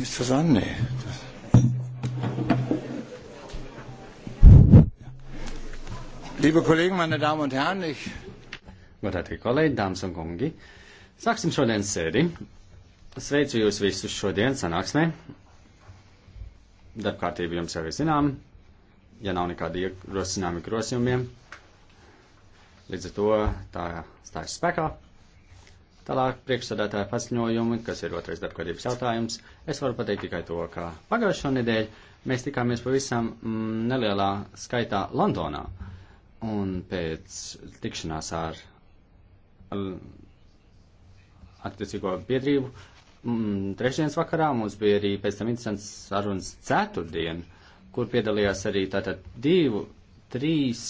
Ist das an? Nee. Liebe Kollegen, meine Damen un Herren, ich. Godātie kolēģi, dāmas un kungi, sāksim šodienas sēdi. Sveicu jūs visus šodien sanāksmē. Darbkārtība jums jau ir zinām, ja nav nekādi ierosināmi grozījumiem. Līdz ar to tā stājas spēkā. Tālāk priekšsādātāja paziņojumi, kas ir otrais darbkārtības jautājums. Es varu pateikt tikai to, ka pagājušo nedēļu mēs tikāmies pavisam mm, nelielā skaitā Londonā. Un pēc tikšanās ar mm, attiecīgo biedrību mm, trešdienas vakarā mums bija arī pēc tam interesants sarunas ceturtdien, kur piedalījās arī tātad divu, trīs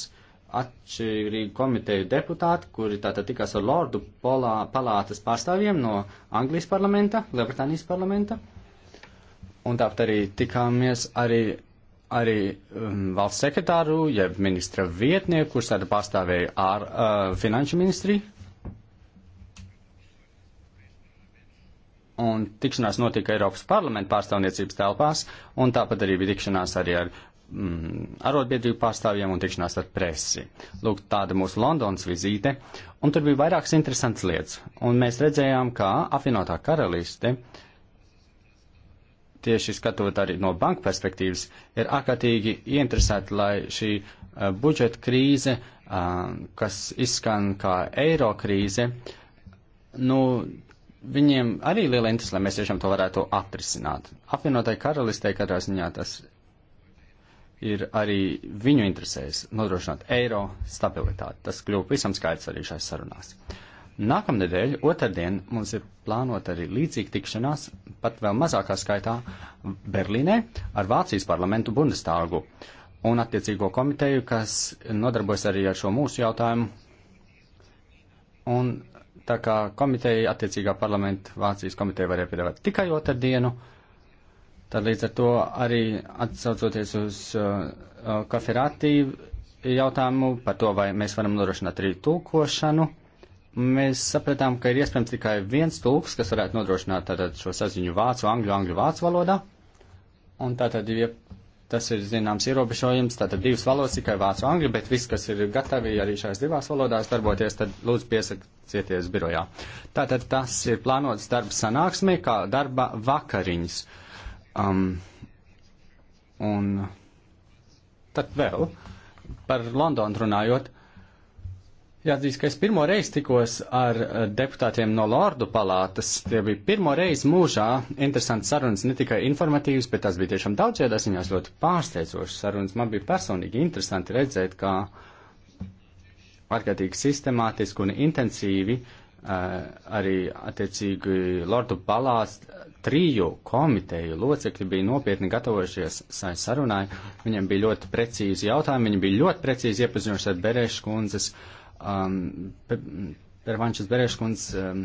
atšķirīgu komiteju deputāti, kuri tātad tikās ar Lordu polā, palātas pārstāvjiem no Anglijas parlamenta, Lielbritānijas parlamenta. Un tāpat arī tikāmies arī, arī um, valsts sekretāru, jeb ministra vietnieku, kurš tāda pārstāvēja ar uh, finanšu ministriju. Un tikšanās notika Eiropas parlamenta pārstāvniecības telpās, un tāpat arī bija tikšanās arī ar mm, arotbiedrību pārstāvjiem un tikšanās ar presi. Lūk, tāda mūsu Londonas vizīte, un tur bija vairākas interesantas lietas, un mēs redzējām, kā apvienotā karaliste, tieši skatot arī no banka perspektīvas, ir ārkārtīgi interesēta, lai šī uh, budžeta krīze, uh, kas izskan kā eiro krīze, nu, viņiem arī liela interese, lai mēs tiešām to varētu atrisināt. Apvienotai karalistei katrā ziņā tas ir arī viņu interesēs nodrošināt eiro stabilitāti. Tas kļūst visam skaidrs arī šajās sarunās. Nākamnedēļ, otrdien, mums ir plānota arī līdzīga tikšanās, pat vēl mazākā skaitā, Berlīnē ar Vācijas parlamentu Bundestāgu un attiecīgo komiteju, kas nodarbojas arī ar šo mūsu jautājumu. Un tā kā komiteja, attiecīgā parlamenta Vācijas komiteja varēja piedāvāt tikai otrdienu, uh, Tad līdz ar to arī atsaucoties uz uh, uh kaferātī jautājumu par to, vai mēs varam nodrošināt arī tulkošanu, mēs sapratām, ka ir iespējams tikai viens tulks, kas varētu nodrošināt tātad šo saziņu vācu, angļu, angļu, vācu valodā. Un tātad, ja tas ir zināms ierobežojums, tātad divas valodas tikai vācu, angļu, bet viss, kas ir gatavi arī šajās divās valodās darboties, tad lūdzu piesakieties birojā. Tātad tas ir plānots darbs sanāksmē, kā darba vakariņas. Uh, Um, un tad vēl par Londonu runājot. Jāatzīst, ka es pirmo reizi tikos ar eh, deputātiem no Lordu palātas. Tie bija pirmo reizi mūžā interesants sarunas, ne tikai informatīvas, bet tās bija tiešām daudziedas viņās ļoti pārsteidzošas sarunas. Man bija personīgi interesanti redzēt, kā ārkārtīgi sistemātiski un intensīvi uh, arī attiecīgi Lordu palās triju komiteju locekļi bija nopietni gatavojušies sai sarunai. Viņiem bija ļoti precīzi jautājumi, viņi bija ļoti precīzi iepazinuši ar Berēšas kundzes, um, Pervančas Berēšas kundzes um,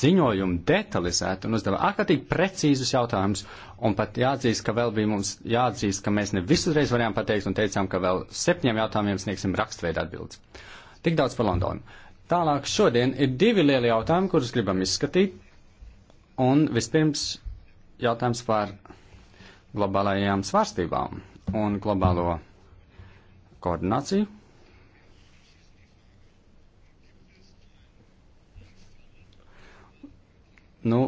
ziņojumu detalizēt un uzdeva ārkārtīgi precīzus jautājumus, un pat jāatzīst, ka vēl bija mums jāatzīst, ka mēs ne visu reizi varējām pateikt un teicām, ka vēl septiņiem jautājumiem sniegsim rakstveidu atbildes. Tik daudz par Londonu. Tālāk šodien ir divi lieli jautājumi, kurus gribam izskatīt. Un vispirms jautājums par globālajām svārstībām un globālo koordināciju. Nu,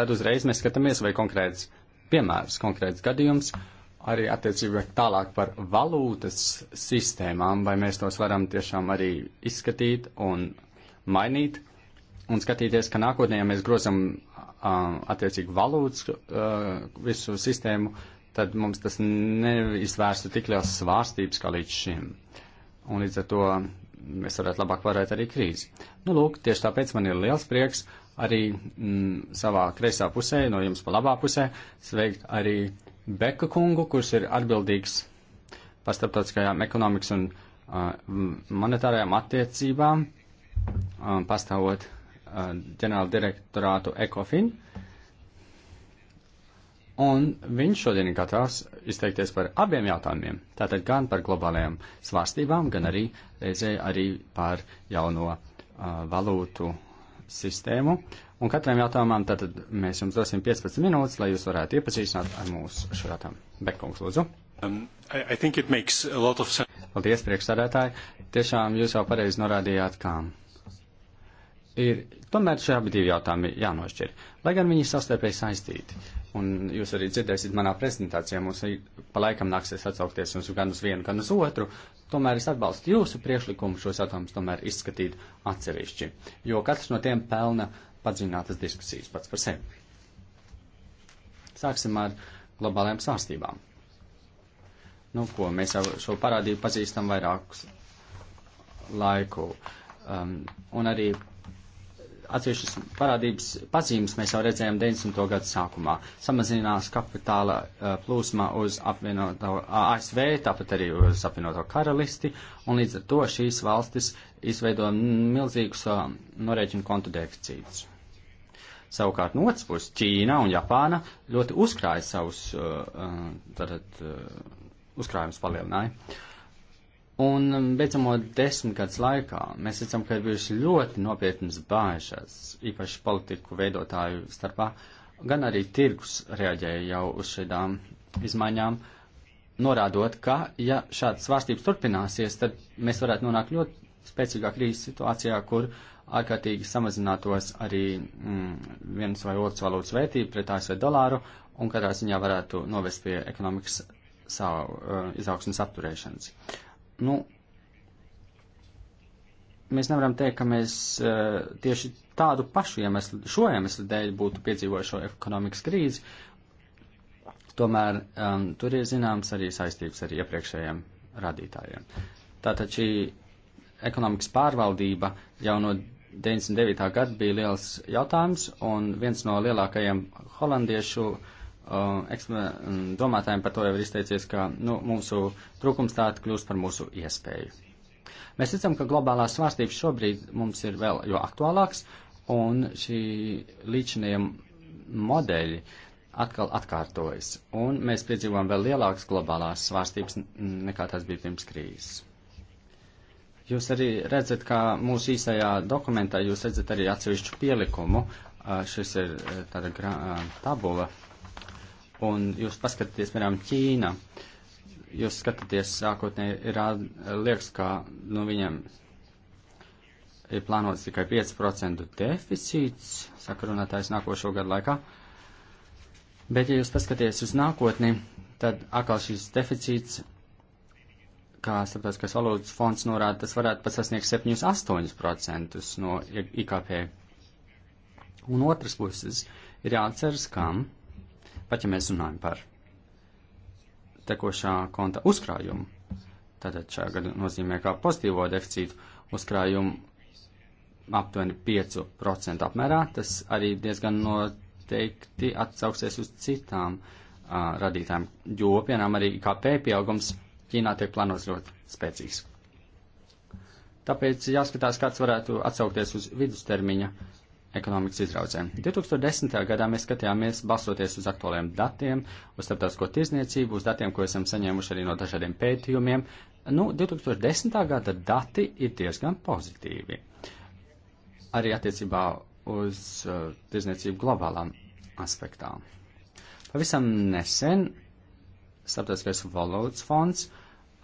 tad uzreiz mēs skatāmies, vai konkrēts piemērs, konkrēts gadījums arī attiecībā tālāk par valūtas sistēmām, vai mēs tos varam tiešām arī izskatīt un mainīt, un skatīties, ka nākotnē, ja mēs grozam uh, attiecīgi valūtas uh, visu sistēmu, tad mums tas neizvērstu tik liels svārstības kā līdz šim. Un līdz ar to mēs varētu labāk varēt arī krīzi. Nu, lūk, tieši tāpēc man ir liels prieks arī mm, savā kreisā pusē, no jums pa labā pusē, sveikt arī uh, Beka kungu, kurš ir atbildīgs par starptautiskajām ekonomikas un uh, monetārajām attiecībām, um, pastāvot uh, ģenerāla direktorātu ECOFIN. Un viņš šodien ir gatavs izteikties par abiem jautājumiem. Tātad gan par globālajām svārstībām, gan arī reizē arī par jauno uh, valūtu sistēmu Un katram jautājumam tad mēs jums dosim 15 minūtes, lai jūs varētu iepazīstināt ar mūsu šo jautājumu. Bekungs, lūdzu. Um, I, I makes a lot of sense. Paldies, priekšsādātāji. Tiešām jūs jau pareizi norādījāt, kā. Ir, tomēr šie abi divi jautājumi jānošķir, lai gan viņi sastarpēji saistīti. Un jūs arī dzirdēsiet manā prezentācijā, mums pa laikam nāksies atsaukties uz gan uz vienu, gan uz otru, tomēr es atbalstu jūsu priekšlikumu šos jautājumus tomēr izskatīt atsevišķi, jo katrs no tiem pelna uh, padziļinātas diskusijas pats par sevi. Sāksim ar globālajām sārstībām. Nu, ko mēs jau šo parādību pazīstam vairākus laiku. Um, un arī atsevišķas parādības pazīmes mēs jau redzējām 90. gadu sākumā. Samazinās kapitāla uh, plūsma uz apvienoto ASV, tāpat arī uz apvienoto karalisti, un līdz ar to šīs valstis izveido milzīgus uh, norēķinu kontu deficītus. Savukārt no otras puses Ķīna un Japāna ļoti uzkrāja savus uh, uh, tātad, uh, uzkrājumus palielināja. Un um, beidzamo desmit gadus laikā mēs redzam, ka ir bijušas ļoti nopietnas bāžas, īpaši politiku veidotāju starpā, gan arī tirgus reaģēja jau uz šādām izmaiņām, norādot, ka, ja šādas svārstības turpināsies, tad mēs varētu nonākt ļoti spēcīgā krīzes situācijā, kur uh, ārkārtīgi samazinātos arī mm, viens vai otrs valūtas vērtība pret ASV dolāru un katrā ziņā varētu novest pie ekonomikas savu, uh, izaugsmas apturēšanas. Nu, mēs nevaram teikt, ka mēs uh, tieši tādu pašu iemeslu, šo iemeslu dēļ būtu piedzīvojuši šo ekonomikas krīzi. Tomēr um, tur ir zināms arī saistības ar iepriekšējiem radītājiem. Tātad šī ekonomikas pārvaldība jau no 99. gada bija liels jautājums, un viens no lielākajiem holandiešu uh, mm, domātājiem par to jau ir izteicies, ka nu, mūsu trūkums tāda kļūst par mūsu iespēju. Mēs redzam, ka globālās svārstības šobrīd mums ir vēl jo aktuālāks, un šī līdzinie modeļi atkal atkārtojas, un mēs piedzīvojam vēl lielākas globālās svārstības nekā tās bija pirms krīzes. Jūs arī redzat, ka mūsu īsajā dokumentā jūs redzat arī atsevišķu pielikumu. Šis ir tāda tabula. Un jūs paskatāties, piemēram, Ķīna. Jūs skatāties, sākotnēji ir liekas, ka nu, viņam ir plānots tikai 5% deficīts, saka runātājs nākošo gadu laikā. Bet, ja jūs paskaties uz nākotni, tad atkal šis deficīts kā starptautiskais valūtas fonds norāda, tas varētu pat sasniegt 7-8% no IKP. Un otras puses ir jāatceras, kam, pat ja mēs runājam par tekošā konta uzkrājumu, tātad šajā gadā nozīmē kā pozitīvo deficītu uzkrājumu aptuveni 5% apmērā, tas arī diezgan noteikti atsauksies uz citām uh, radītājiem, jo, piemēram, arī IKP pieaugums Ķīnā tiek plānots ļoti spēcīgs. Tāpēc jāskatās, kāds varētu atsaukties uz vidustermiņa ekonomikas izraudzēm. 2010. gadā mēs skatījāmies, balstoties uz aktuāliem datiem, uz starptautisko tirzniecību, uz datiem, ko esam saņēmuši arī no dažādiem pētījumiem. Nu, 2010. gada dati ir diezgan pozitīvi. Arī attiecībā uz uh, tirzniecību globālām aspektām. Pavisam nesen Starptautiskais valūtas fonds uh,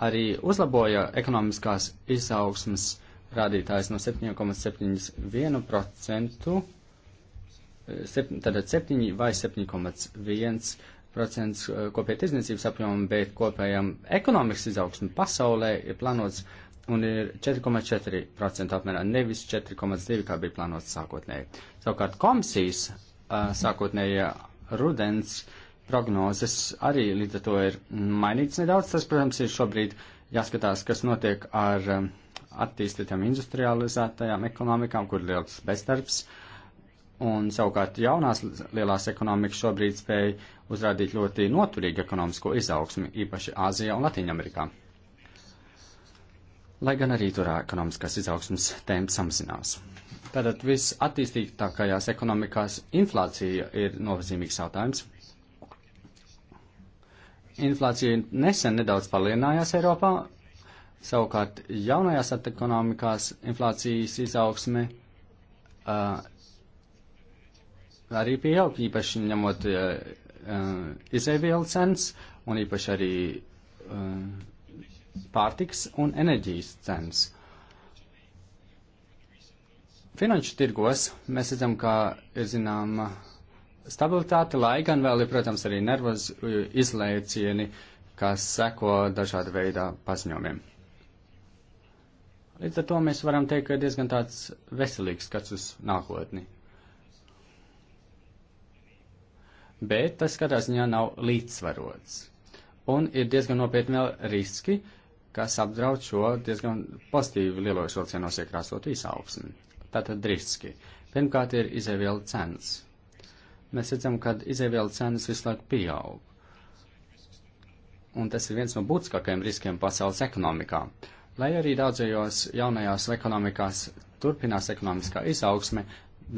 arī uzlaboja ekonomiskās izaugsmas rādītājs no 7,71%, tātad 7 vai 7,1% eh, kopējā tirdzniecības apjoma, bet kopējam ekonomikas izaugsmu pasaulē ir plānots un ir 4,4% apmērā, nevis 4,2, kā bija plānots sākotnēji. Savukārt komisijas eh, sākotnējā rudens uh, prognozes arī līdz ar to ir mainīts nedaudz. Tas, protams, ir šobrīd jāskatās, kas notiek ar um, attīstītām industrializētajām ekonomikām, kur ir liels bezdarbs. Un savukārt jaunās lielās ekonomikas šobrīd spēja uzrādīt ļoti noturīgu ekonomisko izaugsmi, īpaši Āzijā un Latīņamerikā. Lai gan arī tur ekonomiskās izaugsmas temps samazinās. Tātad viss attīstītākajās ekonomikās inflācija ir nozīmīgs jautājums, inflācija nesen nedaudz palielinājās Eiropā, savukārt jaunajās ekonomikās inflācijas izaugsme uh, arī pieaug, īpaši ņemot uh, izēvielu cenas un īpaši arī uh, pārtiks un enerģijas cenas. Finanšu tirgos mēs redzam, ka ir zināma uh, stabilitāti, lai gan vēl ir, protams, arī nervoz uh, izlēcieni, kas seko dažāda veidā paziņojumiem. Līdz ar to mēs varam teikt, ka ir diezgan tāds veselīgs skats uz nākotni. Bet tas katrā ziņā nav līdzsvarots. Un ir diezgan nopietni vēl riski, kas apdraud šo diezgan pozitīvi lielos vilcienos iekrāsot izaugsmi. Tātad riski. Pirmkārt ir izēvielu cenas mēs redzam, ka izēvielu cenas visu laiku pieaug. Un tas ir viens no būtiskākajiem riskiem pasaules ekonomikā. Lai arī daudzajos jaunajās ekonomikās turpinās ekonomiskā izaugsme,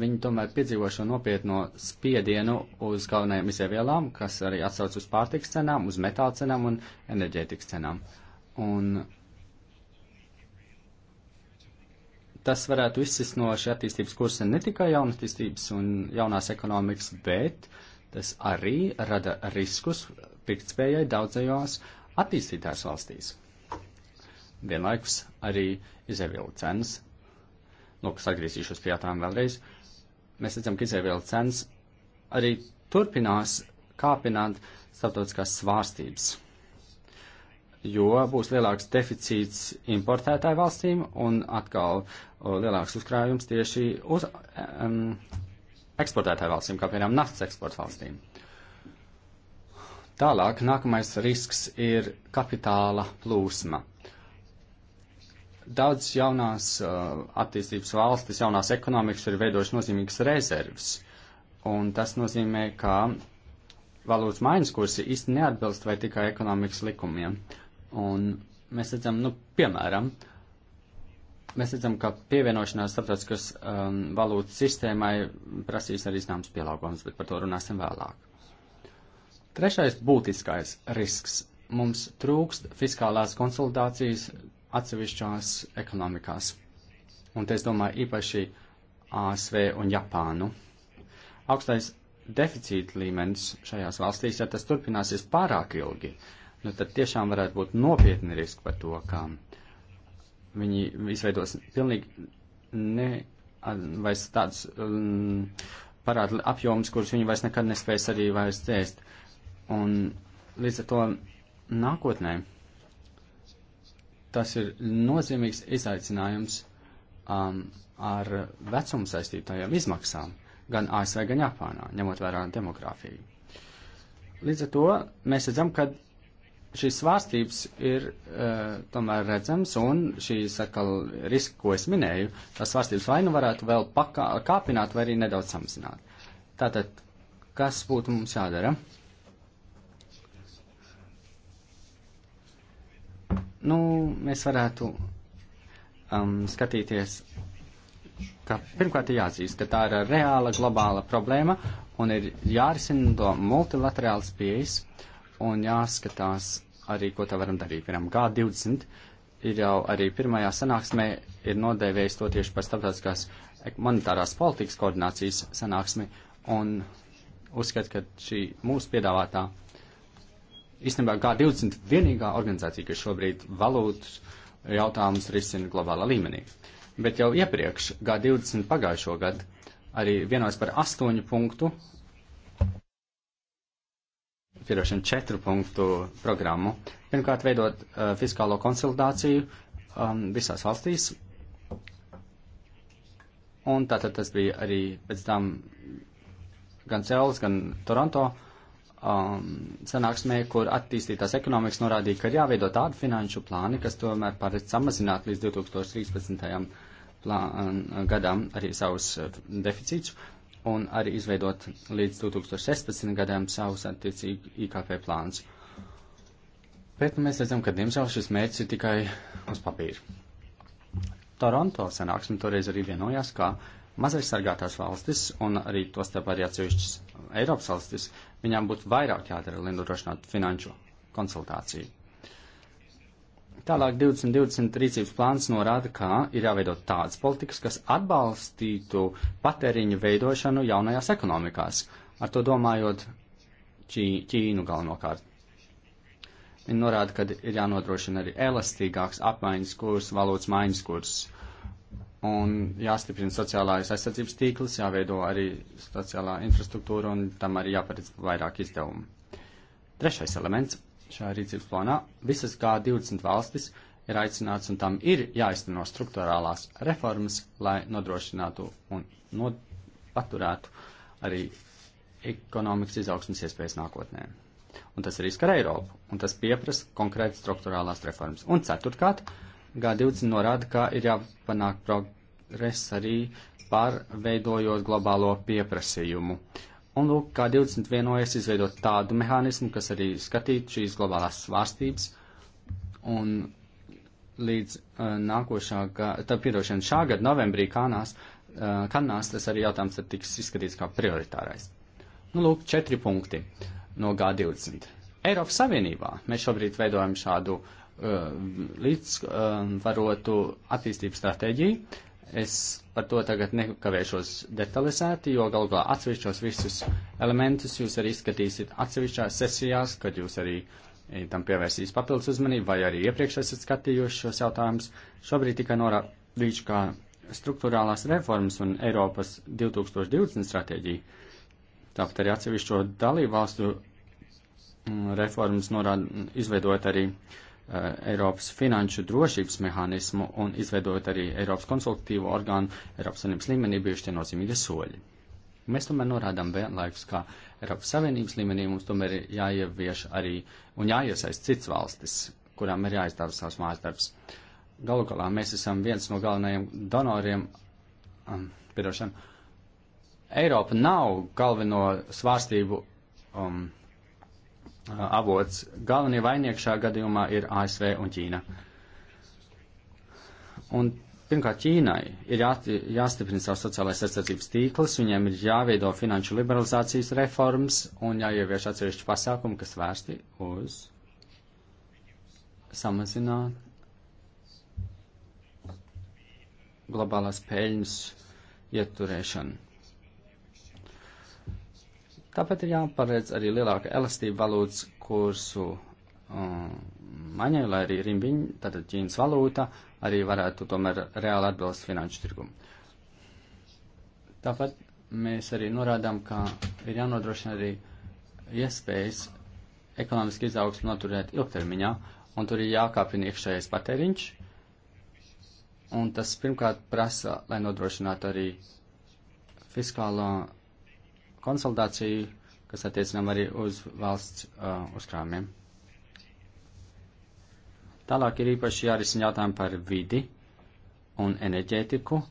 viņi tomēr piedzīvo šo nopietno spiedienu uz galvenajām izēvielām, kas arī atsauc uz pārtiks cenām, uz metāla cenām un enerģētikas cenām. Un tas varētu izsist no šī attīstības kursa ne tikai jaunatīstības un jaunās ekonomikas, bet tas arī rada riskus pirktspējai daudzajās attīstītās valstīs. Vienlaikus arī izēvielu cenas, nu, kas atgriezīšos pie jautājuma vēlreiz, mēs redzam, ka izēvielu cenas arī turpinās kāpināt starptautiskās svārstības jo būs lielāks deficīts importētāju valstīm un atkal lielāks uzkrājums tieši uz um, eksportētāju valstīm, kā piemēram naftas eksporta valstīm. Tālāk nākamais risks ir kapitāla plūsma. Daudz jaunās uh, attīstības valstis, jaunās ekonomikas ir veidojuši nozīmīgas rezerves, un tas nozīmē, ka valūtas maiņas kursi īsti neatbilst vai tikai ekonomikas likumiem. Uh, Un mēs redzam, nu, piemēram, mēs redzam, ka pievienošanās starptautiskas um, valūtas sistēmai prasīs arī zināms pielāgojums, bet par to runāsim vēlāk. Trešais būtiskais risks. Mums trūkst fiskālās konsolidācijas atsevišķās ekonomikās. Un te es domāju īpaši ASV un Japānu. Augstais deficīta līmenis šajās valstīs, ja tas turpināsies pārāk ilgi, uh, nu tad tiešām varētu būt nopietni riski par to, ka viņi izveidos pilnīgi ne, vairs tāds um, parāda apjoms, kurus viņi vairs nekad nespēs arī vairs dzēst. Un līdz ar to nākotnē tas ir nozīmīgs izaicinājums um, ar vecumu saistītajām izmaksām gan ASV, gan Japānā, ņemot vērā demogrāfiju. Līdz ar to mēs redzam, ka šīs svārstības ir uh, tomēr redzams, un šīs atkal riski, ko es minēju, tās svārstības vai nu varētu vēl pakā, kāpināt, vai arī nedaudz samazināt. Tātad, kas būtu mums jādara? Nu, mēs varētu um, skatīties, ka pirmkārt ir jāatzīst, ka tā ir reāla globāla problēma un ir jārisina to multilaterāls pieejas. Uh, un jāskatās arī, ko tā varam darīt. Piemēram, G20 ir jau arī pirmajā sanāksmē ir nodēvējis to tieši par starptautiskās monetārās politikas koordinācijas sanāksmi un uzskat, ka šī mūsu piedāvātā īstenībā G20 vienīgā organizācija, kas šobrīd valūtas jautājumus risina globālā līmenī. Bet jau iepriekš G20 pagājušo gadu arī vienojas par astoņu punktu piedošana, četru punktu programmu. Pirmkārt, veidot uh, fiskālo konsolidāciju um, visās valstīs. Un tātad tas bija arī pēc tam gan Cēlis, gan Toronto um, sanāksmē, kur attīstītās ekonomikas norādīja, ka ir jāveido tādi finanšu plāni, kas tomēr paredz samazināt līdz 2013. Plā, gadam arī savus uh, deficītus un arī izveidot līdz 2016. gadam savus attiecīgi IKP plāns. Bet nu, mēs redzam, ka diemžēl šis mērķis ir tikai uz papīra. Toronto sanāksme toreiz arī vienojās, ka mazais sargātās valstis un arī to starp arī atsevišķas Eiropas valstis, viņām būtu vairāk jādara, lai nodrošinātu finanšu konsultāciju. Tālāk 2020 rīcības plāns norāda, ka ir jāveido tādas politikas, kas atbalstītu patēriņu veidošanu jaunajās ekonomikās, ar to domājot ķī, Ķīnu galvenokārt. Viņi norāda, ka ir jānodrošina arī elastīgāks apmaiņas kurs, valūtas maiņas kurs, un jāstiprina sociālās aizsardzības tīkls, jāveido arī sociālā infrastruktūra, un tam arī jāparedz vairāk izdevumu. Trešais elements šajā rīcības plānā visas G20 valstis ir aicināts un tam ir jāizteno struktūrālās reformas, lai nodrošinātu un no, paturētu arī ekonomikas izaugsmas iespējas nākotnē. Un tas arī skar Eiropu, un tas pieprasa konkrēti struktūrālās reformas. Un ceturtkārt, G20 norāda, ka ir jāpanāk progress arī pārveidojot globālo pieprasījumu. Uh, Un lūk, kā 20 vienojas izveidot tādu mehānismu, kas arī skatītu šīs globālās svārstības. Un līdz uh, nākošā, tā piedošana šā gada novembrī Kanās, uh, Kanās tas arī jautājums tad tiks izskatīts kā prioritārais. Nu, lūk, četri punkti no G20. Eiropas Savienībā mēs šobrīd veidojam šādu uh, līdzvarotu uh, attīstības stratēģiju, Es par to tagad nekavēšos detalizēti, jo galu galā atsevišķos visus elementus jūs arī izskatīsiet atsevišķās sesijās, kad jūs arī e, tam pievērsīs papildus uzmanību, vai arī iepriekš esat skatījuši šos jautājumus. Šobrīd tikai norādīšu, kā struktūrālās reformas un Eiropas 2020 stratēģija, tāpat arī atsevišķo dalību valstu mm, reformas norāda, izveidot arī uh, Eh, Eiropas finanšu drošības mehānismu un izveidot arī Eiropas konsultatīvo orgānu Eiropas Savienības līmenī bijuši tie nozīmīgi soļi. Mēs tomēr norādām vienlaikus, ka Eiropas Savienības līmenī mums tomēr ir jāievieš arī un jāiesaist cits valstis, kurām ir jāizdara savs mājas darbs. Galu galā mēs esam viens no galvenajiem donoriem, um, piedošana, Eiropa nav galveno svārstību um, Uh, avots. Galvenie vainieki šā gadījumā ir ASV un Ķīna. Un pirmkārt, Ķīnai ir jā, jāstiprina savs sociālais aizsardzības tīkls, viņiem ir jāveido finanšu liberalizācijas reformas un jāievieš atsevišķi pasākumi, kas vērsti uz samazināt globālās peļņas ieturēšanu. Tāpat ir jāparedz arī lielāka elastība valūtas kursu um, maņai, lai arī rimbiņa, tātad Ķīnas valūta, arī varētu tomēr reāli atbilst finanšu tirgumu. Tāpat mēs arī norādām, ka ir jānodrošina arī iespējas ekonomiski izaugsmu noturēt ilgtermiņā, un tur ir jākāpina iekšējais patēriņš, un tas pirmkārt prasa, lai nodrošinātu arī fiskālo konsultāciju, kas attiecinām arī uz valsts uh, uzkrājumiem. Tālāk ir īpaši jārisina jautājumi par vidi un enerģētiku.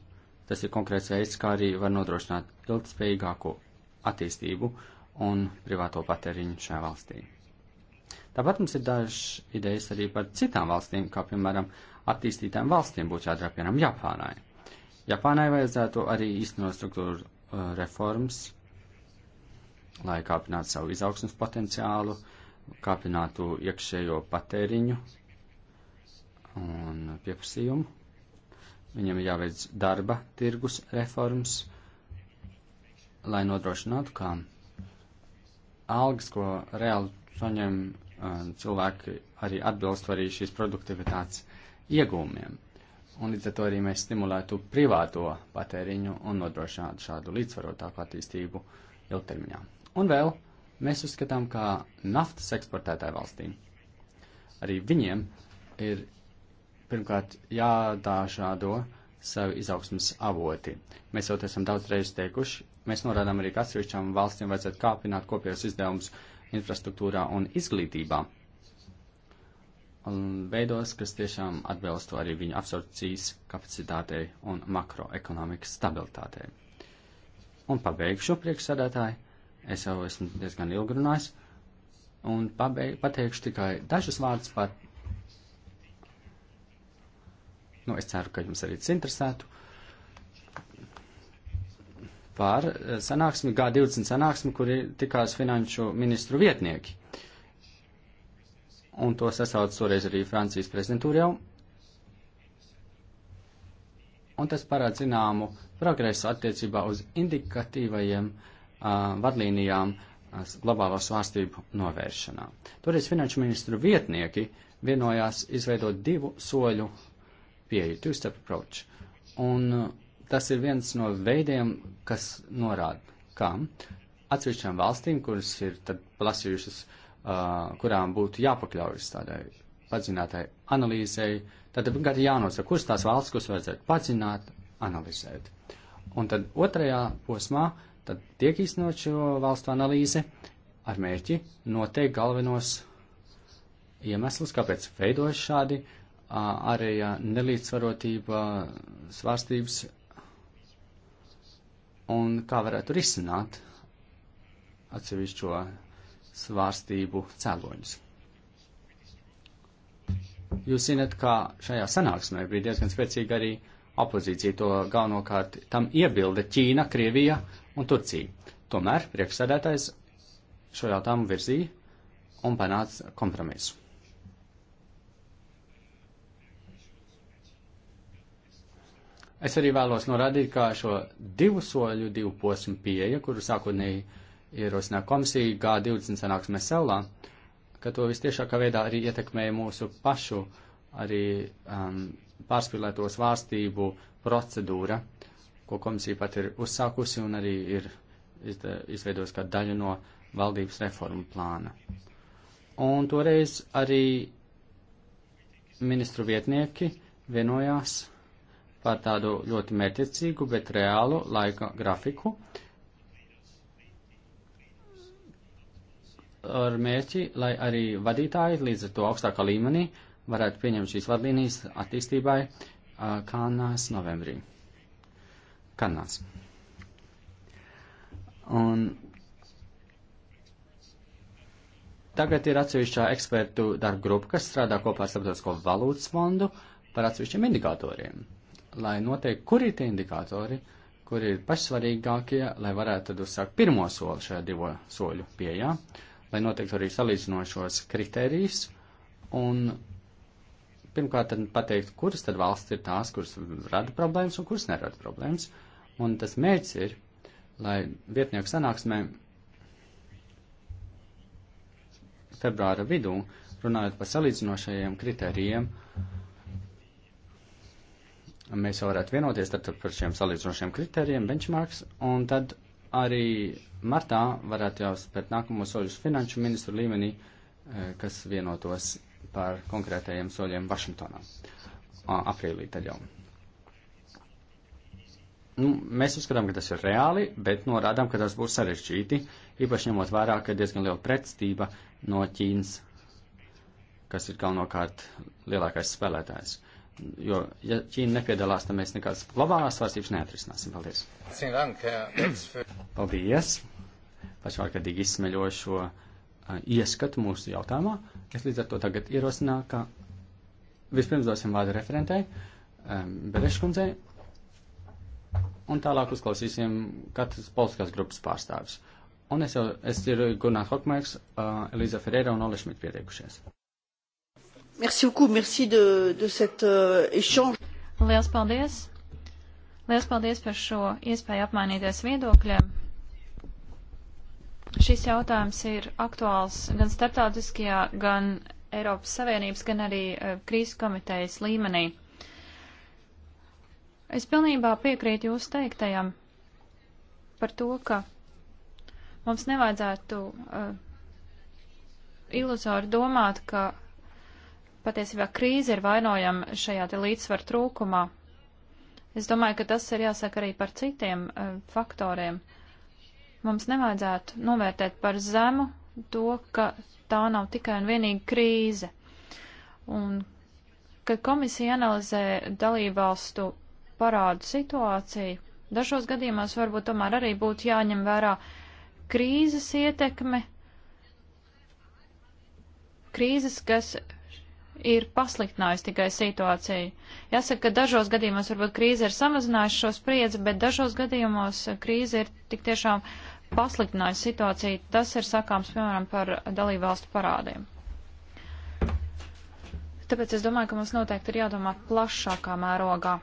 Tas ir konkrēts veids, kā arī var nodrošināt ilgspējīgāku attīstību un privāto patēriņu šajā valstī. Tāpat mums ir dažas idejas arī par citām valstīm, kā piemēram attīstītām valstīm būtu jādara, piemēram, Japānai. Japānai vajadzētu arī īstenot struktūru uh, reformas, lai kāpinātu savu izaugsmas potenciālu, kāpinātu iekšējo patēriņu un pieprasījumu. Viņam ir jāveic darba tirgus reformas, lai nodrošinātu, ka algas, ko reāli saņem eh, cilvēki, arī atbilst arī šīs produktivitātes iegūmiem. Un līdz ar to arī mēs stimulētu privāto patēriņu un nodrošinātu šādu līdzsvarotāku attīstību ilgtermiņā. Un vēl mēs uzskatām, ka naftas eksportētāju valstīm arī viņiem ir pirmkārt jādāžādo savu izaugsmas avoti. Mēs jau to esam daudz reizes teikuši. Mēs norādām arī, ka atsevišķām valstīm vajadzētu kāpināt kopējos izdevumus infrastruktūrā un izglītībā. Un veidos, kas tiešām atbilstu arī viņu absorpcijas kapacitātei un makroekonomikas stabilitātei. Un pabeigšu priekšsēdētāju Es jau esmu diezgan ilgi runājis, un pabeig, pateikšu tikai dažus vārdus par. Nu, es ceru, ka jums arī tas interesētu. Par eh, sanāksmi, G20 sanāksmi, kur tikās finanšu ministru vietnieki. Un to sasauc toreiz arī Francijas prezidentūra jau. Un tas parāda zināmu progresu attiecībā uz indikatīvajiem uh, vadlīnijām globālo svārstību novēršanā. Toreiz finanšu ministru vietnieki vienojās izveidot divu soļu pieeju, two-step approach. Un tas ir viens no veidiem, kas norāda, kā atsevišķām valstīm, kuras ir tad prasījušas, uh, kurām būtu jāpakļaujas tādai padziļinātai analīzei, tad pirmkārt jānosaka, kuras tās valsts, kuras vajadzētu padziļināt, analizēt. Un tad otrajā posmā uh, Tad tiek īstenot šo valstu analīze ar mērķi noteikt galvenos iemeslus, kāpēc veidojas šādi ārējā nelīdzsvarotība, svārstības un kā varētu risināt atsevišķo svārstību cēloņus. Jūs zināt, ka šajā sanāksmē bija diezgan spēcīga arī opozīcija, to galvenokārt tam iebilda Ķīna, Krievija, uh, un Turciju. Tomēr priekšsēdētājs šo jautājumu virzīja un panāca kompromisu. Es arī vēlos norādīt, kā šo divu soļu, divu posmu pieeja, kuru sākotnēji ierosināja komisija G20 sanāksmē Seulā, ka to vistiešākā veidā arī ietekmēja mūsu pašu arī um, pārspīlētos vārstību procedūra, ko komisija pat ir uzsākusi un arī ir izveidojusi kā daļu no valdības reformu plāna. Un toreiz arī ministru vietnieki vienojās par tādu ļoti mērķiecīgu, bet reālu laika grafiku ar mērķi, lai arī vadītāji līdz ar to augstākā līmenī varētu pieņemt šīs vadlīnijas attīstībai Kānās novembrī. Kanās. Un tagad ir atsevišķā ekspertu darba grupa, kas strādā kopā ar Starptautisko valūtas fondu par atsevišķiem indikatoriem, lai noteikti, kur ir tie indikatori, kur ir pašsvarīgākie, lai varētu tad uzsākt pirmo soli šajā divo soļu pieejā, lai noteikti arī salīdzinošos kriterijus un pirmkārt tad pateikt, kuras tad valsts ir tās, kuras rada problēmas un kuras nerada problēmas. Uh, Un tas mērķis ir, lai vietnieku sanāksmē februāra vidū, runājot par salīdzinošajiem kritērijiem, mēs jau varētu vienoties tad par šiem salīdzinošiem kritērijiem, benchmarks, un tad arī martā varētu jau spērt nākamo soļus finanšu ministru līmenī, eh, kas vienotos par konkrētajiem soļiem Vašingtonā. Aprīlī tad jau. Nu, mēs uzskatām, ka tas ir reāli, bet norādām, ka tas būs sarežģīti, īpaši ņemot vērā, ka diezgan liela pretstība no Ķīnas, kas ir galvenokārt lielākais spēlētājs. Jo, ja Ķīna nepiedalās, tad mēs nekādas globālās svārstības neatrisināsim. Paldies! Paldies! Pašvārka digi izsmeļošo uh, ieskatu mūsu jautājumā. Es līdz ar to tagad ierosināju, ka vispirms dosim vārdu referentei um, Bereškundzei un tālāk uzklausīsim katras politiskās grupas pārstāvis. Un es jau, es ir Gunār Hokmēks, uh, Elīza Ferreira un Ole Šmit pietiekušies. Merci beaucoup, merci de, de cet uh, échange. Liels paldies! Liels paldies par šo iespēju apmainīties viedokļiem. Šis jautājums ir aktuāls gan starptautiskajā, gan Eiropas Savienības, gan arī uh, krīzes komitejas līmenī. Es pilnībā piekrītu jūsu teiktajam par to, ka mums nevajadzētu uh, iluzori domāt, ka patiesībā krīze ir vainojama šajā te līdzsvar trūkumā. Es domāju, ka tas ir jāsaka arī par citiem uh, faktoriem. Mums nevajadzētu novērtēt par zemu to, ka tā nav tikai un vienīgi krīze. Un kad komisija analizē dalībvalstu parādu situāciju. Dažos gadījumos varbūt tomēr arī būtu jāņem vērā krīzes ietekme, krīzes, kas ir pasliktinājusi tikai situāciju. Jāsaka, ka dažos gadījumos varbūt krīze ir samazinājusi šo spriedzi, bet dažos gadījumos krīze ir tik tiešām pasliktinājusi situāciju. Tas ir sakāms, piemēram, par dalībvalstu parādiem. Tāpēc es domāju, ka mums noteikti ir jādomā plašākā mērogā.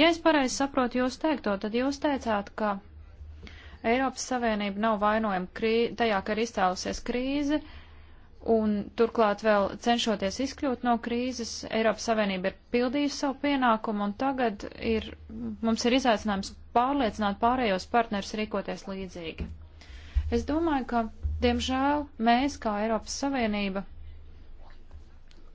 Ja es pareizi saprotu jūs teikto, tad jūs teicāt, ka Eiropas Savienība nav vainojama krī, tajā, ka ir izcēlusies krīze, un turklāt vēl cenšoties izkļūt no krīzes, Eiropas Savienība ir pildījusi savu pienākumu, un tagad ir, mums ir izaicinājums pārliecināt pārējos partners rīkoties līdzīgi. Es domāju, ka, diemžēl, mēs kā Eiropas Savienība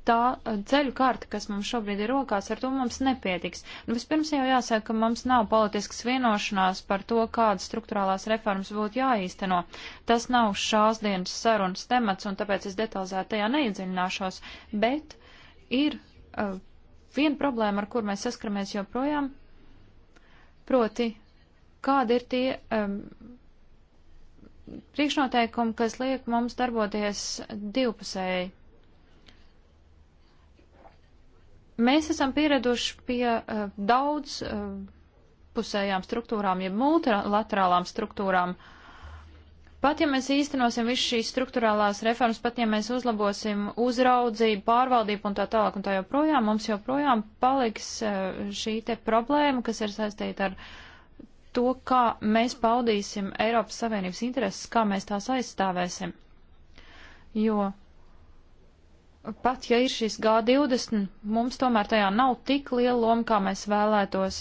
tā uh, ceļu karta, kas mums šobrīd ir rokās, ar to mums nepietiks. Nu, vispirms jau jāsaka, ka mums nav politiskas vienošanās par to, kādas struktūrālās reformas būtu jāīsteno. Tas nav šās dienas sarunas temats, un tāpēc es detalizēti tajā neiedziļināšos, bet ir uh, viena problēma, ar kur mēs saskaramies joprojām, proti, kādi ir tie. Um, priekšnoteikumi, kas liek mums darboties divpusēji. Mēs esam pieraduši pie uh, daudz uh, pusējām struktūrām, jeb ja multilaterālām struktūrām. Pat ja mēs īstenosim visu šīs struktūrālās reformas, pat ja mēs uzlabosim uzraudzību, pārvaldību un tā tālāk un tā joprojām, mums joprojām paliks uh, šī te problēma, kas ir saistīta ar to, kā mēs paudīsim Eiropas Savienības intereses, kā mēs tās aizstāvēsim. Jo pat ja ir šis G20, mums tomēr tajā nav tik liela loma, kā mēs vēlētos.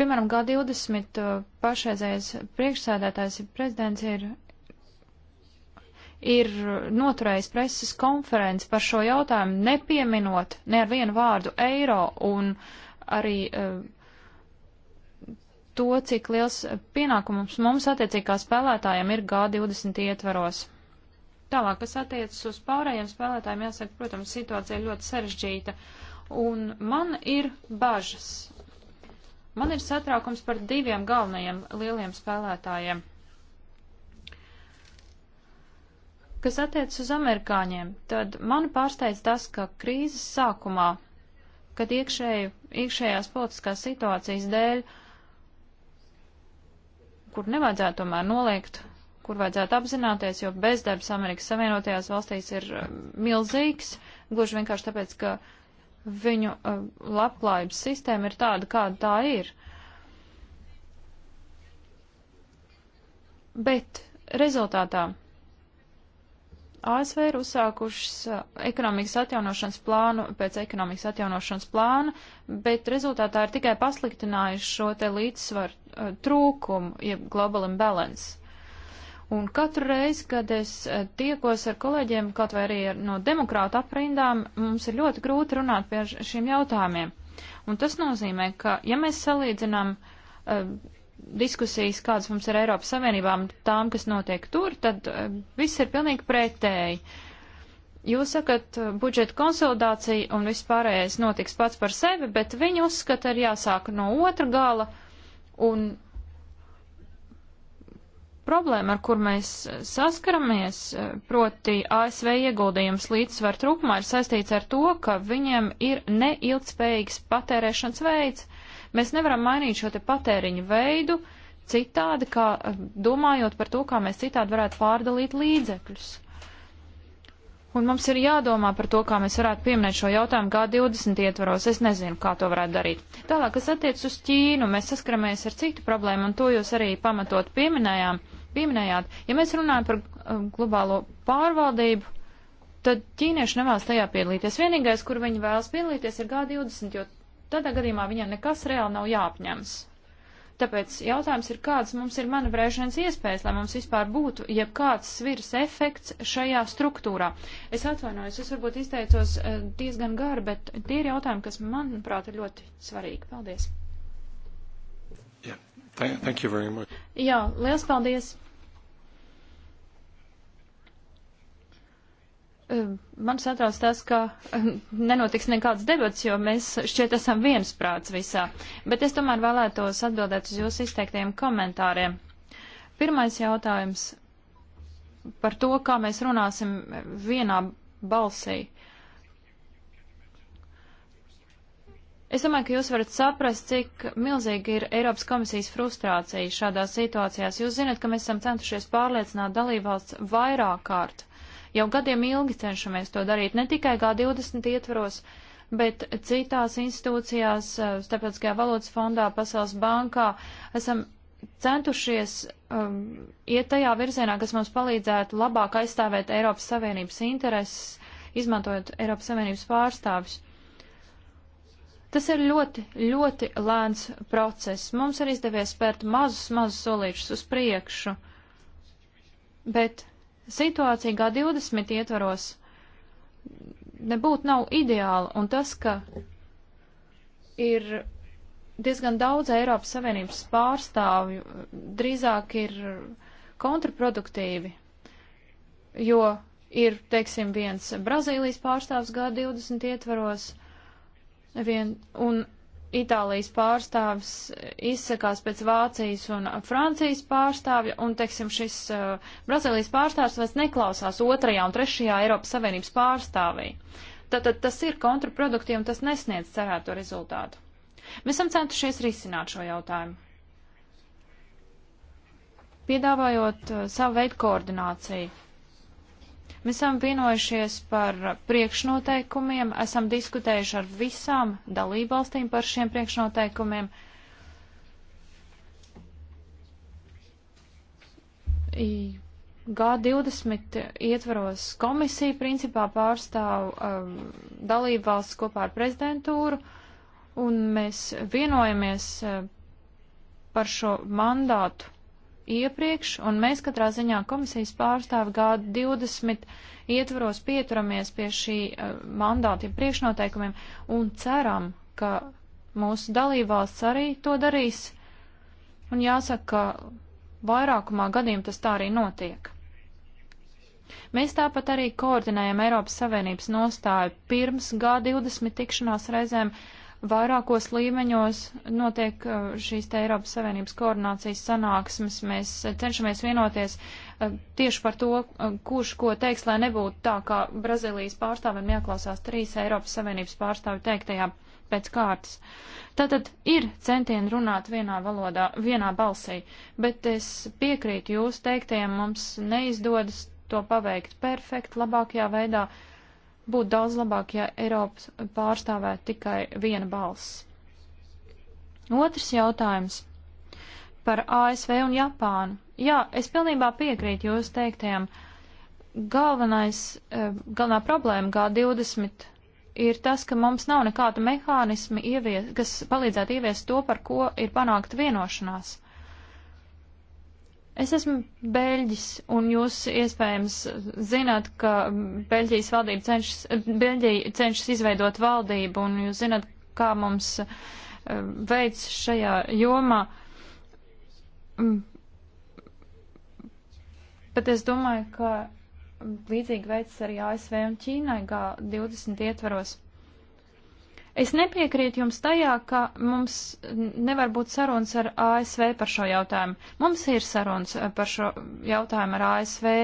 Piemēram, G20 uh, pašreizējais priekšsēdētājs prezidents ir, ir noturējis preses konferenci par šo jautājumu, nepieminot ne ar vienu vārdu eiro un arī uh, to, cik liels pienākums mums attiecīgā spēlētājiem ir G20 ietvaros. Tālāk, kas attiecas uz pārējiem spēlētājiem, jāsaka, protams, situācija ir ļoti sarežģīta. Un man ir bažas. Man ir satraukums par diviem galvenajiem lieliem spēlētājiem. Kas attiecas uz amerikāņiem, tad man pārsteidz tas, ka krīzes sākumā, kad iekšēju, iekšējās politiskās situācijas dēļ, kur nevajadzētu tomēr noliegt kur vajadzētu apzināties, jo bezdarbs Amerikas Savienotajās valstīs ir eh, milzīgs, gluži vienkārši tāpēc, ka viņu eh, labklājības sistēma ir tāda, kāda tā ir. Bet rezultātā ASV ir uzsākušas eh, ekonomikas atjaunošanas plānu pēc ekonomikas atjaunošanas plāna, bet rezultātā ir tikai pasliktinājuši šo te līdzsvaru trūkumu, jeb global imbalance. Un katru reizi, kad es eh, tiekos ar kolēģiem, kaut vai arī no demokrāta aprindām, mums ir ļoti grūti runāt pie šiem jautājumiem. Un tas nozīmē, ka ja mēs salīdzinām uh, diskusijas, kādas mums ir Eiropas Savienībā, un tām, kas notiek tur, tad uh, viss ir pilnīgi pretēji. Jūs sakat, uh, budžeta konsolidācija un viss pārējais notiks pats par sevi, bet viņi uzskata, ir jāsāk no otra gala, un problēma, ar kur mēs eh, saskaramies, eh, proti ASV ieguldījums līdzsvar trūkumā, ir saistīts ar to, ka viņiem ir neilgspējīgs patērēšanas veids. Mēs nevaram mainīt šo te patēriņu veidu citādi, kā eh, domājot par to, kā mēs citādi varētu pārdalīt līdzekļus. Un mums ir jādomā par to, kā mēs varētu pieminēt šo jautājumu G20 ietvaros. Es nezinu, kā to varētu darīt. Tālāk, kas attiec uz Ķīnu, mēs saskaramies ar citu problēmu, un to jūs arī pamatot pieminējām pieminējāt. Ja mēs runājam par uh, globālo pārvaldību, tad ķīnieši nevēlas tajā piedalīties. Vienīgais, kur viņi vēlas piedalīties, ir G20, jo tādā gadījumā viņiem nekas reāli nav jāapņems. Tāpēc jautājums ir, kādas mums ir manevrēšanas iespējas, lai mums vispār būtu jebkāds svirs efekts šajā struktūrā. Es atvainojos, es varbūt izteicos uh, diezgan gari, bet tie ir jautājumi, kas, manuprāt, ir ļoti svarīgi. Paldies! Thank you very much. Jā, liels paldies. Man satrauc tas, ka nenotiks nekāds debats, jo mēs šķiet esam viensprāts visā. Bet es tomēr vēlētos atbildēt uz jūsu izteiktajiem komentāriem. Pirmais jautājums par to, kā mēs runāsim vienā balsī. Es domāju, ka jūs varat saprast, cik milzīga ir Eiropas komisijas frustrācija šādās situācijās. Jūs zināt, ka mēs esam centušies pārliecināt dalībvalsts vairāk kārt. Jau gadiem ilgi cenšamies to darīt, ne tikai G20 ietvaros, bet citās institūcijās, Starptautiskajā valodas fondā, Pasaules bankā, esam centušies um, iet tajā virzienā, kas mums palīdzētu labāk aizstāvēt Eiropas Savienības intereses, izmantojot Eiropas Savienības pārstāvis. Tas ir ļoti, ļoti lēns process. Mums ir izdevies spērt mazus, mazus solīšus uz priekšu, bet situācija G20 ietvaros nebūtu nav ideāla, un tas, ka ir diezgan daudz Eiropas Savienības pārstāvju, drīzāk ir kontraproduktīvi, jo ir, teiksim, viens Brazīlijas pārstāvs G20 ietvaros, Vien, un Itālijas pārstāvis izsakās pēc Vācijas un Francijas pārstāvja, un, teiksim, šis uh, Brazīlijas pārstāvis vairs neklausās otrajā un trešajā Eiropas Savienības pārstāvī. Tātad tas ir kontraproduktīvi un tas nesniedz cerēto rezultātu. Mēs esam centušies risināt šo jautājumu. Piedāvājot uh, savu veidu koordināciju Mēs esam vienojušies par priekšnoteikumiem, esam diskutējuši ar visām dalībvalstīm par šiem priekšnoteikumiem. G20 ietvaros komisija principā pārstāv um, dalību valsts kopā ar prezidentūru, un mēs vienojamies uh, par šo mandātu iepriekš, un mēs katrā ziņā komisijas pārstāvi G20 ietvaros pieturamies pie šī uh, mandāta priekšnoteikumiem un ceram, ka mūsu dalībvalsts arī to darīs. Un jāsaka, ka vairākumā gadījumā tas tā arī notiek. Mēs tāpat arī koordinējam Eiropas Savienības nostāju pirms G20 tikšanās reizēm uh, vairākos līmeņos notiek uh, šīs te Eiropas Savienības koordinācijas sanāksmes. Mēs uh, cenšamies vienoties uh, tieši par to, kurš ko teiks, lai nebūtu tā, kā Brazīlijas pārstāvim jāklausās trīs Eiropas Savienības pārstāvi teiktajā pēc kārtas. Tātad ir centieni runāt vienā valodā, vienā balsī, bet es piekrītu jūs teiktajiem, mums neizdodas to paveikt perfekti, labākajā veidā. Uh, Būtu daudz labāk, ja Eiropas pārstāvētu tikai viena balss. Otrs jautājums par ASV un Japānu. Jā, es pilnībā piekrītu jūsu teiktajam. Galvenais, eh, galvenā problēma G20 ir tas, ka mums nav nekāda mehānisma, ievies, kas palīdzētu ieviest to, par ko ir panākta vienošanās. Uh, Es esmu Beļģis, un jūs iespējams zināt, ka Beļģijas valdība cenšas, Beļģija cenšas izveidot valdību, un jūs zināt, kā mums eh, veids šajā jomā. Mm. Bet es domāju, ka līdzīgi veids arī ASV un Ķīnai G20 ietvaros. Es nepiekrītu jums tajā, ka mums nevar būt sarunas ar ASV par šo jautājumu. Mums ir sarunas eh, par šo jautājumu ar ASV.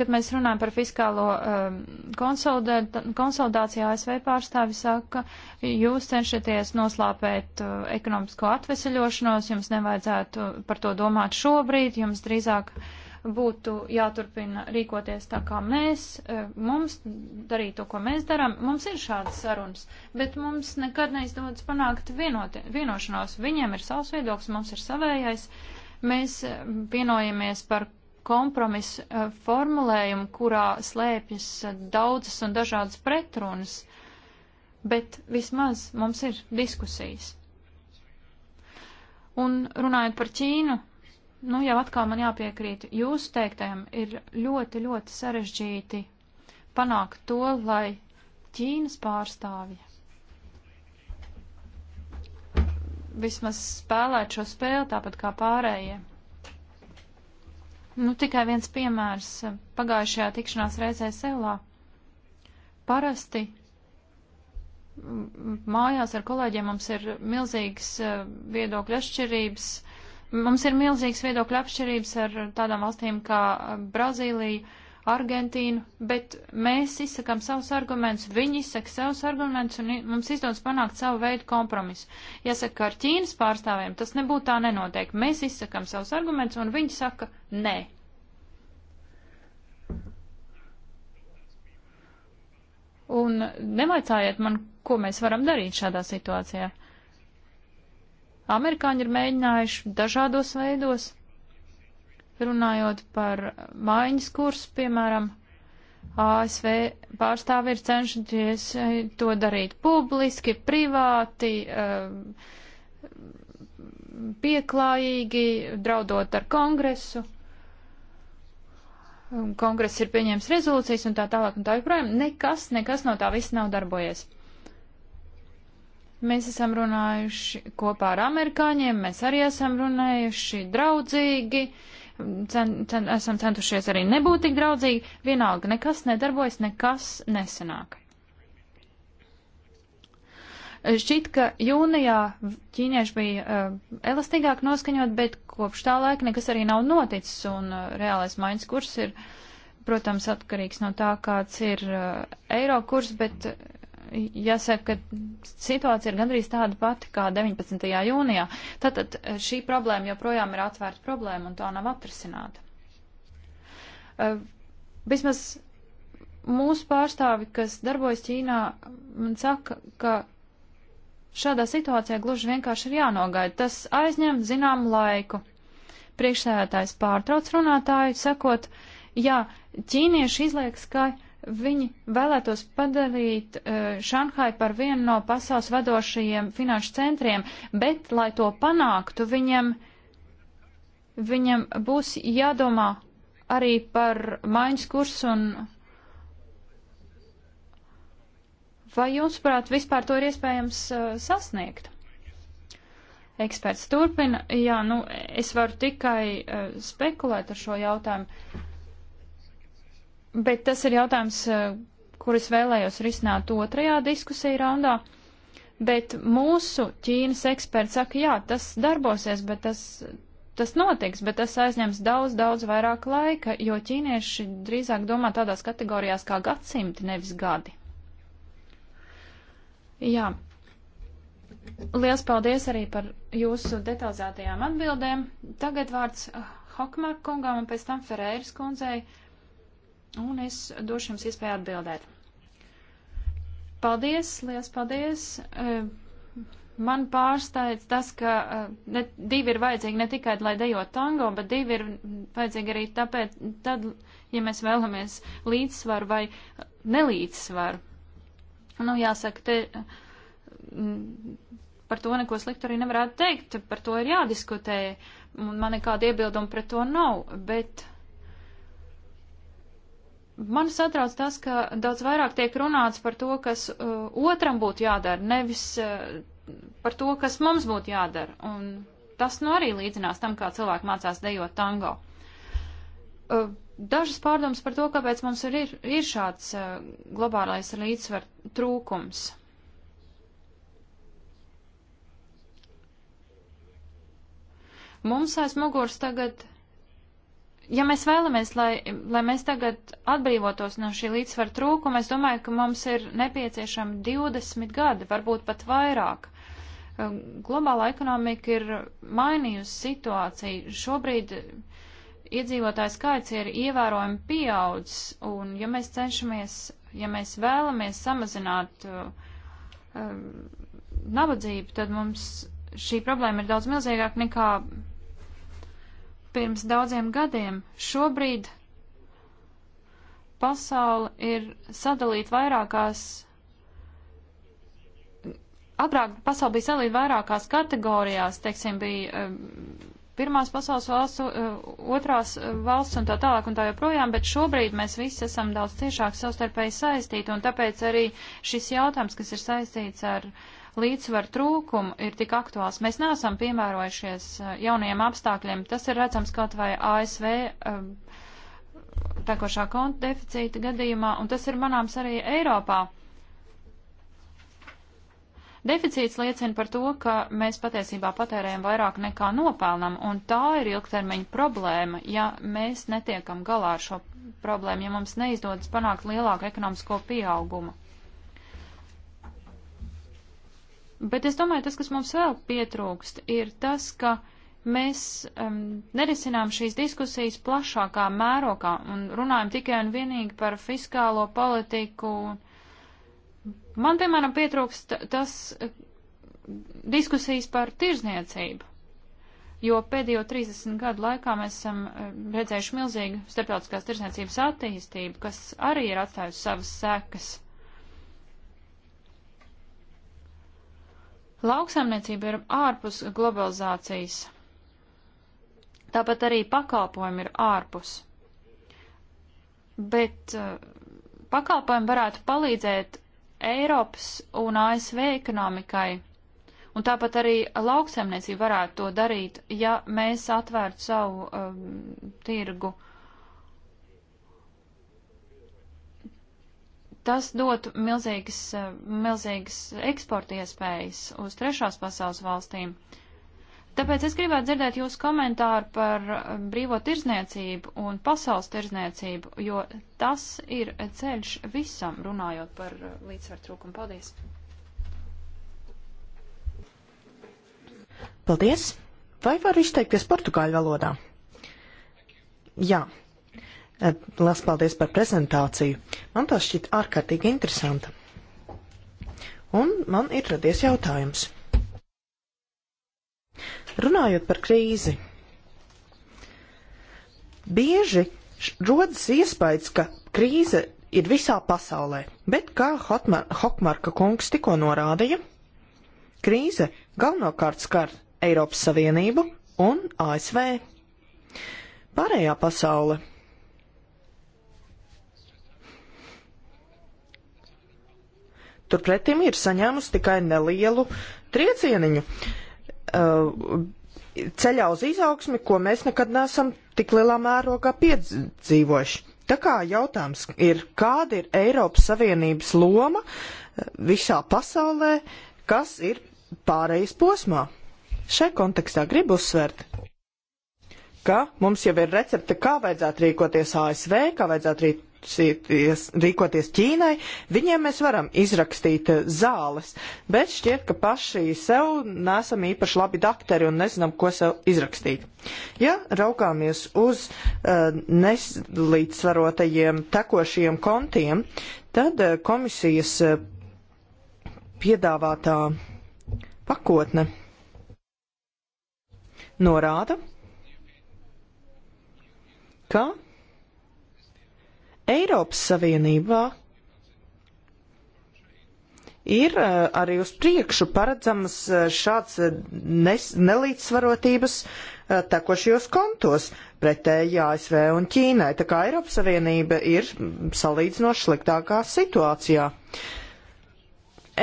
Kad mēs runājam par fiskālo um, konsolidāciju, ASV pārstāvi saka, ka jūs cenšaties noslāpēt uh, ekonomisko atveseļošanos, jums nevajadzētu par to domāt šobrīd, jums drīzāk uh, būtu jāturpina rīkoties tā kā mēs, e, mums darīt to, ko mēs darām. Mums ir šādas sarunas, bet mums nekad neizdodas panākt vienoti, vienošanos. Viņiem ir savs viedoklis, mums ir savējais. Mēs e, vienojamies par kompromisu e, formulējumu, kurā slēpjas daudzas un dažādas pretrunas, bet vismaz mums ir diskusijas. Un runājot par Ķīnu, nu jau atkal man jāpiekrīt, jūsu teiktajam ir ļoti, ļoti sarežģīti panākt to, lai Ķīnas pārstāvja vismaz spēlēt šo spēli tāpat kā pārējie. Nu, tikai viens piemērs pagājušajā tikšanās reizē Seulā. Parasti mājās ar kolēģiem mums ir milzīgas eh, viedokļa atšķirības Mums ir milzīgs viedokļu apšķirības ar tādām valstīm kā eh, Brazīlija, Argentīnu, bet mēs izsakām savus argumentus, viņi izsaka savus argumentus un mums izdodas panākt savu veidu kompromisu. Jāsaka, ka ar Ķīnas pārstāvjiem tas nebūtu tā nenotiek. Mēs izsakām savus argumentus un viņi saka nē. Un nevaicājiet man, ko mēs varam darīt šādā situācijā. Amerikāņi ir mēģinājuši dažādos veidos, runājot par mājiņas kursu, piemēram, ASV pārstāvi ir cenšoties eh, to darīt publiski, privāti, eh, pieklājīgi, draudot ar kongresu. Kongress ir pieņēmis rezolūcijas un tā tālāk un tā joprojām. Nekas, nekas no tā viss nav darbojies. Mēs esam runājuši kopā ar amerikāņiem, mēs arī esam runājuši draudzīgi, cen, cen, esam centušies arī nebūt tik draudzīgi. Vienalga, nekas nedarbojas, nekas nesanāk. Šķiet, ka jūnijā ķīnieši bija uh, elastīgāk noskaņot, bet kopš tā laika nekas arī nav noticis, un uh, reālais maiņas kurs ir, protams, atkarīgs no tā, kāds ir uh, eiro kurs, bet uh, jāsaka, ka situācija ir gandrīz tāda pati kā 19. jūnijā. Tātad eh, šī problēma joprojām ir atvērta problēma un tā nav atrisināta. Eh, vismaz mūsu pārstāvi, kas darbojas Ķīnā, man saka, ka šādā situācijā gluži vienkārši ir jānogaida. Tas aizņem zināmu laiku. Priekšsēdētājs pārtrauc runātāju, sakot, jā, ķīnieši izliek, ka Viņi vēlētos padarīt eh, Šanhai par vienu no pasaules vadošajiem finanšu centriem, bet, lai to panāktu, viņam, viņam būs jādomā arī par maiņas kursu un. Vai jums, prāt, vispār to ir iespējams uh, sasniegt? Eksperts turpina. Jā, nu, es varu tikai uh, spekulēt ar šo jautājumu bet tas ir jautājums, eh, kurus vēlējos risināt otrajā diskusija raundā. Bet mūsu Ķīnas eksperti saka, jā, tas darbosies, bet tas, tas notiks, bet tas aizņems daudz, daudz vairāk laika, jo ķīnieši drīzāk domā tādās kategorijās kā gadsimti, nevis gadi. Jā. Liels paldies arī par jūsu detalizētajām atbildēm. Tagad vārds eh, Hokmark kungām un pēc tam Ferēras kundzei. Uh, un es došu jums iespēju atbildēt. Paldies, liels paldies! E, man pārsteidz tas, ka e, ne, divi ir vajadzīgi ne tikai, lai dejot tango, bet divi ir vajadzīgi arī tāpēc, tad, ja mēs vēlamies līdzsvaru vai nelīdzsvaru. Nu, jāsaka, te par to neko sliktu arī nevarētu teikt, par to ir jādiskutē, un man nekāda iebilduma pret to nav, bet man satrauc tas, ka daudz vairāk tiek runāts par to, kas uh, otram būtu jādara, nevis uh, par to, kas mums būtu jādara. Un tas nu arī līdzinās tam, kā cilvēki mācās dejot tango. Uh, dažas pārdomas par to, kāpēc mums ir, ir, ir šāds uh, globālais līdzsver trūkums. Mums aiz muguras tagad ja mēs vēlamies, lai, lai mēs tagad atbrīvotos no šī līdzsvara trūkuma, es domāju, ka mums ir nepieciešami 20 gadi, varbūt pat vairāk. Um, Globāla ekonomika ir mainījusi situāciju. Šobrīd iedzīvotāju skaits ir ievērojami pieaudzis, un ja mēs cenšamies, ja mēs vēlamies samazināt uh, um, nabadzību, tad mums šī problēma ir daudz milzīgāka nekā pirms daudziem gadiem. Šobrīd pasauli ir sadalīta vairākās. Agrāk pasauli bija sadalīta vairākās kategorijās, teiksim, bija eh, pirmās pasaules valsts, eh, otrās eh, valsts un tā tālāk un tā joprojām, bet šobrīd mēs visi esam daudz ciešāk savstarpēji saistīti, un tāpēc arī šis jautājums, kas ir saistīts ar uh, līdzsvar trūkumu ir tik aktuāls. Mēs neesam piemērojušies uh, jaunajiem apstākļiem. Tas ir redzams kaut vai ASV um, tekošā konta deficīta gadījumā, un tas ir manāms arī Eiropā. Deficīts liecina par to, ka mēs patiesībā patērējam vairāk nekā nopelnam, un tā ir ilgtermiņa problēma, ja mēs netiekam galā ar šo problēmu, ja mums neizdodas panākt lielāku ekonomisko pieaugumu. Bet es domāju, tas, kas mums vēl pietrūkst, ir tas, ka mēs um, nerisinām šīs diskusijas plašākā mērokā un runājam tikai un vienīgi par fiskālo politiku. Man, piemēram, pietrūkst tas eh, diskusijas par tirzniecību, jo pēdējo 30 gadu laikā mēs esam eh, redzējuši milzīgu starptautiskās tirzniecības attīstību, kas arī ir atstājusi savas sekas. Uh, Lauksaimniecība ir ārpus globalizācijas. Tāpat arī pakalpojumi ir ārpus. Bet eh, pakalpojumi varētu palīdzēt Eiropas un ASV ekonomikai. Un tāpat arī lauksaimniecība varētu to darīt, ja mēs atvērtu savu um, tirgu uh, Tas dotu milzīgas, eh, milzīgas eksporta iespējas uz trešās pasaules valstīm. Tāpēc es gribētu dzirdēt jūsu komentāru par eh, brīvo tirzniecību un pasaules tirzniecību, jo tas ir ceļš visam, runājot par eh, līdzsvaru trūkumu. Paldies! Paldies! Vai var izteikties portugāļu valodā? Jā. Lielas paldies par prezentāciju. Man tā šķiet ārkārtīgi interesanta. Un man ir radies jautājums. Runājot par krīzi, bieži rodas iespējas, ka krīze ir visā pasaulē, bet kā Hotmar, Hokmarka kungs tikko norādīja, krīze galvenokārt skar Eiropas Savienību un ASV. Pārējā pasaule turpretim ir saņēmusi tikai nelielu triecieniņu. Uh, ceļā uz izaugsmi, ko mēs nekad neesam tik lielā mērogā piedzīvojuši. Tā kā jautājums ir, kāda ir Eiropas Savienības loma uh, visā pasaulē, kas ir pārējais posmā? Šai kontekstā gribu uzsvērt, ka mums jau ir recepte, kā vajadzētu rīkoties ASV, kā vajadzētu rīt rīkoties, rīkoties Ķīnai, viņiem mēs varam izrakstīt eh, zāles, bet šķiet, ka paši sev nesam īpaši labi dakteri un nezinām, ko sev izrakstīt. Ja raukāmies uz uh, neslīdzsvarotajiem tekošiem kontiem, tad uh, komisijas uh, piedāvātā pakotne norāda, ka Eiropas Savienībā ir eh, arī uz priekšu paredzamas eh, šāds eh, nelīdzsvarotības tekošajos kontos pretēji ASV un Ķīnai. Tā kā Eiropas Savienība ir salīdzinoši sliktākā situācijā.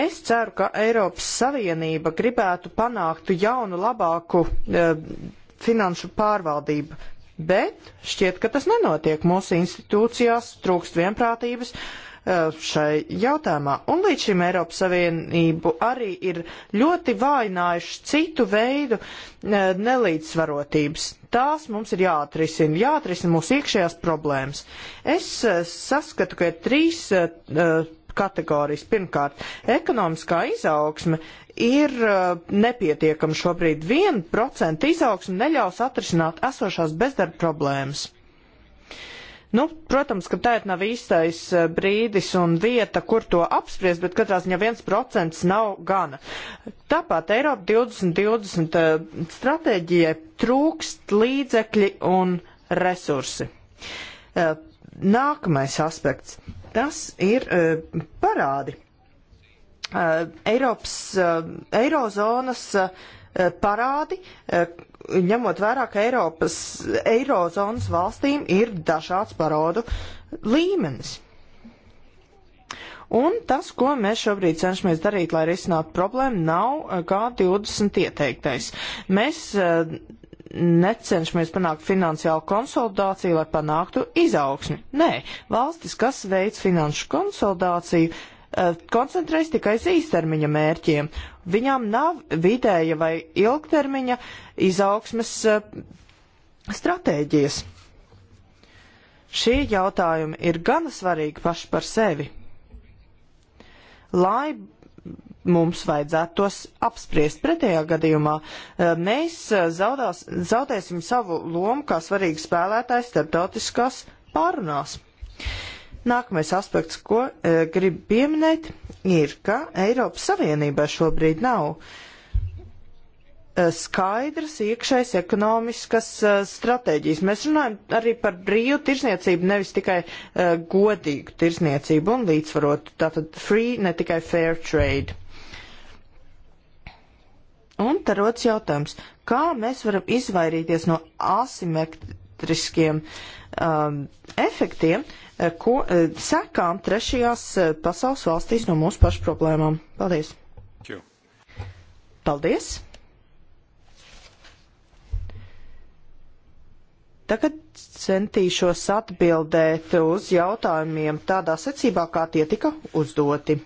Es ceru, ka Eiropas Savienība gribētu panāktu jaunu, labāku e, finanšu pārvaldību, bet šķiet, ka tas nenotiek mūsu institūcijās, trūkst vienprātības eh, šai jautājumā. Un līdz šim Eiropas Savienību arī ir ļoti vājinājuši citu veidu eh, nelīdzsvarotības. Tās mums ir jāatrisina, jāatrisina mūsu iekšējās problēmas. Es eh, saskatu, ka ir trīs uh, kategorijas. Pirmkārt, ekonomiskā izaugsme ir uh, nepietiekama šobrīd. 1% izaugsme neļaus atrisināt esošās bezdarba problēmas. Nu, protams, ka tā ir nav īstais uh, brīdis un vieta, kur to apspriest, bet katrā ziņā 1% nav gana. Tāpat Eiropa 2020 uh, stratēģijai trūkst līdzekļi un resursi. Uh, nākamais aspekts Tas ir e, parādi. E, Eiropas, e, Eirozonas parādi, ņemot vērā, ka Eiropas, Eirozonas valstīm ir dažāds parādu līmenis. Un tas, ko mēs šobrīd cenšamies darīt, lai risinātu problēmu, nav G20 ieteiktais. Mēs necenšamies panākt finansiālu konsolidāciju, lai panāktu izaugsmi. Nē, valstis, kas veids finanšu konsolidāciju, eh, koncentrējas tikai uz īstermiņa mērķiem. Viņām nav vidēja vai ilgtermiņa izaugsmes eh, stratēģijas. Šie jautājumi ir gana svarīgi paši par sevi. Lai mums vajadzētu tos apspriest. Pretējā gadījumā eh, mēs eh, zaudās, zaudēsim savu lomu kā svarīgu spēlētāju starptautiskās pārunās. Nākamais aspekts, ko e, eh, gribu pieminēt, ir, ka Eiropas Savienībā šobrīd nav skaidras iekšējas ekonomiskas stratēģijas. Mēs runājam arī par brīvu tirzniecību, nevis tikai uh, godīgu tirzniecību un līdzvarotu. Tātad free, ne tikai fair trade. Un te rodas jautājums, kā mēs varam izvairīties no asimetriskiem um, efektiem, eh, ko uh, sekām trešajās uh, pasaules valstīs no mūsu pašu problēmām. Paldies! Čau. Paldies! Tagad centīšos atbildēt uz jautājumiem tādā secībā, kā tie tika uzdoti.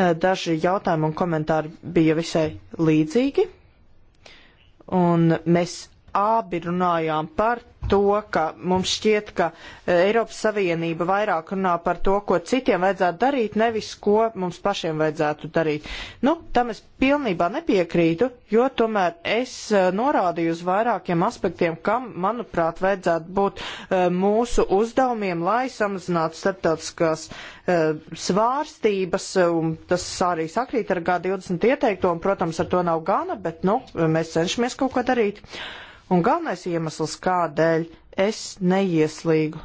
Eh, daži jautājumi un komentāri bija visai līdzīgi. Un mēs abi runājām par to, ka mums šķiet, ka e, Eiropas Savienība vairāk runā par to, ko citiem vajadzētu darīt, nevis ko mums pašiem vajadzētu darīt. Nu, tam es pilnībā nepiekrītu, jo tomēr es e, norādīju uz vairākiem aspektiem, kam, manuprāt, vajadzētu būt e, mūsu uzdevumiem, lai samazinātu starptautiskās svārstības, un tas arī sakrīt ar G20 ieteikto, un, protams, ar to nav gana, bet, nu, mēs cenšamies kaut ko darīt. Uh, Un galvenais iemesls, kādēļ es neieslīgu.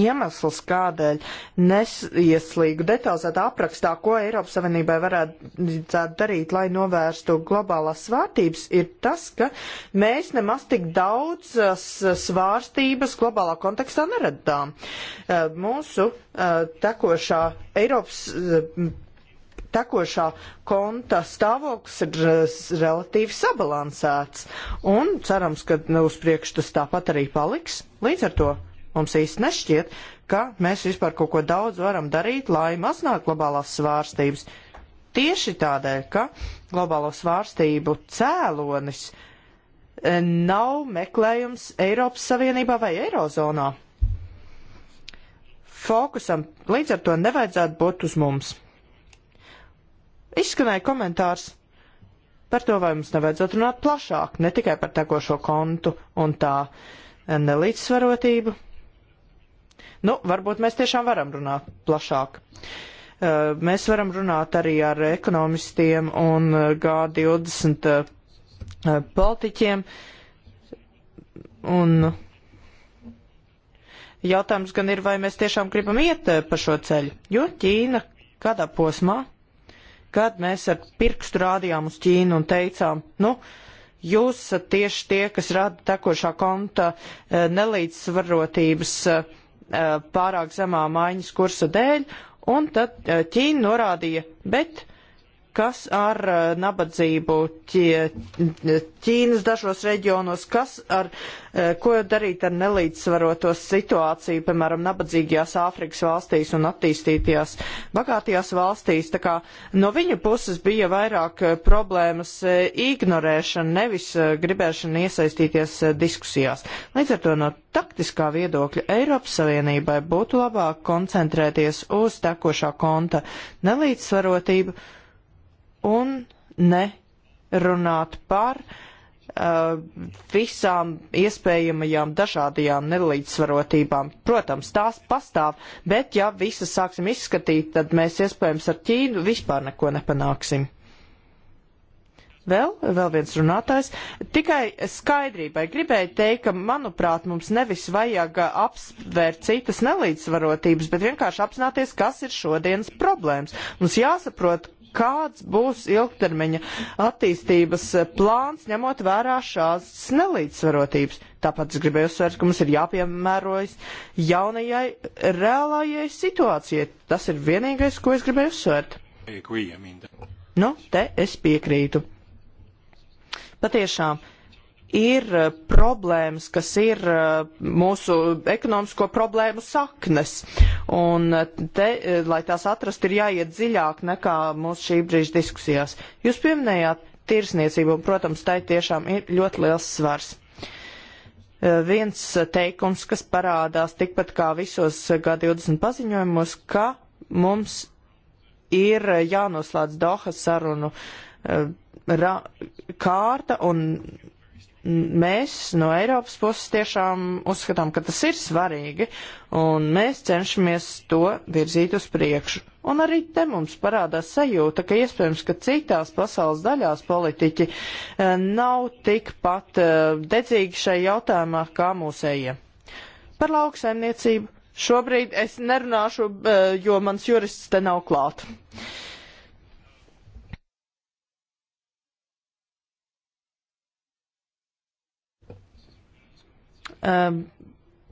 Iemesls, kādēļ neieslīgu detalizētā aprakstā, ko Eiropas Savienībai varētu darīt, lai novērstu globālās svārstības, ir tas, ka mēs nemaz tik daudz svārstības globālā kontekstā neredām. Mūsu eh, tekošā Eiropas eh, tekošā konta stāvoklis ir eh, relatīvi sabalansēts. Un cerams, ka nu, uz priekšu tas tāpat arī paliks. Līdz ar to mums īsti nešķiet, ka mēs vispār kaut ko daudz varam darīt, lai mazinātu globālās svārstības. Tieši tādēļ, ka globālo svārstību cēlonis eh, nav meklējums Eiropas Savienībā vai Eirozonā. Fokusam līdz ar to nevajadzētu būt uz mums. Izskanēja komentārs par to, vai mums nevajadzētu runāt plašāk, ne tikai par tekošo kontu un tā nelīdzsvarotību. Nu, varbūt mēs tiešām varam runāt plašāk. Eh, mēs varam runāt arī ar ekonomistiem un eh, G20 eh, politiķiem. Un jautājums gan ir, vai mēs tiešām gribam iet pa šo ceļu, jo Ķīna kādā posmā kad mēs ar pirkstu rādījām uz Ķīnu un teicām, nu, jūs esat tieši tie, kas rada tekošā konta eh, nelīdzsvarotības eh, pārāk zemā maiņas kursa dēļ, un tad eh, Ķīna norādīja, bet kas ar uh, nabadzību Ķīnas dažos reģionos, kas ar, uh, ko darīt ar nelīdzsvarotos situāciju, piemēram, nabadzīgajās Āfrikas valstīs un attīstītajās bagātajās valstīs. Tā kā no viņa puses bija vairāk uh, problēmas ignorēšana, nevis gribēšana iesaistīties diskusijās. Līdz ar to no taktiskā viedokļa Eiropas Savienībai būtu labāk koncentrēties uz tekošā konta nelīdzsvarotību un ne runāt par uh, visām iespējamajām dažādajām nelīdzsvarotībām. Protams, tās pastāv, bet ja visas sāksim izskatīt, tad mēs iespējams ar Ķīnu vispār neko nepanāksim. Vēl, vēl viens runātājs. Tikai skaidrībai gribēju teikt, ka, manuprāt, mums nevis vajag apsvērt citas nelīdzsvarotības, bet vienkārši apzināties, kas ir šodienas problēmas. Mums jāsaprot, kāds būs ilgtermiņa attīstības eh, plāns, ņemot vērā šās nelīdzsvarotības. Tāpat es gribēju uzsvērt, ka mums ir jāpiemērojas jaunajai reālajai situācijai. Tas ir vienīgais, ko es gribēju uzsvērt. Nu, te es piekrītu. Patiešām ir eh, problēmas, kas ir eh, mūsu ekonomisko problēmu saknes. Un eh, te, lai tās atrast, ir jāiet dziļāk nekā mūsu šī brīža diskusijās. Jūs pieminējāt tirsniecību, un, protams, tai tiešām ir ļoti liels svars viens teikums, kas parādās tikpat kā visos G20 paziņojumos, ka mums ir jānoslēdz Doha sarunu kārta un mēs no Eiropas puses tiešām uzskatām, ka tas ir svarīgi, un mēs cenšamies to virzīt uz priekšu. Un arī te mums parādās sajūta, ka iespējams, ka citās pasaules daļās politiķi e, nav tikpat e, dedzīgi šai jautājumā kā mūsējie. Par lauksaimniecību šobrīd es nerunāšu, e, jo mans jurists te nav klāt. Uh, um,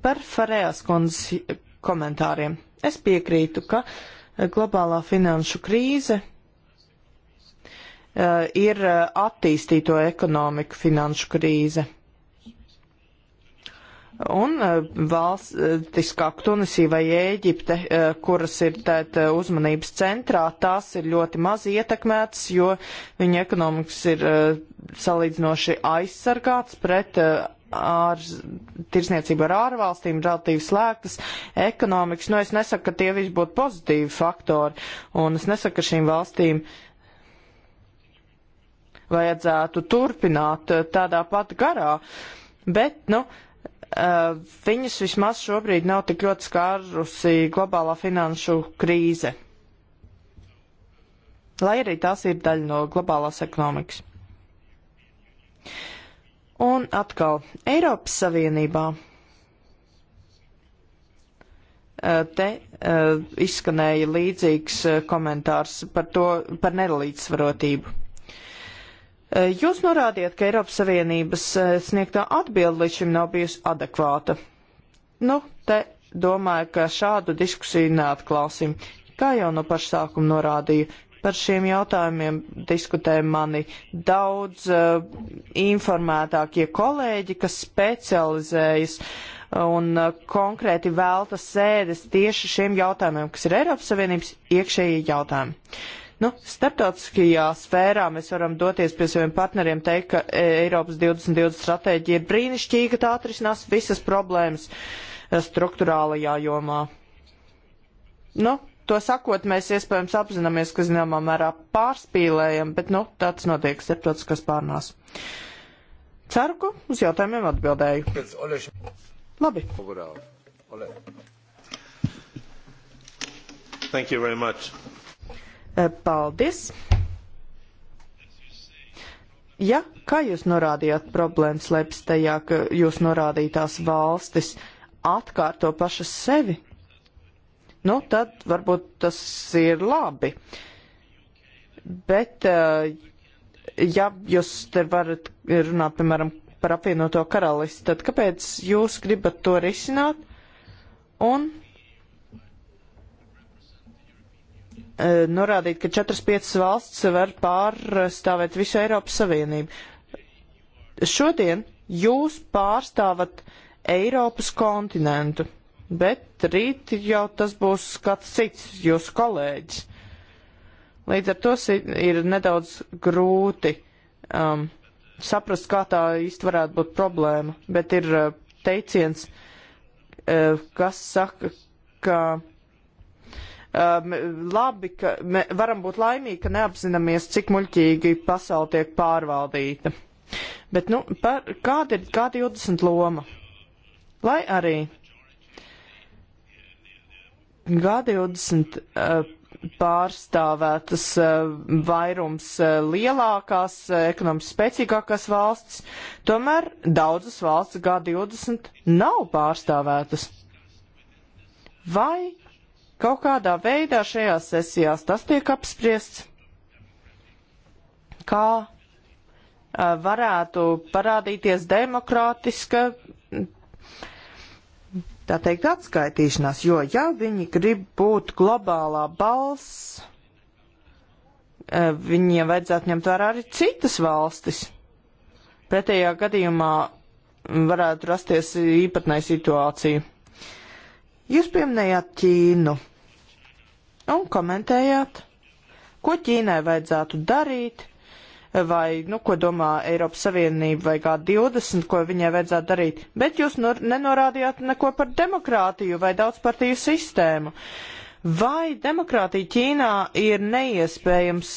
par Farējas kundzes komentāriem. Es piekrītu, ka uh, globālā finanšu krīze uh, ir uh, attīstīto ekonomiku finanšu krīze. Un uh, valstis kā Tunisija vai Ēģipte, uh, kuras ir tēt uh, uzmanības centrā, tās ir ļoti maz ietekmētas, jo viņa ekonomikas ir uh, salīdzinoši aizsargāts pret uh, ar tirsniecību ar ārvalstīm, relatīvi slēgtas ekonomikas. Nu, es nesaku, ka tie visi būtu pozitīvi faktori, un es nesaku, ka šīm valstīm vajadzētu turpināt eh, tādā pat garā, bet, nu, eh, viņas vismaz šobrīd nav tik ļoti skārusi globālā finanšu krīze. Lai arī tās ir daļa no globālās ekonomikas. Uh, Un atkal Eiropas Savienībā eh, te uh, izskanēja līdzīgs uh, komentārs par to, par nelīdzsvarotību. Uh, jūs norādījat, ka Eiropas Savienības sniegtā atbilde līdz šim nav bijusi adekvāta. Nu, te domāju, ka šādu diskusiju neatklāsim. Kā jau no paša sākuma norādīju, par šiem jautājumiem diskutē mani daudz uh, informētākie kolēģi, kas specializējas un uh, konkrēti velta sēdes tieši šiem jautājumiem, kas ir Eiropas Savienības iekšējie jautājumi. Nu, starptautiskajā sfērā mēs varam doties pie saviem partneriem, teikt, ka e- Eiropas 2020 stratēģija ir brīnišķīga, tā atrisinās visas problēmas eh, struktūrālajā jomā. Nu, to sakot, mēs iespējams apzināmies, ka zināmā mērā pārspīlējam, bet nu, tāds notiek starptautiskās pārnās. Ceru, ka uz jautājumiem atbildēju. Labi. Thank you very much. Eh, paldies. Ja, kā jūs norādījāt, problēmas leipstajā, ka jūs norādītās valstis atkārto pašas sevi, nu tad varbūt tas ir labi. Bet, eh, ja jūs te varat runāt, piemēram, par apvienoto karalisti, tad kāpēc jūs gribat to risināt? Un eh, norādīt, ka 4-5 valsts var pārstāvēt visu Eiropas Savienību. Šodien jūs pārstāvat Eiropas kontinentu bet rīt jau tas būs kāds cits jūsu kolēģis. Līdz ar to ir nedaudz grūti um, saprast, kā tā īsti varētu būt problēma, bet ir uh, teiciens, uh, kas saka, ka um, labi, ka varam būt laimīgi, ka neapzināmies, cik muļķīgi pasauli tiek pārvaldīta. Bet, nu, par, kāda ir, kāda ir 20 loma? Lai arī G20 eh, pārstāvētas eh, vairums eh, lielākās, ekonomiski spēcīgākās valstis, tomēr daudzas valsts G20 nav pārstāvētas. Vai kaut kādā veidā šajās sesijās tas tiek apspriests? Kā varētu parādīties demokrātiska tā teikt, atskaitīšanās, jo ja viņi grib būt globālā balss, eh, viņiem vajadzētu ņemt vērā arī citas valstis. Pretējā gadījumā varētu rasties īpatnēja situācija. Jūs pieminējāt Ķīnu un komentējāt, ko Ķīnai vajadzētu darīt, vai, nu, ko domā Eiropas Savienība vai G20, ko viņai vajadzētu darīt, bet jūs nenorādījāt neko par demokrātiju vai daudzpartiju sistēmu. Vai demokrātija Ķīnā ir neiespējams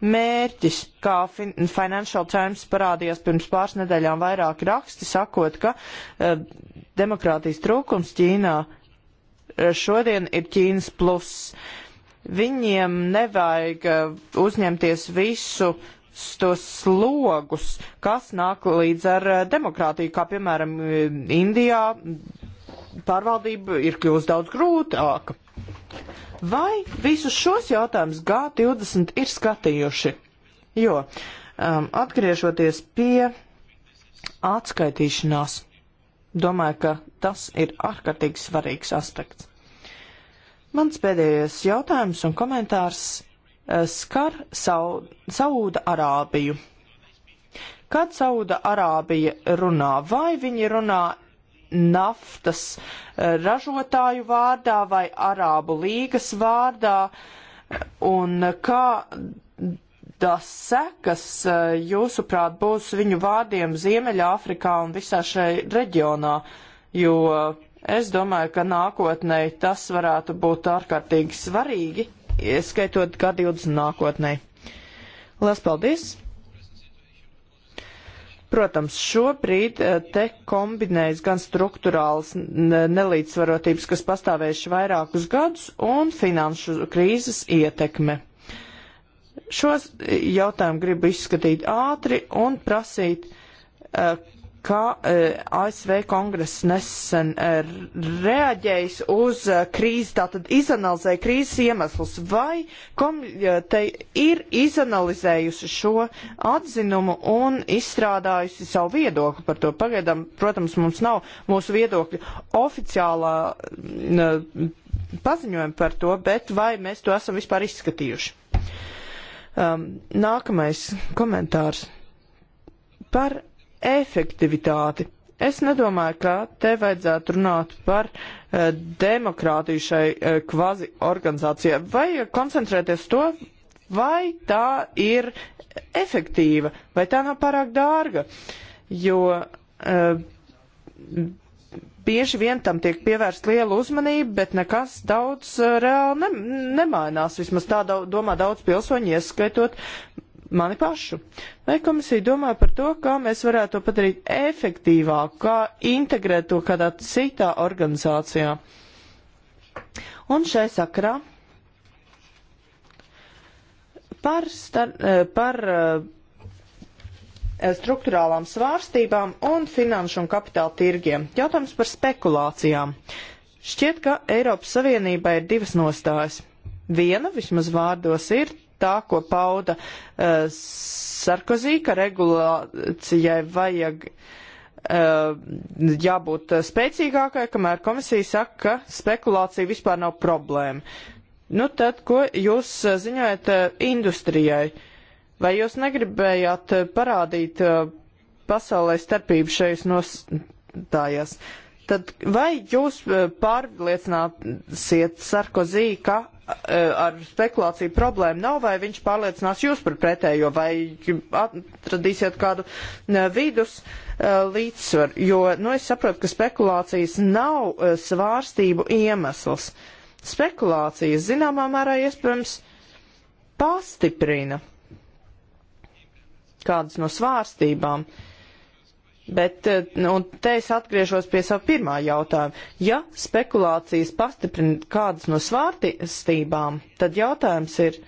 mērķis, kā fin Financial Times parādījās pirms pāris nedēļām vairāki raksti, sakot, ka uh, demokrātijas trūkums Ķīnā uh, šodien ir Ķīnas pluss. Viņiem nevajag uh, uzņemties visu tos slogus, kas nāk līdz ar eh, demokrātiju, kā piemēram eh, Indijā pārvaldība ir kļūst daudz grūtāka. Vai visus šos jautājumus G20 ir skatījuši? Jo, um, atgriežoties pie atskaitīšanās, domāju, ka tas ir ārkārtīgi svarīgs aspekts. Mans pēdējais jautājums un komentārs Eh, skar Sauda Arābiju. Kad Sauda Arābija runā, vai viņi runā naftas eh, ražotāju vārdā vai Arābu līgas vārdā, un kādas sekas, eh, jūsuprāt, būs viņu vārdiem Ziemeļāfrikā un visā šai reģionā, jo es domāju, ka nākotnē tas varētu būt ārkārtīgi svarīgi ieskaitot G20 nākotnē. Lielas paldies! Protams, šobrīd eh, te kombinējas gan struktūrāls nelīdzsvarotības, kas pastāvējuši vairākus gadus, un finanšu krīzes ietekme. Šos jautājumu gribu izskatīt ātri un prasīt eh, ka e, ASV kongress nesen e, reaģējis uz e, krīzi, tātad izanalizēja krīzes iemeslus, vai komiteja ir izanalizējusi šo atzinumu un izstrādājusi savu viedokli par to. Pagaidām, protams, mums nav mūsu viedokļa oficiālā paziņojuma par to, bet vai mēs to esam vispār izskatījuši. Um, nākamais komentārs par efektivitāti. Es nedomāju, ka te vajadzētu runāt par uh, demokrātiju šai uh, kvazi organizācijai. Vajag koncentrēties to, vai tā ir efektīva, vai tā nav pārāk dārga. Jo uh, bieži vien tam tiek pievērst liela uzmanība, bet nekas daudz reāli ne, nemainās. Vismaz tā domā daudz pilsoņu, ieskaitot mani pašu. Vai komisija domā par to, kā mēs varētu to padarīt efektīvāk, kā integrēt to kādā citā organizācijā? Un šai sakrā par, star, eh, par eh, struktūrālām svārstībām un finanšu un kapitāla tirgiem. Jautājums par spekulācijām. Šķiet, ka Eiropas Savienībā ir divas nostājas. Viena, vismaz vārdos, ir tā, ko pauda uh, Sarkozī, ka regulācijai vajag uh, jābūt spēcīgākai, kamēr komisija saka, ka spekulācija vispār nav problēma. Nu tad, ko jūs eh, ziņojat industrijai? Vai jūs negribējāt parādīt pasaulē starpību šajās nostājās? Tad vai jūs pārliecināsiet Sarkozī, ka Eh, ar spekulāciju problēmu nav, vai viņš pārliecinās jūs par pretējo, vai atradīsiet kādu eh, vidus eh, līdzsvaru, jo, nu, es saprotu, ka spekulācijas nav svārstību iemesls. Spekulācijas, zināmā mērā, iespējams, pastiprina kādas no svārstībām. Uh, Bet, eh, nu, un te es atgriežos pie savu pirmā jautājumu. Ja spekulācijas pastiprina kādas no svārstībām, tad jautājums ir,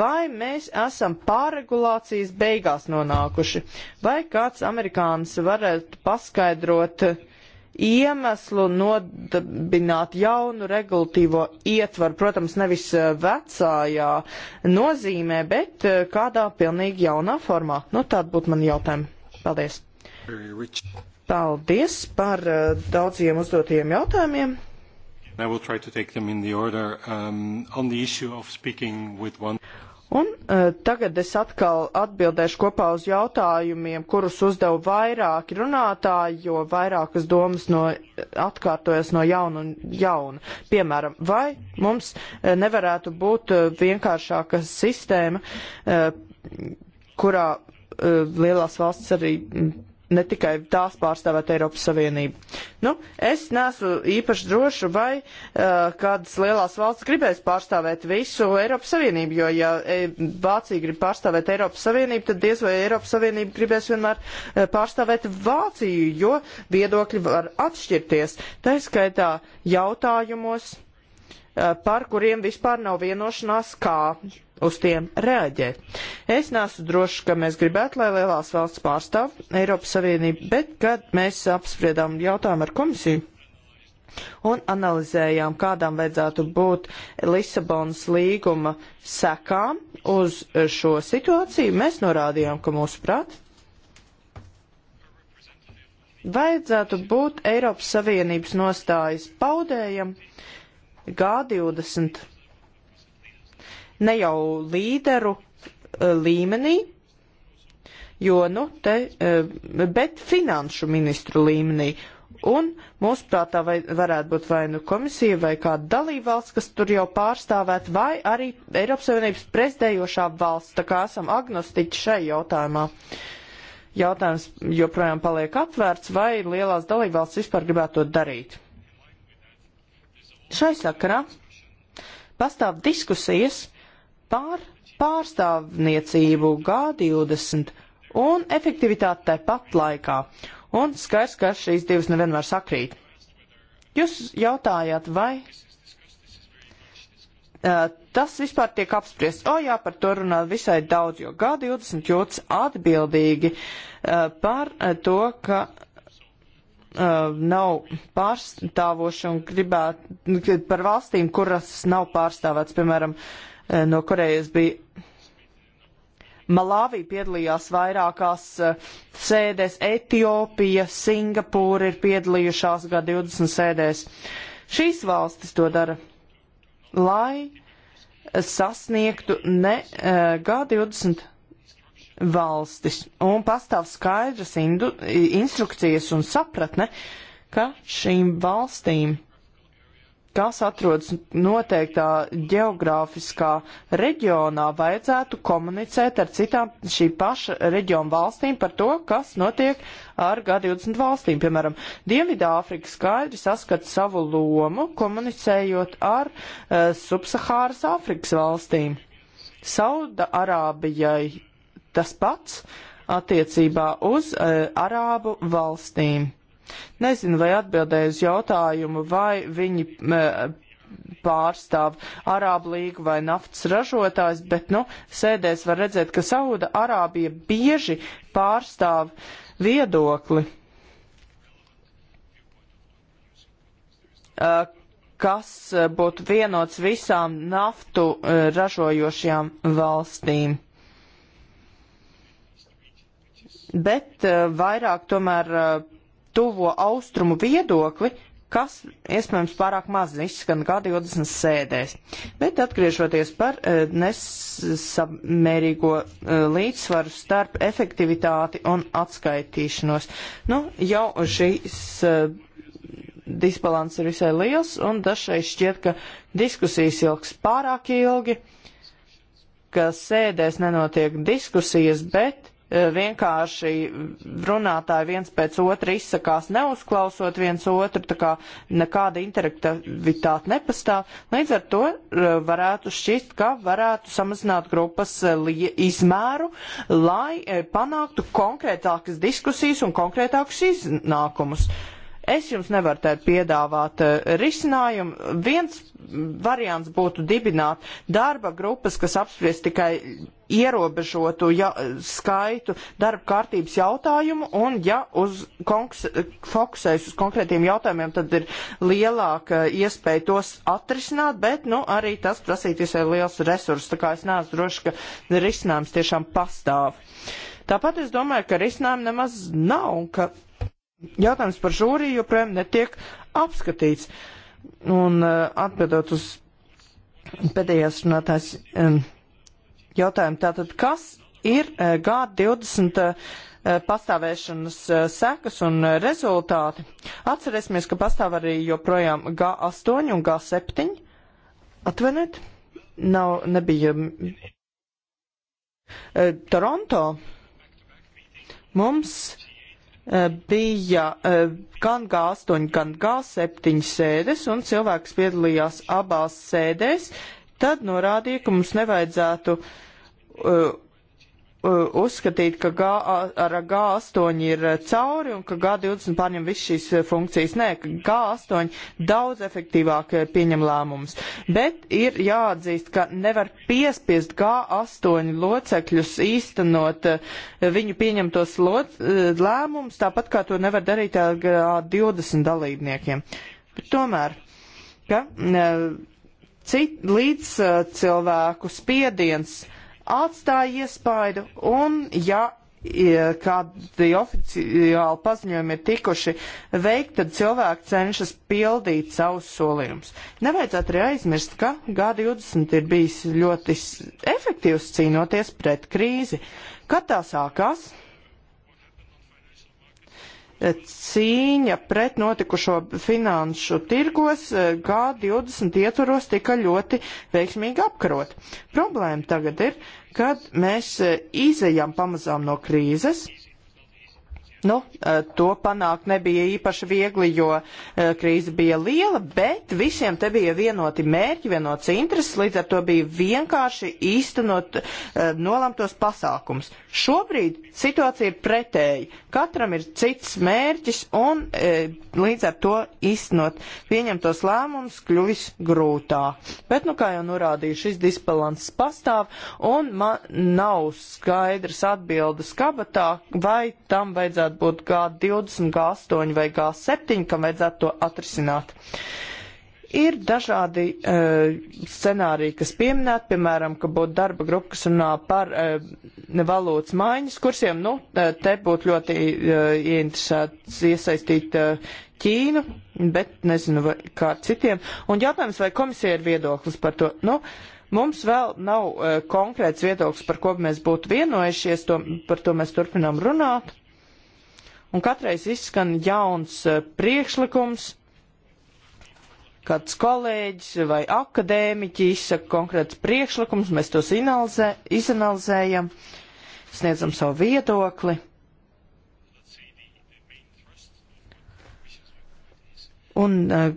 vai mēs esam pārregulācijas beigās nonākuši, vai kāds amerikānis varētu paskaidrot eh, iemeslu nodabināt jaunu regulatīvo ietvaru, protams, nevis eh, vecājā nozīmē, bet kādā pilnīgi jaunā formā. Nu, tāda būtu man jautājuma. Paldies! Paldies par uh, daudziem uzdotajiem jautājumiem. Order, um, one... Un uh, tagad es atkal atbildēšu kopā uz jautājumiem, kurus uzdeva vairāki runātāji, jo vairākas domas no, atkārtojas no jauna un jauna. Piemēram, vai mums uh, nevarētu būt uh, vienkāršāka sistēma, uh, kurā uh, lielās valsts arī mm, ne tikai tās pārstāvēt Eiropas Savienību. Nu, es nesu īpaši drošu, vai uh, kādas lielās valsts gribēs pārstāvēt visu Eiropas Savienību, jo ja e, Vācija grib pārstāvēt Eiropas Savienību, tad diez vai Eiropas Savienība gribēs vienmēr uh, pārstāvēt Vāciju, jo viedokļi var atšķirties. Tā skaitā jautājumos, uh, par kuriem vispār nav vienošanās, kā uz tiem reaģē. Es nesu drošs, ka mēs gribētu, lai lielās valsts pārstāv Eiropas Savienību, bet kad mēs apspriedām jautājumu ar komisiju un analizējām, kādām vajadzētu būt Lisabonas līguma sekām uz šo situāciju, mēs norādījām, ka mūsuprāt vajadzētu būt Eiropas Savienības nostājas paudējam G20 ne jau līderu eh, līmenī, jo, nu, te, eh, bet finanšu ministru līmenī. Un, mūsuprāt, tā vai, varētu būt vai nu komisija, vai kāda dalībvalsts, kas tur jau pārstāvēt, vai arī Eiropas Savienības prezidējošā valsts, tā kā esam agnostiķi šai jautājumā. Jautājums joprojām paliek atvērts, vai lielās dalībvalsts vispār gribētu to darīt. Šai sakarā pastāv diskusijas par pārstāvniecību G20 un efektivitāti tepat laikā. Un skairs, ka šīs divas nevienmēr sakrīt. Jūs jautājāt, vai uh, tas vispār tiek apspriests? O oh, jā, par to runā visai daudz, jo G20 jūtas atbildīgi uh, par uh, to, ka uh, nav pārstāvoši un gribētu par valstīm, kuras nav pārstāvēts, piemēram, uh, Eh, no Korejas bija. Malāvī piedalījās vairākās eh, sēdēs, Etiopija, Singapūra ir piedalījušās G20 sēdēs. Šīs valstis to dara, lai eh, sasniegtu ne G20 valstis. Un pastāv skaidras instrukcijas un sapratne, ka šīm valstīm kas atrodas noteiktā geogrāfiskā reģionā, vajadzētu komunicēt ar citām šī paša reģiona valstīm par to, kas notiek ar G20 valstīm. Piemēram, Dienvidāfrika skaidri saskat savu lomu, komunicējot ar uh, eh, subsahāras Āfrikas valstīm. Sauda Arābijai tas pats attiecībā uz uh, Arābu valstīm. Nezinu, vai atbildēju uz jautājumu, vai viņi pārstāv Arābu līgu vai naftas ražotājs, bet, nu, sēdēs var redzēt, ka Sauda Arābija bieži pārstāv viedokli, kas būtu vienots visām naftu ražojošajām valstīm. Bet vairāk tomēr tuvo austrumu viedokli, kas, iespējams, pārāk maz izskan G20 sēdēs. Bet atgriežoties par e, nesamērīgo e, līdzsvaru starp efektivitāti un atskaitīšanos, nu, jau šīs e, disbalans ir visai liels, un dažreiz šķiet, ka diskusijas ilgs pārāk ilgi, ka sēdēs nenotiek diskusijas, bet Eh, vienkārši runātāji viens pēc otra izsakās, neuzklausot viens otru, tā kā nekāda interaktivitāte nepastāv. Līdz ar to eh, varētu šķist, ka varētu samazināt grupas eh, izmēru, lai panāktu konkrētākas diskusijas un konkrētākus iznākumus. Uh, Es jums nevaru te piedāvāt eh, risinājumu. Viens variants būtu dibināt darba grupas, kas apspriest tikai ierobežotu ja, skaitu darba kārtības jautājumu, un ja uz fokusēs uz konkrētiem jautājumiem, tad ir lielāka iespēja tos atrisināt, bet, nu, arī tas prasīt visai liels resursus, tā kā es neesmu droši, ka risinājums tiešām pastāv. Tāpat es domāju, ka risinājumu nemaz nav, un ka jautājums par žūrī joprojām netiek apskatīts. Un eh, atbildot uz pēdējās runātājs jautājumu, tātad kas ir eh, G20 eh, pastāvēšanas sekas un rezultāti? Atcerēsimies, ka pastāv arī joprojām G8 un G7. Atvainojiet, nav, nebija Toronto. Mums Eh, bija eh, gan G8, gan G7 sēdes, un cilvēks piedalījās abās sēdēs, tad norādīja, ka mums nevajadzētu uh, Uh, uzskatīt, ka G, ar G8 ir uh, cauri un ka G20 pārņem visu šīs uh, funkcijas. Nē, G8 daudz efektīvāk pieņem lēmumus. Bet ir jāatzīst, ka nevar piespiest G8 locekļus īstenot viņu pieņemtos lēmumus, tāpat kā to nevar darīt ar G20 dalībniekiem. Bet tomēr, ka cit, līdz cilvēku spiediens atstāja iespaidu un, ja kādi oficiāli paziņojumi ir tikuši veikti, tad cilvēki cenšas pildīt savus solījumus. Nevajadzētu arī aizmirst, ka G20 ir bijis ļoti efektīvs cīnoties pret krīzi. Kad tā sākās, cīņa pret notikušo finanšu tirgos eh, G20 ietvaros tika ļoti veiksmīgi apkarot. Problēma tagad ir, kad mēs eh, izejam pamazām no krīzes Nu, eh, to panākt nebija īpaši viegli, jo eh, krīze bija liela, bet visiem te bija vienoti mērķi, vienots intereses, līdz ar to bija vienkārši īstenot eh, nolemtos pasākums. Šobrīd situācija ir pretēji. Katram ir cits mērķis un līdz ar to īstenot pieņemtos lēmumus kļuvis grūtāk. Bet, nu, kā jau norādīju, šis disbalanss pastāv un man nav skaidrs atbildes kabatā, vai tam vajadzētu vajadzētu būt G20, G8 vai G7, kam vajadzētu to atrisināt. Ir dažādi uh, scenāriji, kas pieminēt, piemēram, ka būtu darba grupa, kas runā par uh, valūtas maiņas kursiem. Nu, eh, te būtu ļoti uh, ieinteresēts iesaistīt uh, Ķīnu, bet nezinu, vai kā ar citiem. Un jautājums, vai komisija ir viedoklis par to? Nu, uh, Mums vēl nav uh, konkrēts viedoklis, par ko mēs būtu vienojušies, to, par to mēs turpinām runāt un katreiz izskan jauns eh, priekšlikums, kāds kolēģis vai akadēmiķi izsaka konkrēts priekšlikums, mēs tos inalizē, izanalizējam, sniedzam savu viedokli. Un eh,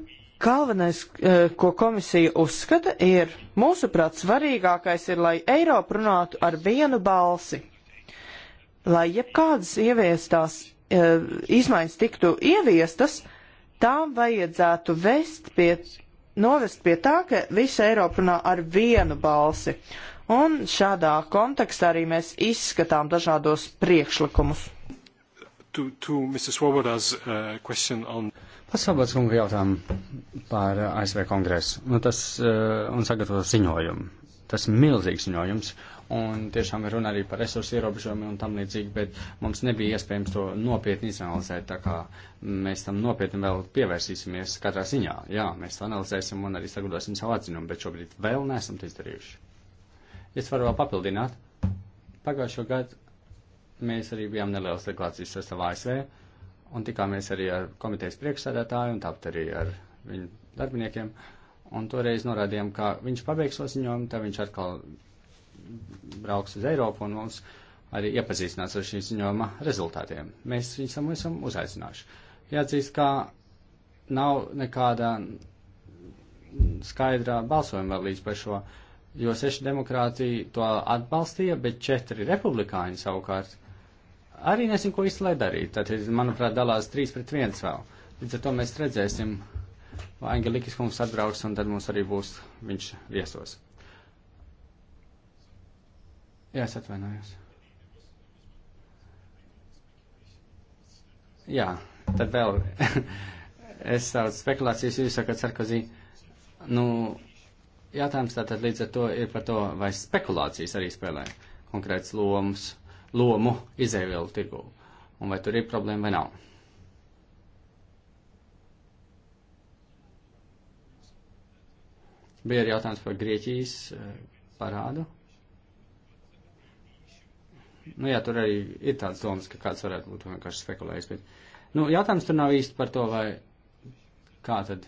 galvenais, eh, ko komisija uzskata, ir, mūsuprāt, svarīgākais ir, lai Eiropa runātu ar vienu balsi, lai jebkādas ieviestās Eh, izmaiņas tiktu ieviestas, tām vajadzētu vest pie, novest pie tā, ka visa Eiropa runā ar vienu balsi. Un šādā kontekstā arī mēs izskatām dažādos priekšlikumus. To, to Mr. Swoboda's uh, question on. Pasvabats kunga jautājumu par ASV kongresu. Nu, tas uh, un sagatavot ziņojumu. Tas milzīgs ziņojums. Uh, un tiešām ir runa arī par resursu ierobežojumiem un tam līdzīgi, bet mums nebija iespējams to nopietni izanalizēt, tā kā mēs tam nopietni vēl pievērsīsimies katrā ziņā. Jā, mēs to analizēsim un arī sagudosim savu atzinumu, bet šobrīd vēl neesam to izdarījuši. Es varu vēl papildināt. Pagājušo gadu mēs arī bijām nelielas deklācijas sastāvā ASV, un tikāmies arī ar komitejas priekšsēdētāju un tāpat arī ar viņu darbiniekiem, un toreiz norādījām, ka viņš pabeigs to ziņojumu, tad viņš atkal brauks uz Eiropu un mums arī iepazīstinās ar šīs ziņojuma rezultātiem. Mēs viņus esam, esam uzaicinājuši. Jāatzīst, ka nav nekāda skaidrā balsojuma vēl līdz par šo, jo seši demokrātija to atbalstīja, bet četri republikāņi savukārt arī nezinu, ko īsti lai darīt. Tad, manuprāt, dalās trīs pret viens vēl. Līdz ar to mēs redzēsim, vai Angelikas kungs atbrauks un tad mums arī būs viņš viesos. Jā, es atvainojos. Jā, tad vēl es saucu spekulācijas, jūs sakat, Sarkozī, nu, jautājums tātad līdz ar to ir par to, vai spekulācijas arī spēlē konkrēts lomas, lomu izēvielu tirgu, un vai tur ir problēma vai nav. Bija arī jautājums par Grieķijas eh, parādu. Nu, jā, tur arī ir tādas domas, ka kāds varētu būt vienkārši spekulējis, bet, nu, jautājums tur nav īsti par to, vai kā tad,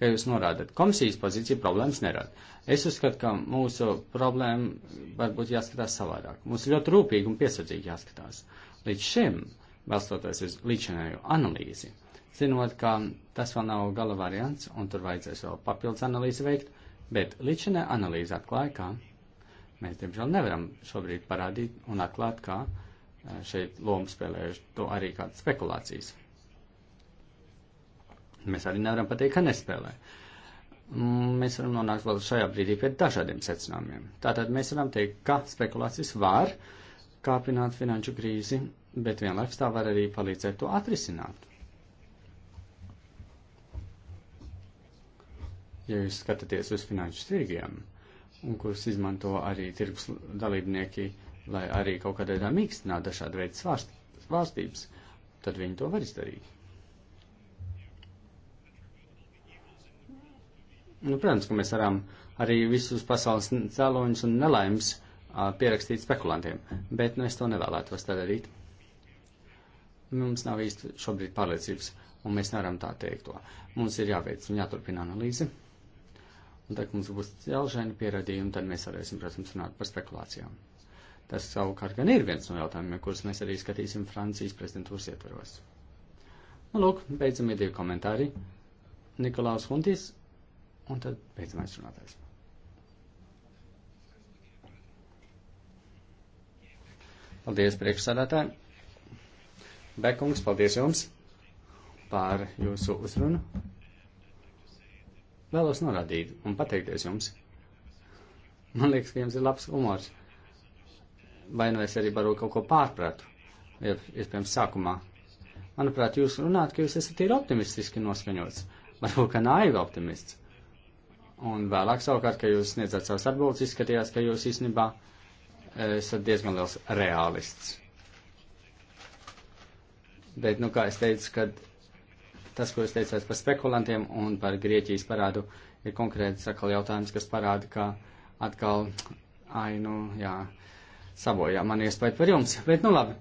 kā jūs norādat. Komisijas pozīcija problēmas nerada. Es uzskatu, ka mūsu problēma varbūt jāskatās savādāk. Mums ļoti rūpīgi un piesardzīgi jāskatās. Līdz šim, balstoties uz līdzinēju analīzi, zinot, ka tas vēl nav gala variants un tur vajadzēs vēl papildus analīzi veikt, bet līdzinē analīze atklāja, ka Mēs, diemžēl, nevaram šobrīd parādīt un atklāt, kā eh, šeit lomu spēlējuši to arī kādas spekulācijas. Mēs arī nevaram pateikt, ka nespēlē. Mm, mēs varam nonākt vēl šajā brīdī pie dažādiem secinājumiem. Tātad mēs varam teikt, ka spekulācijas var kāpināt finanšu krīzi, bet vienlaikus tā var arī palīdzēt to atrisināt. Ja jūs skatāties uz finanšu tirgiem, uh, kurus izmanto arī tirgus dalībnieki, lai arī kaut kādā veidā mīkstinātu dažādu veidu svārstības, tad viņi to var izdarīt. Nu, protams, ka mēs varam arī visus pasaules cēloņus un nelaimes pierakstīt spekulantiem, bet nu, es to nevēlētos tā darīt. Mums nav īsti šobrīd pārliecības, un mēs nevaram tā teikt to. Mums ir jāveic un jāturpina analīze. Un tad mums būs ļaužaini pierādījumi, tad mēs varēsim, protams, runāt par spekulācijām. Tas savukārt gan ir viens no jautājumiem, kurus mēs arī skatīsim Francijas prezidentūras ietvaros. Un nu, lūk, beidzamie divi komentāri. Nikolaus Huntis un tad beidzamais runātājs. Paldies, priekšsādātāji. Bekungs, paldies jums par jūsu uzrunu. Vēlos norādīt un pateikties jums. Man liekas, ka jums ir labs humors. Vai nu es arī varbūt kaut ko pārpratu, ja iespējams sākumā. Manuprāt, jūs runājat, ka jūs esat ir optimistiski noskaņots, varbūt, ka naivi optimists. Un vēlāk savukārt, ka jūs sniedzat savus atbildes, izskatījās, ka jūs īstenībā esat diezgan liels reālists. Bet, nu, kā es teicu, kad Tas, ko jūs teicāt par spekulantiem un par Grieķijas parādu, ir konkrēti sakal jautājums, kas parāda, ka atkal, ai, nu, jā, sabojā man iespēja par jums. Bet, nu, labi.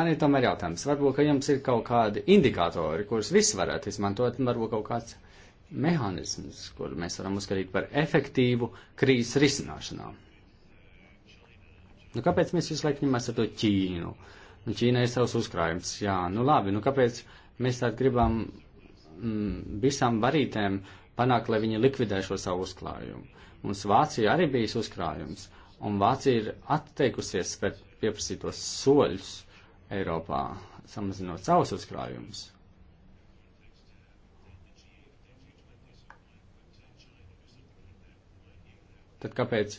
Man ir tomēr jautājums, varbūt, ka jums ir kaut kādi indikātori, kurus viss varētu izmantot, varbūt kaut kāds mehānisms, kur mēs varam uzskatīt par efektīvu krīzes risināšanā. Nu, kāpēc mēs visu laiku ņemamies ar to Ķīnu? Nu, Ķīna ir savs uzkrājums, jā, nu labi, nu kāpēc Mēs tātad gribam mm, visām varītēm panākt, lai viņi likvidē šo savu uzklājumu. Mums Vācija arī bijis uzkrājums, un Vācija ir atteikusies spērt pieprasītos soļus Eiropā, samazinot savus uzkrājumus. Tad kāpēc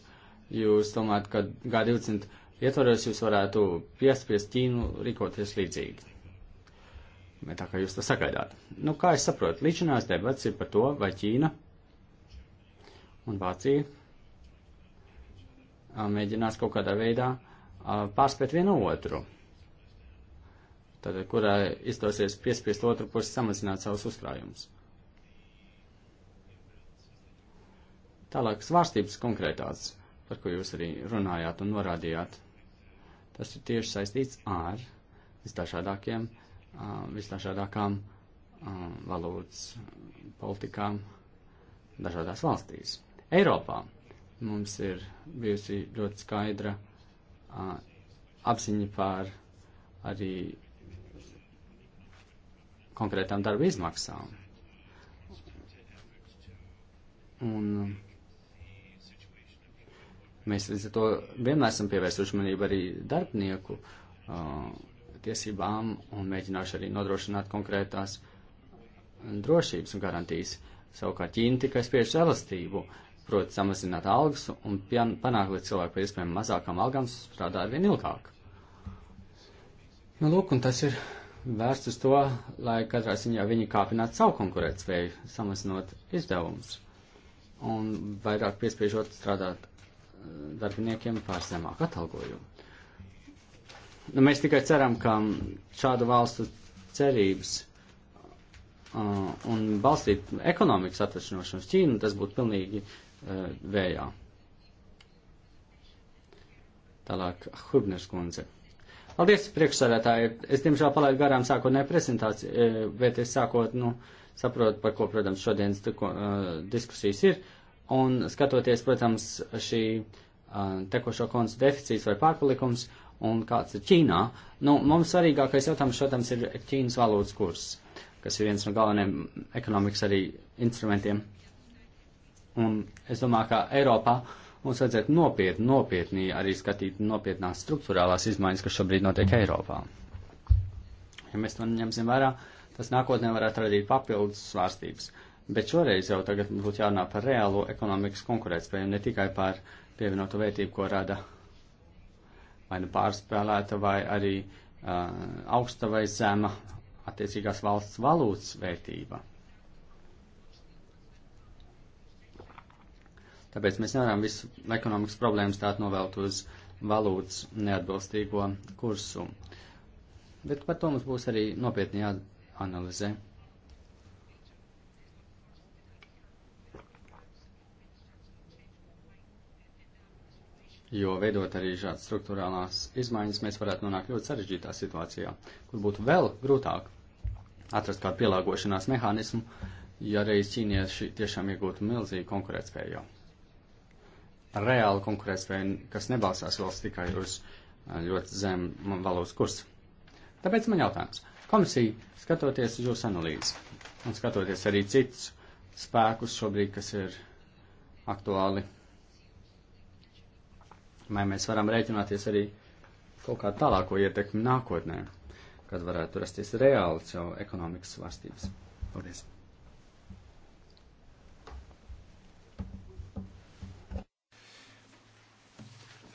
jūs domājat, ka G20 ietvaros jūs varētu piespiest Ķīnu rīkoties līdzīgi? Bet tā kā jūs to sagaidāt. Nu, kā es saprotu, līdzinās debats ir par to, vai Ķīna un Vācija mēģinās kaut kādā veidā pārspēt vienu otru. Tad, kurā izdosies piespiest otru pusi samazināt savus uzkrājumus. Tālāk svārstības konkrētās, par ko jūs arī runājāt un norādījāt. Tas ir tieši saistīts ar visdažādākiem uh, visdažādākām valūtas politikām dažādās valstīs. Eiropā mums ir bijusi ļoti skaidra a, apziņa pār arī konkrētām darba izmaksām. Un mēs līdz ar to vienmēr esam pievērsuši uzmanību arī darbinieku uh, tiesībām un mēģināšu arī nodrošināt konkrētās drošības un garantijas. Savukārt Ķīna tikai spiež elastību, proti samazināt algas un panākt, lai cilvēki pēc iespējām mazākām algām strādā arvien ilgāk. Nu, lūk, un tas ir vērsts uz to, lai katrā ziņā viņi kāpinātu savu konkurētspēju, samazinot izdevumus un vairāk piespiežot strādāt eh, darbiniekiem pār zemāku atalgojumu. Nu, mēs tikai ceram, ka šādu valstu cerības uh, un balstīt ekonomikas atvešanošanos Ķīnu, tas būtu pilnīgi uh, vējā. Tālāk, Hubners kundze. Paldies, priekšsādātāji. Es, diemžēl, palaidu garām sākotnēju prezentāciju, bet es sākot, nu, saprotu, par ko, protams, šodienas teko, uh, diskusijas ir. Un skatoties, protams, šī uh, tekošo kontu deficīts vai pārpalikums, uh, un kāds ir Ķīnā. Nu, mums svarīgākais jautājums, protams, ir Ķīnas valūtas kurs, kas ir viens no galvenajiem ekonomikas arī instrumentiem. Un es domāju, ka Eiropā mums vajadzētu nopietni, nopietni arī skatīt nopietnās struktūrālās izmaiņas, kas šobrīd notiek Eiropā. Ja mēs to ņemsim vērā, tas nākotnē varētu radīt papildus svārstības. Bet šoreiz jau tagad būtu jārunā par reālo ekonomikas konkurētspēju, ne tikai par pievienoto vērtību, ko rada vai nu pārspēlēta, vai arī uh, augsta vai zema attiecīgās valsts valūtas vērtība. Tāpēc mēs nevaram visu ekonomikas problēmas tādu novelt uz valūtas neatbilstīgo kursu. Bet par to mums būs arī nopietni jāanalizē. jo veidot arī šādas struktūrālās izmaiņas, mēs varētu nonākt ļoti sarežģītā situācijā, kur būtu vēl grūtāk atrast kādu pielāgošanās mehānismu, ja reiz ķīnieši tiešām iegūtu milzīgu konkurētspēju. Reāli konkurētspēju, kas nebalstās valsts tikai uz uh, ļoti zemu valūtas kursu. Tāpēc man jautājums. Komisija, skatoties uz jūsu analīzi un skatoties arī citus spēkus šobrīd, kas ir aktuāli vai mēs varam rēķināties arī kaut kādu tālāko ietekmi nākotnē, kad varētu rasties reāls jau ekonomikas svārstības. Paldies!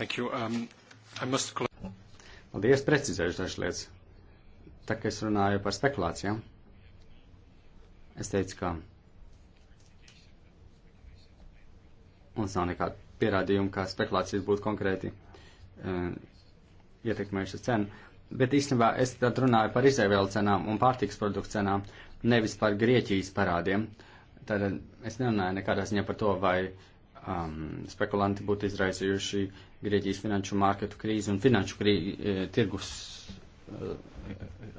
Thank you. Um, I must... Paldies, precizējuši dažas lietas. Tā kā es runāju par spekulācijām, es teicu, ka mums nav nekāda pierādījumi, kā spekulācijas būtu konkrēti um, ietekmējušas cenu. Bet īstenībā es tad runāju par izēvielu cenām un pārtiks produktu cenām, nevis par Grieķijas parādiem. Tad es nerunāju nekādā ziņā par to, vai um, spekulanti būtu izraisījuši Grieķijas finanšu marketu krīzi un finanšu krī, e, tirgus e,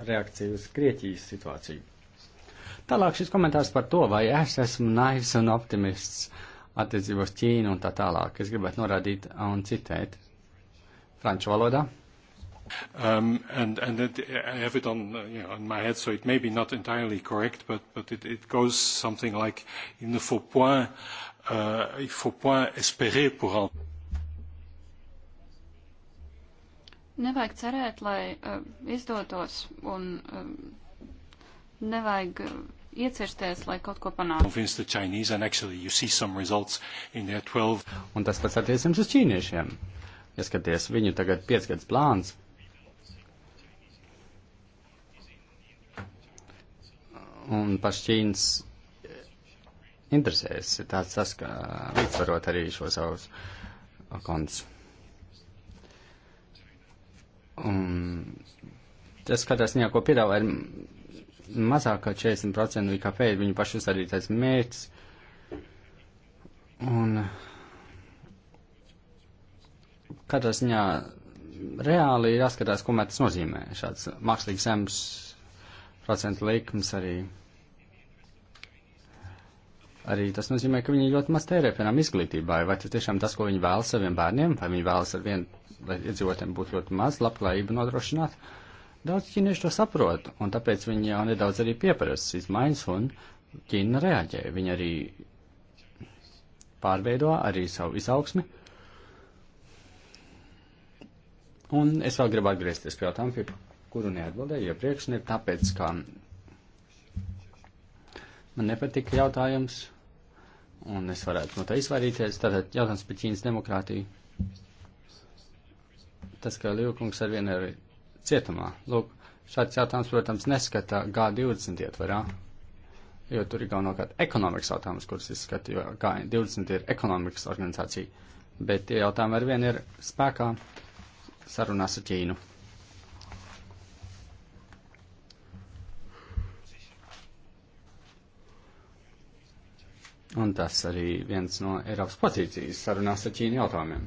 reakciju uz Grieķijas situāciju. Tālāk šis komentārs par to, vai es esmu naivs un optimists. Uh, attiecībos Ķīnu un tā tālāk. Es gribētu norādīt un citēt franču valodā. Um, and, and it, I have it on, uh, you know, on my head, so it may be not entirely correct, but, but it, it goes something like, il ne faut point, uh, il faut point espérer pour en... Nevajag cerēt, lai uh, izdotos, un uh, nevajag uh, iecirstēs, lai kaut ko panāktu. Un tas pats attiecams uz ķīniešiem. Ja skaties, viņu tagad piecgads plāns. Un paš Ķīnas interesēs ir tāds tas, ka līdzsvarot arī šo savus kontus. Un tas, kā tas neko piedāvā, ir mazāk kā 40% IKP ir viņu pašu uzstādītais mērķis. Un katrā ziņā reāli ir jāskatās, ko tas nozīmē. Šāds mākslīgs zemes procentu likums arī. Arī tas nozīmē, ka viņi ļoti maz tērē, piemēram, izglītībai. Vai tas tiešām tas, ko viņi vēlas saviem bērniem, vai viņi vēlas ar vienu, lai iedzīvotiem būtu ļoti maz, labklājību nodrošināt. Uh, Daudz ķīnieši to saprot, un tāpēc viņi jau nedaudz arī pieprasa izmaiņas, un Ķīna reaģē. Viņi arī pārveido arī savu izaugsmi. Un es vēl gribu atgriezties pie jautājumu, pie kuru neatbildēju iepriekš, ne tāpēc, ka man nepatika jautājums, un es varētu no tā izvairīties. Tātad jautājums par Ķīnas demokrātiju. Tas, ka Līvkungs ar vienu ir cietumā. Lūk, šāds jautājums, protams, neskata G20 ietvarā, jo tur ir galvenokārt ekonomikas jautājums, kurus izskata, jo G20 ir ekonomikas organizācija, bet tie jautājumi ar vienu ir spēkā sarunās ar Ķīnu. Un tas arī viens no Eiropas pozīcijas sarunās ar Ķīnu jautājumiem.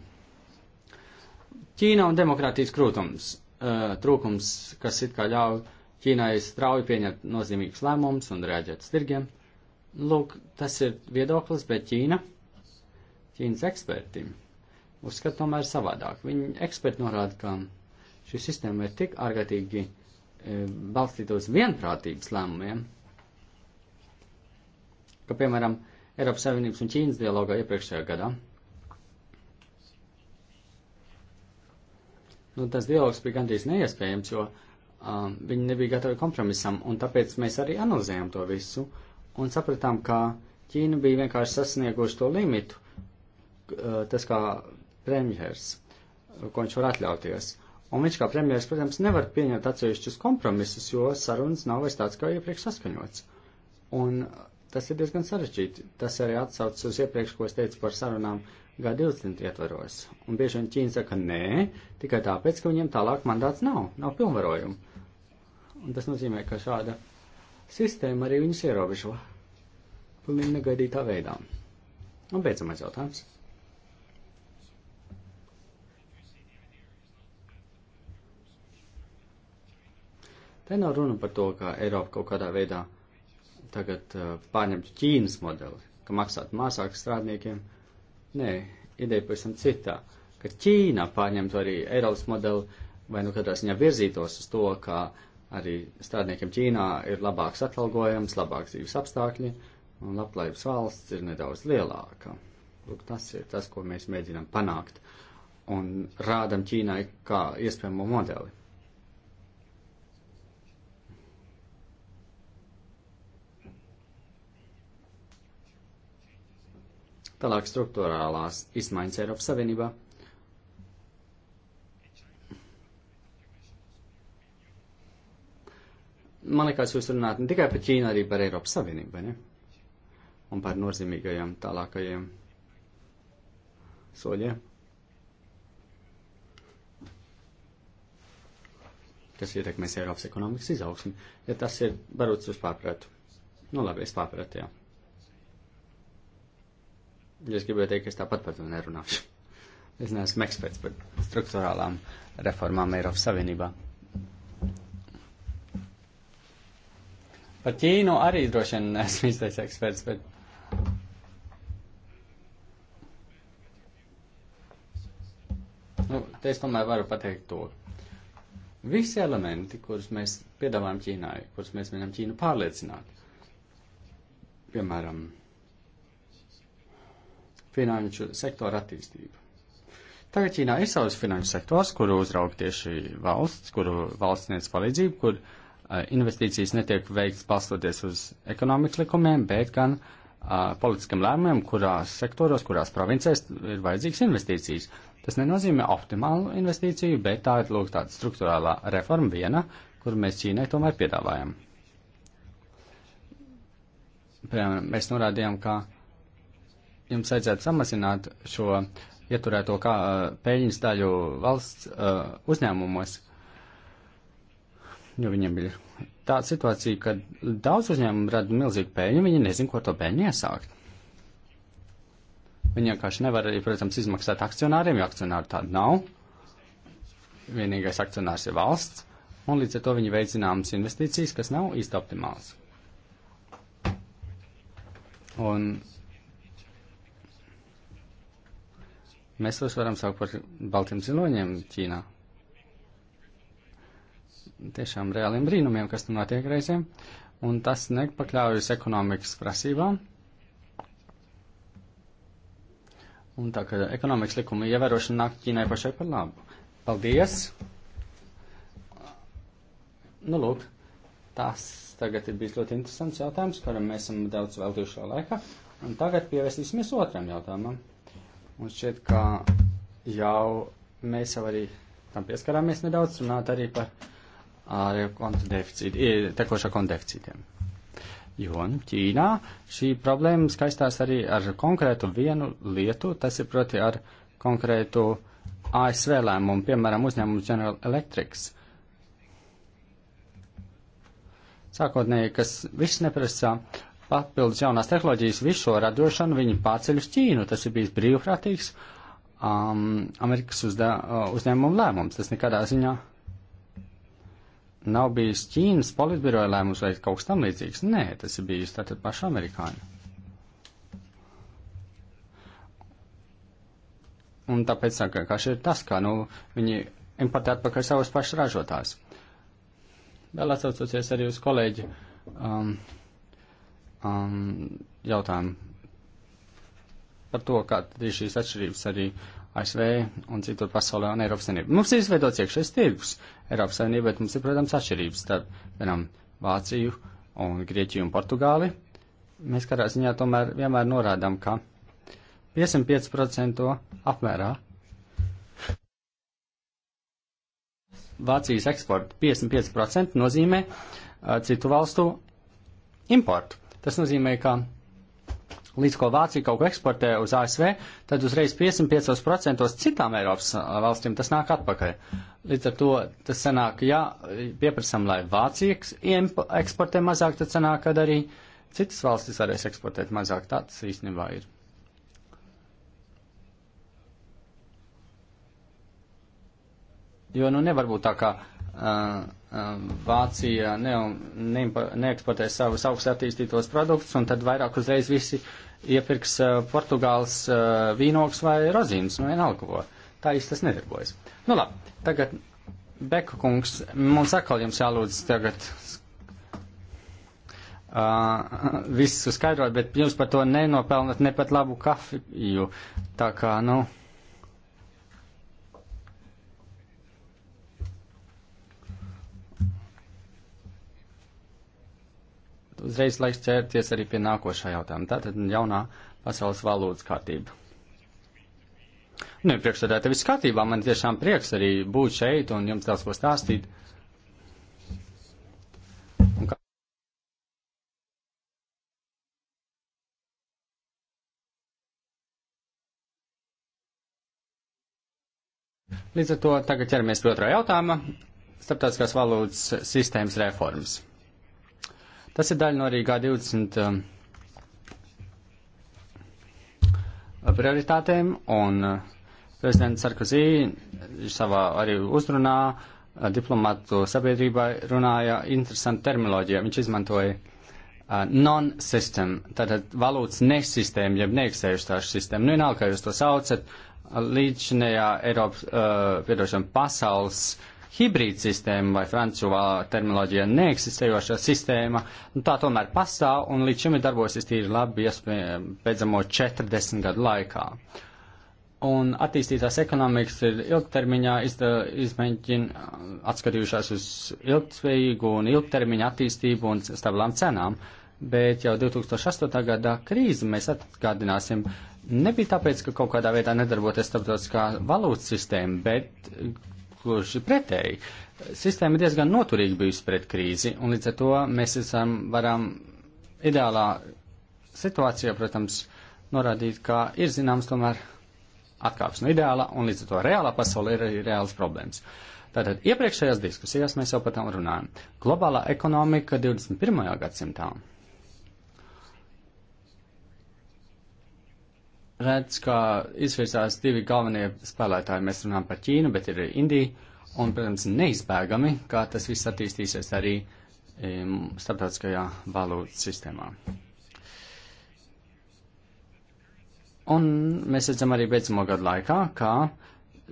Ķīna un demokrātijas krūtums uh, trūkums, kas it kā ļauj Ķīnai strauji pieņemt nozīmīgus lēmumus un reaģēt uz tirgiem. Lūk, tas ir viedoklis, bet Ķīna, Ķīnas eksperti, uzskata tomēr savādāk. Viņi eksperti norāda, ka šī sistēma ir tik ārkārtīgi eh, balstīta uz vienprātības lēmumiem, ka, piemēram, Eiropas Savienības un Ķīnas dialogā iepriekšējā gadā nu, tas dialogs bija gandrīz neiespējams, jo um, viņi nebija gatavi kompromisam, un tāpēc mēs arī analizējām to visu un sapratām, ka Ķīna bija vienkārši sasnieguši to limitu, uh, tas kā premjers, ko viņš var atļauties. Un viņš kā premjers, protams, nevar pieņemt atsevišķus kompromisus, jo sarunas nav vairs tāds kā iepriekš saskaņots. Un tas ir diezgan sarežģīti. Tas arī atsaucas uz iepriekš, ko es teicu par sarunām G20 ietvaros. Un bieži vien Ķīna saka nē, tikai tāpēc, ka viņiem tālāk mandāts nav, nav pilnvarojumu. Un tas nozīmē, ka šāda sistēma arī viņus ierobežo. Pilnīgi negaidītā veidā. Un beidzamais jautājums. Te nav runa par to, ka Eiropa kaut kādā veidā tagad uh, pārņemtu Ķīnas modeli, ka maksātu mazāk strādniekiem Nē, ideja pavisam citā, ka Ķīna pārņemtu arī Eiropas modeli vai nu katrā ziņā virzītos uz to, ka arī strādniekiem Ķīnā ir labāks atalgojums, labāks dzīves apstākļi un labklājības valsts ir nedaudz lielāka. Lūk, tas ir tas, ko mēs mēģinām panākt un rādam Ķīnai kā iespējamo modeli. Tālāk struktūrālās izmaiņas Eiropas Savienībā. Man liekas, jūs runājat ne tikai par Ķīnu, arī par Eiropas Savienību, ne? Un par nozīmīgajiem tālākajiem soļiem. kas ietekmēs Eiropas ekonomikas izaugsmi, ja tas ir barots uz pārpratu. Nu labi, es pārpratu, jā. Ja es gribēju teikt, ka es tāpat par to nerunāšu. Es neesmu eksperts par struktūrālām reformām Eiropas Savienībā. Par Ķīnu arī droši vien esmu īstais eksperts, bet. Nu, te es nu, tomēr varu pateikt to. Visi elementi, kurus mēs piedāvājam Ķīnai, kurus mēs mēģinām Ķīnu pārliecināt, piemēram, finanšu sektora attīstību. Tagad Ķīnā ir savs finanšu sektors, kuru uzraug tieši valsts, kuru valsts sniedz palīdzību, kur eh, investīcijas netiek veikts balstoties uz ekonomikas likumiem, bet gan uh, politiskiem lēmumiem, kurās sektoros, kurās provincēs ir vajadzīgas investīcijas. Tas nenozīmē optimālu investīciju, bet tā ir lūk tāda struktūrālā reforma viena, kuru mēs Ķīnai tomēr piedāvājam. Piemēram, mēs norādījām, ka jums vajadzētu samazināt šo ieturēto kā peļņas daļu valsts uh, uzņēmumos, jo viņiem ir tāda situācija, ka daudz uzņēmumu rada milzīgu peļņu, viņi nezin, ko to peļņu iesākt. Viņi vienkārši nevar arī, protams, izmaksāt akcionāriem, jo akcionāru tādu nav. Vienīgais akcionārs ir valsts, un līdz ar to viņi veic zināmas investīcijas, kas nav īsti optimāls. Un Mēs tos varam saukt par baltiem ziloņiem Ķīnā. Tiešām reāliem brīnumiem, kas tur notiek reizēm, un tas nepakļaujas ekonomikas prasībām. Un tā kā ekonomikas likuma ievērošana nāk Ķīnai pašai par labu. Paldies! Nu, lūk, tas tagad ir bijis ļoti interesants jautājums, kuram mēs esam daudz veltījušo laikā. Un tagad pievērsīsimies otram jautājumam. Un šķiet, ka jau mēs jau arī tam pieskarāmies nedaudz, runāt arī par ārējo kontu deficītu, tekošā kontu deficītiem. Jo nu, Ķīnā šī problēma skaistās arī ar konkrētu vienu lietu, tas ir proti ar konkrētu ASV lēmumu, piemēram, uzņēmumu General Electrics. Sākotnēji, kas viss neprasa uh, papildus jaunās tehnoloģijas visu šo radošanu viņi pārceļ uz Ķīnu. Tas ir bijis brīvprātīgs um, Amerikas uzdā, uh, uzņēmuma lēmums. Tas nekādā ziņā nav bijis Ķīnas politbiroja lēmums vai kaut kas tam līdzīgs. Nē, tas ir bijis tātad paši amerikāņi. Un tāpēc saka, ka šeit ir tas, kā nu, viņi importē atpakaļ savus pašus ražotājus. Vēl atsaucoties arī uz kolēģi. Um, um, jautājumu par to, kā ir šīs atšķirības arī ASV un citur pasaulē un Eiropas Savienībā. Mums ir izveidots iekšējais tirgus Eiropas Savienībā, bet mums ir, protams, atšķirības starp, piemēram, Vāciju un Grieķiju un Portugāli. Mēs kādā ziņā tomēr vienmēr norādām, ka 55% apmērā Vācijas eksporta 55% nozīmē uh, citu valstu importu. Tas nozīmē, ka līdz ko Vācija kaut ko eksportē uz ASV, tad uzreiz 55% citām Eiropas uh, valstīm tas nāk atpakaļ. Līdz ar to tas sanāk, ja pieprasam, lai Vācija eksportē mazāk, tad sanāk, kad arī citas valstis varēs eksportēt mazāk. Tā tas īstenībā ir. Jo nu nevar būt tā, ka Vācija ne, ne, neeksportē savus augstu attīstītos produktus, un tad vairāk uzreiz visi iepirks Portugāles vīnogs vai rozīnas, nu vienalga ko. Tā īsti tas nedarbojas. Nu labi, tagad Beka kungs, mums atkal jums jālūdz tagad uh, visu skaidrot, bet jūs par to nenopelnat ne pat labu kafiju. Tā kā, nu. uzreiz laiks ķerties arī pie nākošā jautājuma. Tātad jaunā pasaules valodas kārtība. Nu, priekšsēdētāji, viss kārtībā. Man tiešām prieks arī būt šeit un jums daudz ko stāstīt. Kā... Līdz ar to tagad ķeramies pie otrā jautājuma - starptautiskās valūtas sistēmas reformas. Tas ir daļa no arī G20 um, prioritātēm, un uh, prezidents Sarkozī savā arī uzrunā uh, diplomātu sabiedrībai runāja interesantu terminoloģiju. Viņš izmantoja uh, non-system, tātad valūtas nesistēma, jeb neeksistējušās sistēma. Nu, vienalga, kā jūs to saucat, uh, līdzinējā Eiropas, uh, piedošana, pasaules uh, hibrīd sistēma vai frančuvā terminoloģija neeksistējošā sistēma, nu, tā tomēr pastāv un līdz šim ir darbosies tīri labi pēdējamo 40 gadu laikā. Un attīstītās ekonomikas ir ilgtermiņā izmēģina atskatījušās uz ilgtspējīgu un ilgtermiņa attīstību un stabilām cenām. Bet jau 2008. gadā krīze mēs atgādināsim, nebija tāpēc, ka kaut kādā veidā nedarboties starptautiskā valūtas sistēma, bet gluži pretēji. Sistēma ir diezgan noturīga bijusi pret krīzi, un līdz ar to mēs esam varam ideālā situācijā, protams, norādīt, ka ir zināms tomēr atkāps no ideāla, un līdz ar to reālā pasaulē ir arī reāls problēmas. Tātad iepriekšējās diskusijās mēs jau par tām runājam. Globālā ekonomika 21. gadsimtā redz, ka izvirzās divi galvenie spēlētāji. Mēs runājam par Ķīnu, bet ir Indija. Un, protams, neizbēgami, kā tas viss attīstīsies arī um, starptautiskajā valūtas sistēmā. Un mēs redzam arī beidzamo gadu laikā, ka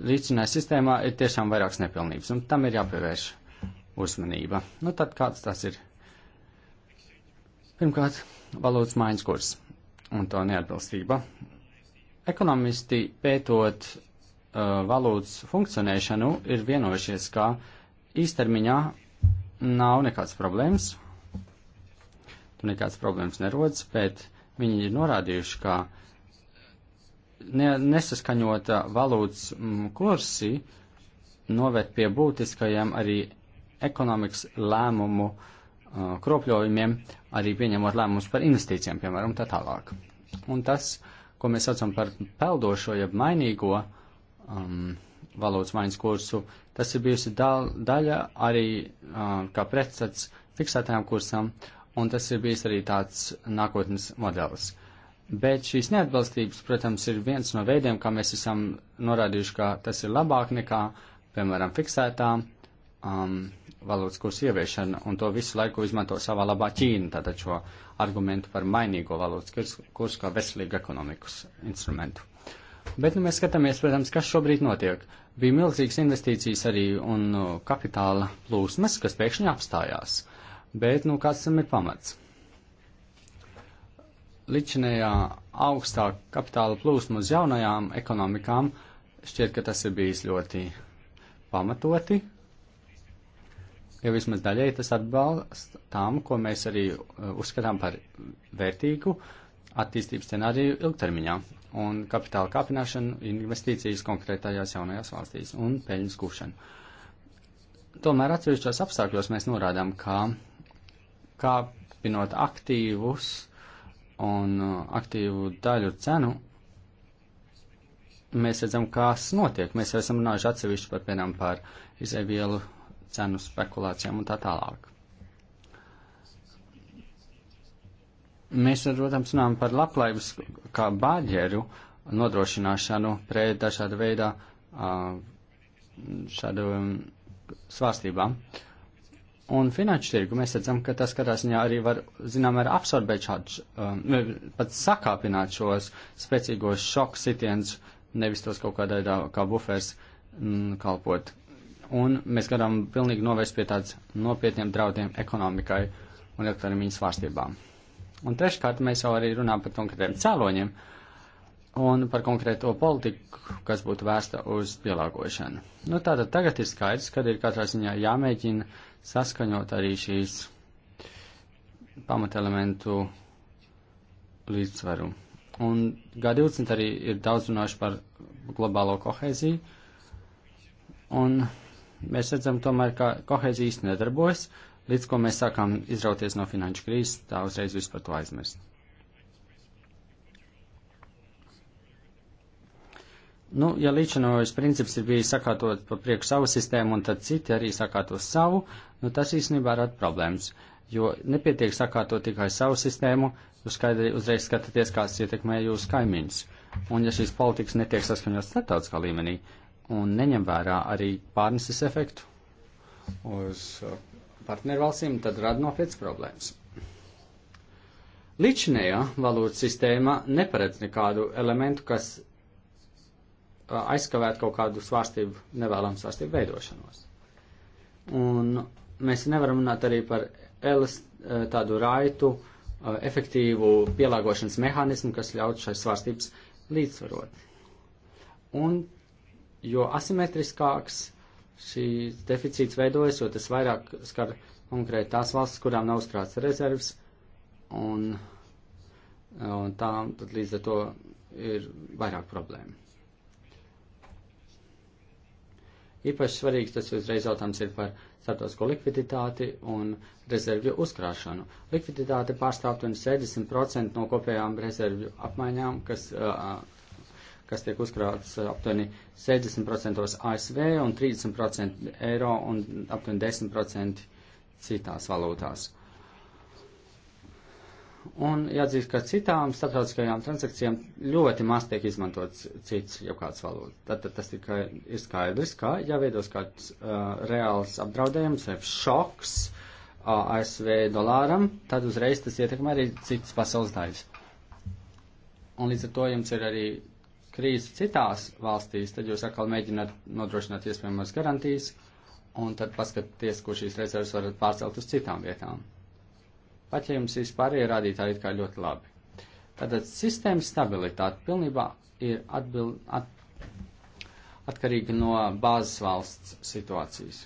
līdzinājā sistēmā ir tiešām vairākas nepilnības, un tam ir jāpievērš uzmanība. Nu, tad kāds tas ir? Pirmkārt, valūtas maiņas kurs un to neatbilstība Ekonomisti pētot uh, valūtas funkcionēšanu ir vienojušies, ka īstermiņā nav nekāds problēmas, tur nekāds problēmas nerodas, bet viņi ir norādījuši, ka ne, nesaskaņota valūtas mm, kursi noved pie būtiskajiem arī ekonomikas lēmumu uh, kropļojumiem, arī pieņemot lēmumus par investīcijām, piemēram, tā tālāk. Un tas uh, ko mēs saucam par peldošo, jeb mainīgo um, valūtas maiņas kursu, tas ir bijusi dal, daļa arī um, kā pretsats fiksētajām kursam, un tas ir bijis arī tāds nākotnes modelis. Bet šīs neatbalstības, protams, ir viens no veidiem, kā mēs esam norādījuši, ka tas ir labāk nekā, piemēram, fiksētām um, valūtas kursu ieviešanu, un to visu laiku izmanto savā labā Ķīna, tātad šo argumentu par mainīgo valūtas kursu kā veselīgu ekonomikas instrumentu. Bet nu, mēs skatāmies, protams, kas šobrīd notiek. Bija milzīgas investīcijas arī un nu, kapitāla plūsmas, kas pēkšņi apstājās. Bet, nu, kāds tam ir pamats? Ličinējā augstā kapitāla plūsma uz jaunajām ekonomikām šķiet, ka tas ir bijis ļoti pamatoti, jo vismaz daļēji tas atbalsta tam, ko mēs arī uh, uzskatām par vērtīgu attīstības scenāriju ilgtermiņā un kapitāla kāpināšanu, investīcijas konkrētajās jaunajās valstīs un peļņas gūšanu. Tomēr atsevišķos apstākļos mēs norādām, ka kāpinot aktīvus un uh, aktīvu daļu cenu, mēs redzam, kas notiek. Mēs jau esam runājuši atsevišķi par, piemēram, par izēvielu cenu spekulācijām un tā tālāk. Mēs, protams, runājam par labklājības kā bāģeru nodrošināšanu pret dažādu veidā šādu svārstībām. Un finanšu tirgu mēs redzam, ka tas katrā ziņā arī var, zinām, arī absorbēt šādus, um, pat sakāpināt šos spēcīgos šoku sitienus, nevis tos kaut kādā veidā kā bufers mm, kalpot un mēs gadām pilnīgi novērst pie tāds nopietniem draudiem ekonomikai un ilgtermiņa svārstībām. Un treškārt mēs jau arī runājam par konkrētiem cēloņiem un par konkrēto politiku, kas būtu vērsta uz pielāgošanu. Nu, tātad tagad ir skaidrs, kad ir katrā ziņā jāmēģina saskaņot arī šīs pamatelementu līdzsvaru. Un G20 arī ir daudz runājuši par globālo kohēziju. Un mēs redzam tomēr, ka kohēzija īsti nedarbojas, līdz ko mēs sākām izrauties no finanšu krīzes, tā uzreiz visu par to aizmirst. Nu, ja līdzinojas princips ir bijis sakārtot pa priekšu savu sistēmu un tad citi arī sakārtos savu, nu tas īstenībā rada problēmas, jo nepietiek sakārtot tikai savu sistēmu, jūs skaidri uzreiz skatāties, kāds ietekmē jūsu kaimiņus. Un ja šīs politikas netiek saskaņotas starptautiskā līmenī, un neņem vērā arī pārneses efektu uz uh, partnervalstīm, tad rada nopietnas problēmas. Līdšanējā valūtas sistēma neparedz nekādu elementu, kas uh, aizskavētu kaut kādu svārstību, nevēlamu svārstību veidošanos. Un mēs nevaram runāt arī par elast, uh, tādu raitu, efektīvu pielāgošanas mehānismu, kas ļautu šai svārstības līdzsvarot. Un jo asimetriskāks šīs deficīts veidojas, jo tas vairāk skar konkrēti tās valstis, kurām nav uzkrāts rezerves, un, un tā tad līdz ar to ir vairāk problēma. Īpaši svarīgs tas uzreiz jautājums ir par starptautisko likviditāti un rezervju uzkrāšanu. Likviditāte pārstāv 70% no kopējām rezervju apmaiņām, kas uh, kas tiek uzkrāts eh, aptuveni 60% ASV un 30% eiro un aptuveni 10% citās valūtās. Un jāatzīst, ka citām starptautiskajām transakcijām ļoti maz tiek izmantots cits jau kāds valūta. Tad, tad tas tikai ir skaidrs, ka jāveidos kāds uh, reāls apdraudējums vai šoks uh, ASV dolāram, tad uzreiz tas ietekmē arī citas pasaules daļas. Un līdz ar to jums ir arī krīzes citās valstīs, tad jūs atkal mēģināt nodrošināt iespējamās garantijas, un tad paskatieties, ko šīs rezerves varat pārcelt uz citām vietām. Pat ja jums vispārējie rādītāji ir kā ļoti labi. Tātad sistēmas stabilitāte pilnībā ir atbil, at, atkarīga no bāzes valsts situācijas.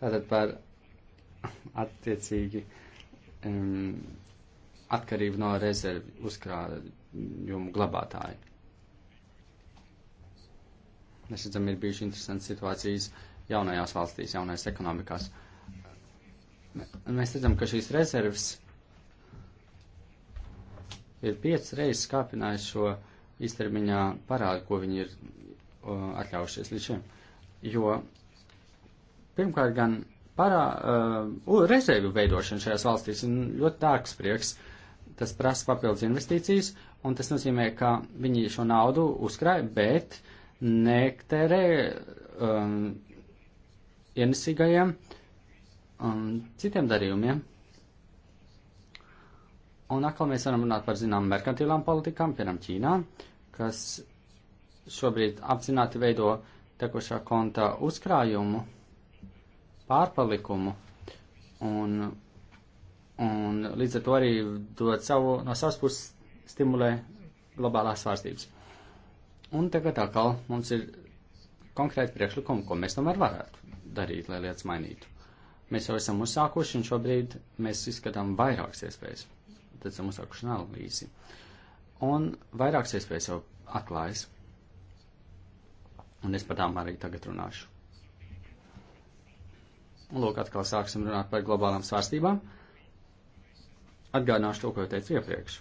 Tātad par attiecīgi um, atkarību no rezervi uzkrājumu glabātāju. Mēs redzam, ir bijuši interesanti situācijas jaunajās valstīs, jaunajās ekonomikās. Mēs redzam, ka šīs rezerves ir piecas reizes kāpinājis šo īstermiņā parādu, ko viņi ir uh, atļaujušies līdz šim. Jo pirmkārt gan parā, uh, rezervju veidošana šajās valstīs ir ļoti dārgs prieks. Uh, Tas prasa papildus investīcijas, un tas nozīmē, ka viņi šo naudu uzkrāja, bet nektērē um, ienesīgajiem um, citiem darījumiem. Un atkal mēs varam runāt par zinām merkantilām politikām, piemēram, Ķīnā, kas šobrīd apzināti veido tekošā konta uzkrājumu, pārpalikumu, un un līdz ar to arī dod savu, no savas puses stimulē globālās svārstības. Un tagad atkal mums ir konkrēti priekšlikumi, ko mēs tomēr varētu darīt, lai lietas mainītu. Mēs jau esam uzsākuši, un šobrīd mēs izskatām vairākas iespējas. Tad esam uzsākuši analīzi. Un vairākas iespējas jau atklājas. Un es par tām arī tagad runāšu. Lūk, atkal sāksim runāt par globālām svārstībām. Uh, Atgādināšu to, ko teicu iepriekš.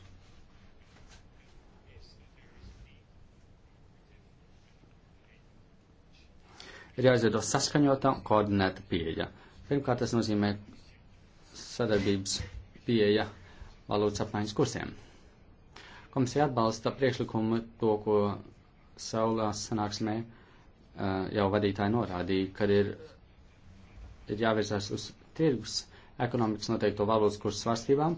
Ir jāizveido saskaņotā un koordinēta pieeja. Pirmkārt, tas nozīmē sadarbības pieeja valūtas apmaiņas kursiem. Komisija atbalsta priekšlikumu to, ko saulās sanāksmē jau vadītāji norādīja, kad ir, ir jāvirzās uz tirgus ekonomikas noteikto valūtas kursu svārstībām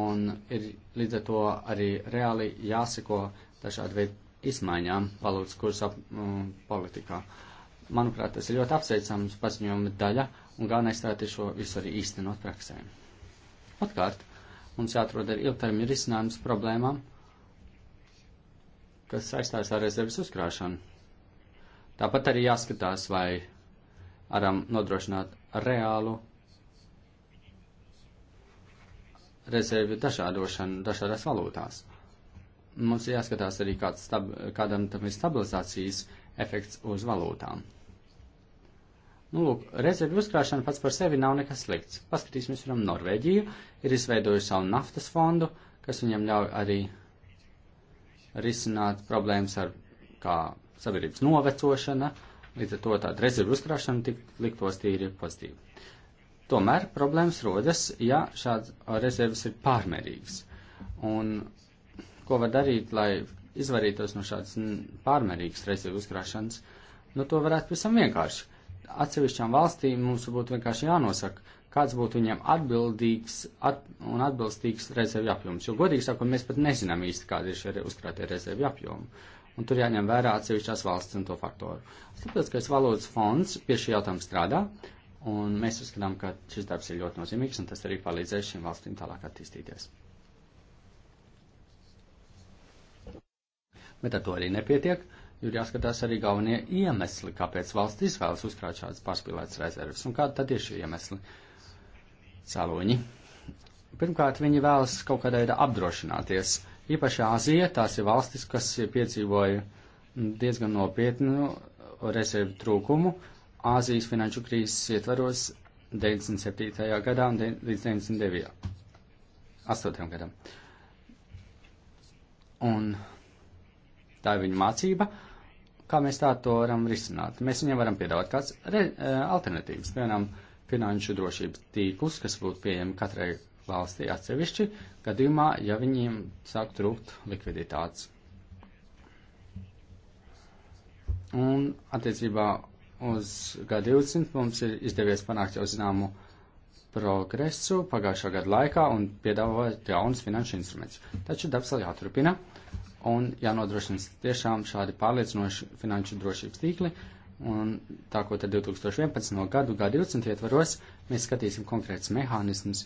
un ir līdz ar to arī reāli jāseko dažādu veidu izmaiņām valūtas kursa um, politikā. Manuprāt, tas ir ļoti apsveicams paziņojuma daļa, un galvenais tā ir šo visu arī īstenot praksē. Otkārt, mums jāatrod arī ilgtermiņa risinājums problēmām, kas saistās ar rezerves uzkrāšanu. Tāpat arī jāskatās, vai varam nodrošināt reālu rezervi dažādošanu dažādās valūtās. Mums ir jāskatās arī, stab, kādam tam ir stabilizācijas efekts uz valūtām. Nu, lūk, rezervi uzkrāšana pats par sevi nav nekas slikts. Paskatīsimies, piemēram, Norvēģiju ir izveidojusi savu naftas fondu, kas viņam ļauj arī risināt problēmas ar kā sabiedrības novecošana, līdz ar to tāda rezervu uzkrāšana tik liktos tīri pozitīvi. Tomēr problēmas rodas, ja šāds rezerves ir pārmērīgs. Un ko var darīt, lai izvarītos no šādas pārmērīgas rezerves uzkrāšanas? Nu, to varētu visam vienkārši. Atsevišķām valstīm mums būtu vienkārši jānosaka, kāds būtu viņiem atbildīgs at un atbilstīgs rezervju apjoms. Jo, godīgi sakot, mēs pat nezinām īsti, kāda ir šie uzkrātie rezervju apjomi. Un tur jāņem vērā atsevišķās valsts un to faktoru. Starptautiskais valodas fonds pie šī jautājuma strādā, Un mēs uzskatām, ka šis darbs ir ļoti nozīmīgs, un tas arī palīdzēs šīm valstīm tālāk attīstīties. Bet ar to arī nepietiek, jo ir jāskatās arī galvenie iemesli, kāpēc valsts izvēlas uzkrāt šādas pārspīlētas rezerves, un kādi tad ir šie iemesli cēloņi. Pirmkārt, viņi vēlas kaut kādā veidā apdrošināties. Īpaši Āzija, tās ir valstis, kas piedzīvoja diezgan nopietnu rezervu trūkumu, uh, Āzijas finanšu krīzes ietvaros 97. gadā un līdz 99. 8. gadam. Un tā ir viņa mācība, kā mēs tā to varam risināt. Mēs viņiem varam piedāvāt kāds re, e, alternatīvas, piemēram, finanšu drošības tīklus, kas būtu pieejami katrai valstī atsevišķi, gadījumā, ja viņiem sāk trūkt likviditātes. Un attiecībā uz G20 mums ir izdevies panākt jau zināmu progresu pagājušā gada laikā un piedāvāt jaunus finanšu instrumentus. Taču darbs vēl jāturpina un jānodrošina tiešām šādi pārliecinoši finanšu drošības tīkli. Un tā ko tad 2011. gadu G20 ietvaros, mēs skatīsim konkrēts mehānismus,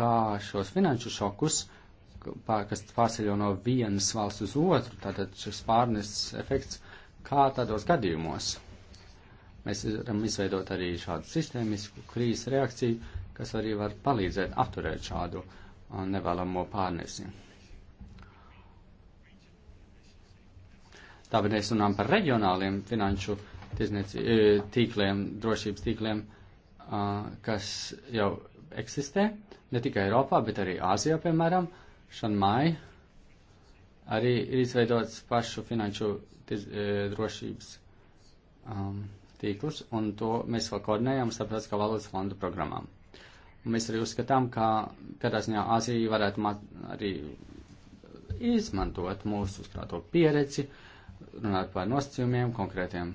kā šos finanšu šokus, kas pārceļo no vienas valsts uz otru, tātad šis pārneses efekts, kā tādos gadījumos Mēs varam izveidot arī šādu sistēmisku krīzes reakciju, kas arī var palīdzēt apturēt šādu uh, nevēlamo pārnesi. Tāpēc mēs runājam par reģionāliem finanšu e, tīkliem, drošības tīkliem, uh, kas jau eksistē, ne tikai Eiropā, bet arī Āzijā, piemēram, Šanmai arī ir izveidots pašu finanšu tiz, e, drošības um, tīklus, un to mēs vēl koordinējam starptautiskā valodas fonda programmām. Un mēs arī uzskatām, ka kādā ziņā Āzija varētu arī izmantot mūsu uzkrāto pieredzi, runāt par nosacījumiem, konkrētiem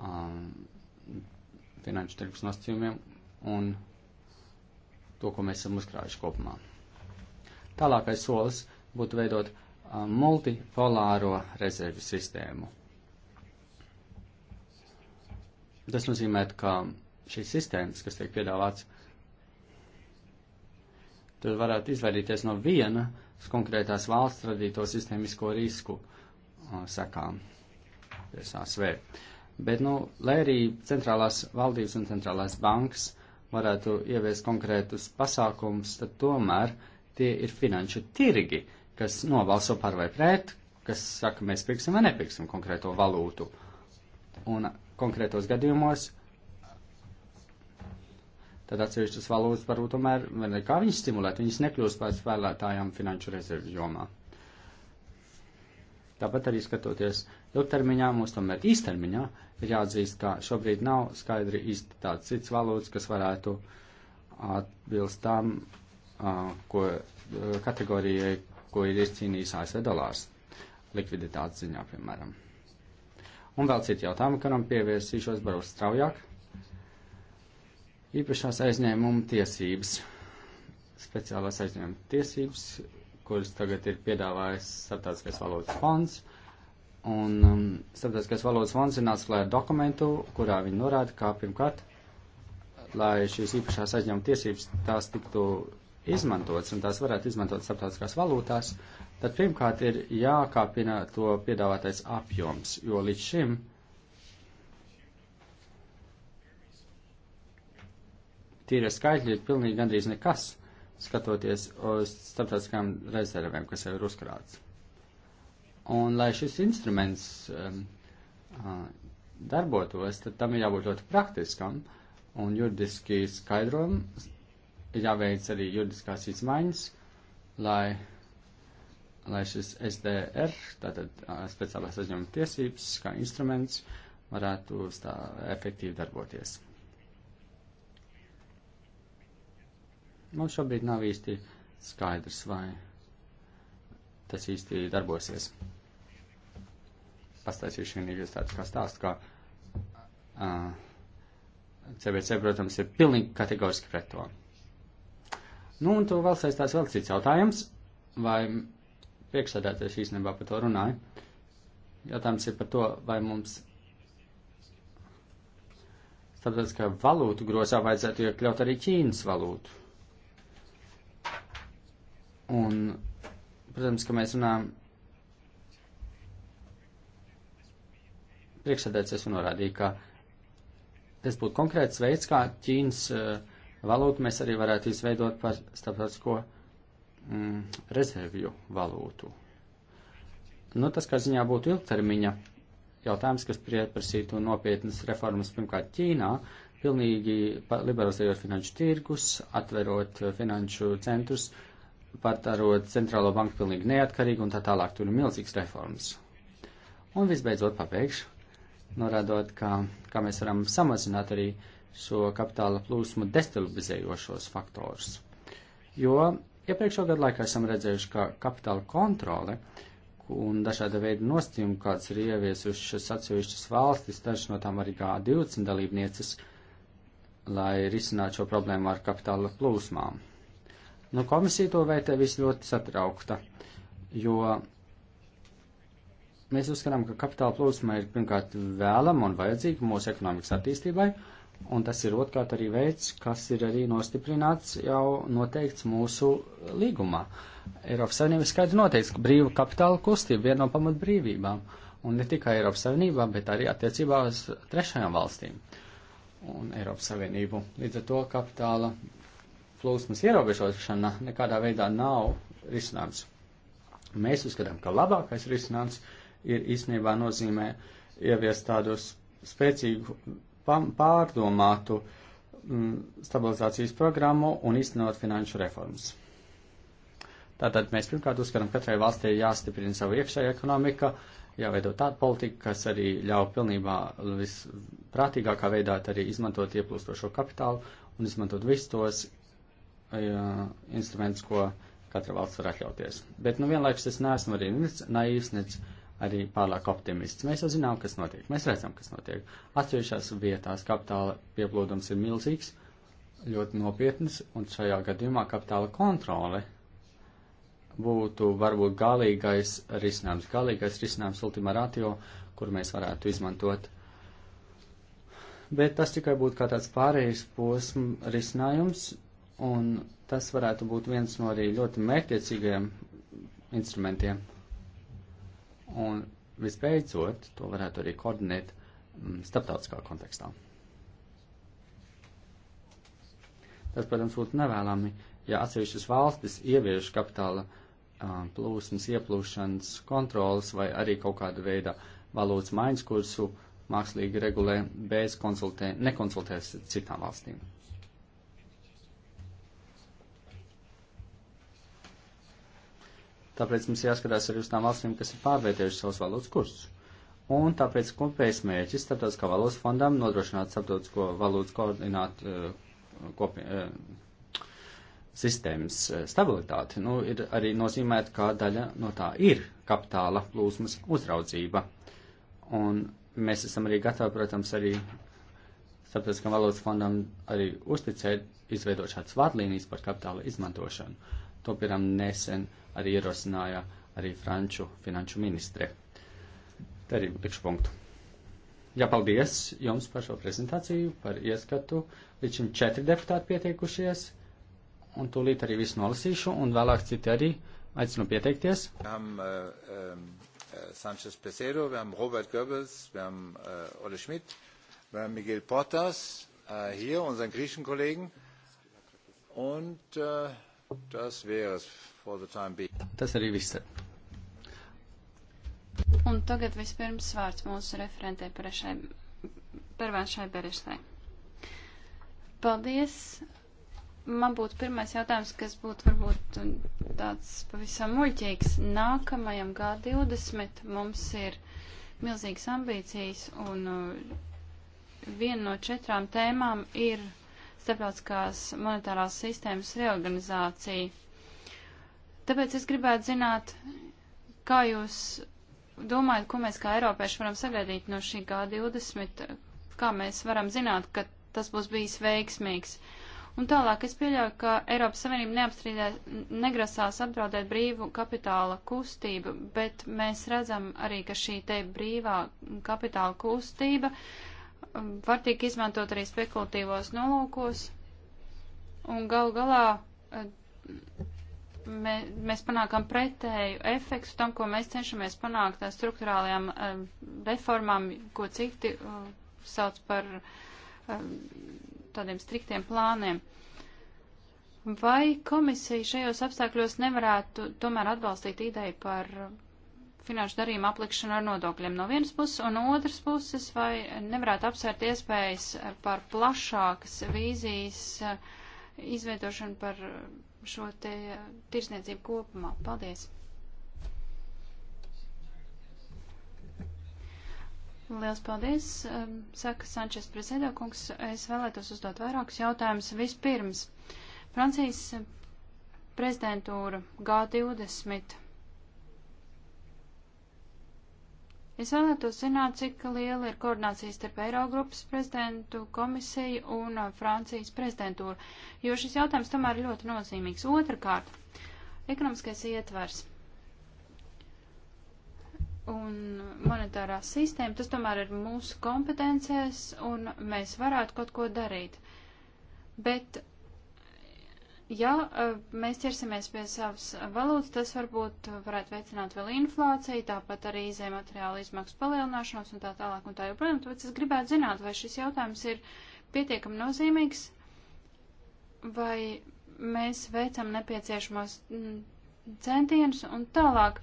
um, finanšu tirgus nosacījumiem un to, ko mēs esam uzkrājuši kopumā. Tālākais solis būtu veidot um, multipolāro rezervi sistēmu Tas nozīmē, ka šīs sistēmas, kas tiek piedāvāts, tad varētu izvairīties no viena konkrētās valsts radīto sistēmisko risku uh, sekām. ASV. Bet, nu, lai arī centrālās valdības un centrālās bankas varētu ieviest konkrētus pasākumus, tad tomēr tie ir finanšu tirgi, kas nobalso par vai pret, kas saka, mēs pirksim vai nepirksim konkrēto valūtu. Un konkrētos gadījumos, tad atsevišķas valūtas varbūt tomēr, kā viņas stimulēt, viņas nekļūst par spēlētājām finanšu rezervu jomā. Tāpat arī skatoties ilgtermiņā, mums tomēr īstermiņā ir jāatzīst, ka šobrīd nav skaidri īsti tāds cits valūtas, kas varētu atbilst tam, ko kategorijai, ko ir izcīnījis ASV dolārs likviditātes ziņā, piemēram. Un vēl citi jautājumi, kuram pievērsīšos varbūt straujāk. Īpašās aizņēmuma tiesības, speciālās aizņēmuma tiesības, kuras tagad ir piedāvājis Startautiskais valodas fonds. Un um, Startautiskais valodas fonds ir nācis klāt dokumentu, kurā viņi norāda, kā pirmkārt, lai šīs īpašās aizņēmuma tiesības tās tiktu izmantotas un tās varētu izmantot starptautiskās valūtās, tad pirmkārt ir jākāpina to piedāvātais apjoms, jo līdz šim tīrie skaitļi ir pilnīgi gandrīz nekas, skatoties uz starptautiskām rezervēm, kas jau ir uzkrāts. Un, lai šis instruments um, uh, darbotos, tad tam ir jābūt ļoti praktiskam un juridiski skaidrojumam, ir jāveic arī juridiskās izmaiņas, lai lai šis SDR, tātad speciālās aizņēmuma tiesības, kā instruments, varētu tā efektīvi darboties. Mums nu, šobrīd nav īsti skaidrs, vai tas īsti darbosies. Pastāstīšu vienīgais tāds kā stāsts, ka uh, CBC, protams, ir pilnīgi kategoriski pret to. Nu, un to vēl saistās vēl cits jautājums, vai priekšsēdētājs īstenībā par to runāja. Jautājums ir par to, vai mums starptautiskā valūtu grozā vajadzētu iekļaut arī Ķīnas valūtu. Un, protams, ka mēs runājam priekšsēdētājs un norādīja, ka tas būtu konkrēts veids, kā Ķīnas eh, valūtu mēs arī varētu izveidot par starptautisko valūtu mm, rezervju valūtu. Nu, tas, kā ziņā būtu ilgtermiņa jautājums, kas pieprasītu nopietnas reformas pirmkārt Ķīnā, pilnīgi liberalizējot finanšu tirgus, atverot eh, finanšu centrus, patarot centrālo banku pilnīgi neatkarīgu un tā tālāk. Tur ir milzīgs reformas. Un visbeidzot pabeigšu, norādot, ka, kā mēs varam samazināt arī šo kapitāla plūsmu destabilizējošos faktorus. Jo Iepriekšā ja gadu laikā esam redzējuši, ka kapitāla kontrole un dažāda veida nostījumi, kāds ir ieviesušas atsevišķas valstis, dažas no tām arī G20 dalībnieces, lai risinātu šo problēmu ar kapitāla plūsmām. Nu, komisija to vērtē visu ļoti satraukta, jo mēs uzskatām, ka kapitāla plūsma ir pirmkārt vēlama un vajadzīga mūsu ekonomikas attīstībai, Un tas ir otrkārt arī veids, kas ir arī nostiprināts jau noteikts mūsu līgumā. Eiropas Savienība skaidri noteikts, ka brīva kapitāla kustība viena no pamatbrīvībām. Un ne tikai Eiropas Savienībā, bet arī attiecībā uz trešajām valstīm un Eiropas Savienību. Līdz ar to kapitāla plūsmas ierobežošana nekādā veidā nav risinājums. Mēs uzskatām, ka labākais risinājums ir īstenībā nozīmē ieviest tādus spēcīgu pārdomātu mm, stabilizācijas programmu un īstenot finanšu reformas. Tātad mēs pirmkārt uzskatām, ka katrai valstī jāstiprina savu iekšēju ekonomiku, jāveido tāda politika, kas arī ļauj pilnībā visprātīgākā veidā arī izmantot ieplūstošo kapitālu un izmantot visus tos uh, instrumentus, ko katra valsts var atļauties. Bet, nu, vienlaikus es neesmu arī naivs, nec arī pārāk optimists. Mēs jau zinām, kas notiek. Mēs redzam, kas notiek. Atsevišķās vietās kapitāla pieplūdums ir milzīgs, ļoti nopietns, un šajā gadījumā kapitāla kontrole būtu varbūt galīgais risinājums, galīgais risinājums ultimā ratio, kur mēs varētu izmantot. Bet tas tikai būtu kā tāds pārējais posms risinājums, un tas varētu būt viens no arī ļoti mērķiecīgiem instrumentiem, Un visbeidzot, to varētu arī koordinēt mm, starptautiskā kontekstā. Tas, protams, būtu nevēlami, ja atsevišķas valstis ievieš kapitāla um, plūsmas, ieplūšanas kontrolas vai arī kaut kāda veida valūtas maiņas kursu mākslīgi regulē bez konsultē, nekonsultēs citām valstīm. Tāpēc mums jāskatās arī uz tām valstīm, kas ir pārvērtējuši savus valūtas kursus. Un tāpēc kopējais mērķis starptautiskā valūtas fondam nodrošināt starptautisko valūtas koordinātu eh, kopi, eh, sistēmas eh, stabilitāti. Nu, ir arī nozīmēt, kā daļa no tā ir kapitāla plūsmas uzraudzība. Un mēs esam arī gatavi, protams, arī starptautiskam valūtas fondam arī uzticēt, izveidot šādas vadlīnijas par kapitāla izmantošanu. To, piemēram, nesen arī ierosināja arī Franču finanšu ministre. Te arī likšu punktu. Jā, paldies jums par šo prezentāciju, par ieskatu. Līdz šim četri deputāti pieteikušies, un tūlīt arī visu nolasīšu, un vēlāk citi arī aicinu pieteikties. Am, uh, um, uh, Sanchez Pesero, wir haben Robert Goebbels, wir haben äh, uh, Olle Schmidt, wir haben Miguel Portas, äh, hier unseren griechischen Kollegen und äh, Tas arī viss. Un tagad vispirms vārds mūsu referentē parešai, pervēršai Berešai. Paldies! Man būtu pirmais jautājums, kas būtu varbūt tāds pavisam muļķīgs. Nākamajam G20 mums ir milzīgas ambīcijas un uh, viena no četrām tēmām ir starptautiskās monetārās sistēmas reorganizāciju. Tāpēc es gribētu zināt, kā jūs domājat, ko mēs kā Eiropieši varam sagaidīt no šī G20, kā mēs varam zināt, ka tas būs bijis veiksmīgs. Un tālāk es pieļauju, ka Eiropas Savienība neapstrīdē, negrasās apdraudēt brīvu kapitāla kustību, bet mēs redzam arī, ka šī te brīvā kapitāla kustība uh, var tiek izmantot arī spekulatīvos nolūkos, un gal galā eh, mē, mēs panākam pretēju efektu tam, ko mēs cenšamies panākt ar struktūrālajām eh, reformām, ko citi eh, sauc par tādiem striktiem plāniem. Vai komisija šajos apstākļos nevarētu tomēr atbalstīt ideju par finanšu darījumu aplikšanu ar nodokļiem no vienas puses, un otras puses, vai nevarētu apsvērt iespējas par plašākas vīzijas eh, izveidošanu par šo te eh, tirsniecību kopumā. Paldies! Liels paldies, eh, saka Sančes Presēdokungs. Es vēlētos uzdot vairākus jautājumus. Vispirms, Francijas prezidentūra G20 Es vēlētos zināt, cik liela ir koordinācija starp Eirogrupas prezidentu komisiju un uh, Francijas prezidentūru, jo šis jautājums tomēr ir ļoti nozīmīgs. Otrakārt, ekonomiskais ietvers un monetārā sistēma, tas tomēr ir mūsu kompetencēs un mēs varētu kaut ko darīt. Bet ja eh, mēs ķersimies pie savas valūtas, tas varbūt varētu veicināt vēl inflāciju, tāpat arī izējuma materiāla izmaksu palielināšanos un tā tālāk un tā joprojām. Tāpēc es gribētu zināt, vai šis jautājums ir pietiekami nozīmīgs, vai mēs veicam nepieciešamos mm, centienus un tālāk.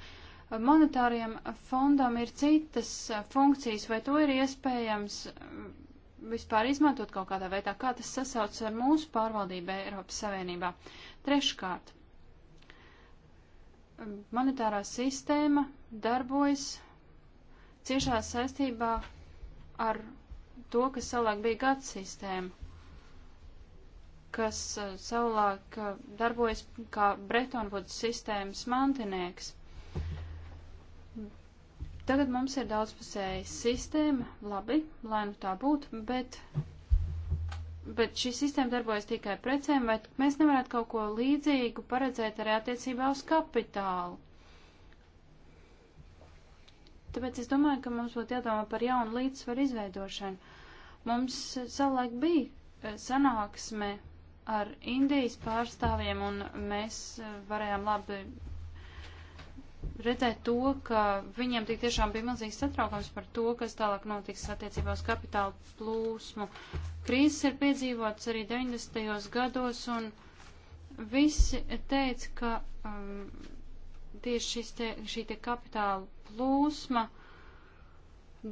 Monetāriem fondam ir citas eh, funkcijas, vai to ir iespējams vispār izmantot kaut kādā veidā, kā tas sasaucas ar mūsu pārvaldību Eiropas Savienībā. Treškārt, monetārā sistēma darbojas ciešā saistībā ar to, kas savulaik bija gads sistēma, kas eh, savulaik eh, darbojas kā Bretonvuds sistēmas mantinieks. Tagad mums ir daudzpusēja sistēma, labi, lai nu tā būtu, bet, bet šī sistēma darbojas tikai precēm, vai mēs nevarētu kaut ko līdzīgu paredzēt arī attiecībā uz kapitālu. Tāpēc es domāju, ka mums būtu jādomā par jaunu līdzsvaru izveidošanu. Mums savulaik bija eh, sanāksme ar Indijas pārstāvjiem, un mēs eh, varējām labi redzēt to, ka viņiem tik tiešām bija milzīgs satraukums par to, kas tālāk notiks attiecībā uz kapitāla plūsmu. Krīzes ir piedzīvots arī 90. gados, un visi teica, ka um, tieši šis te, šī te kapitāla plūsma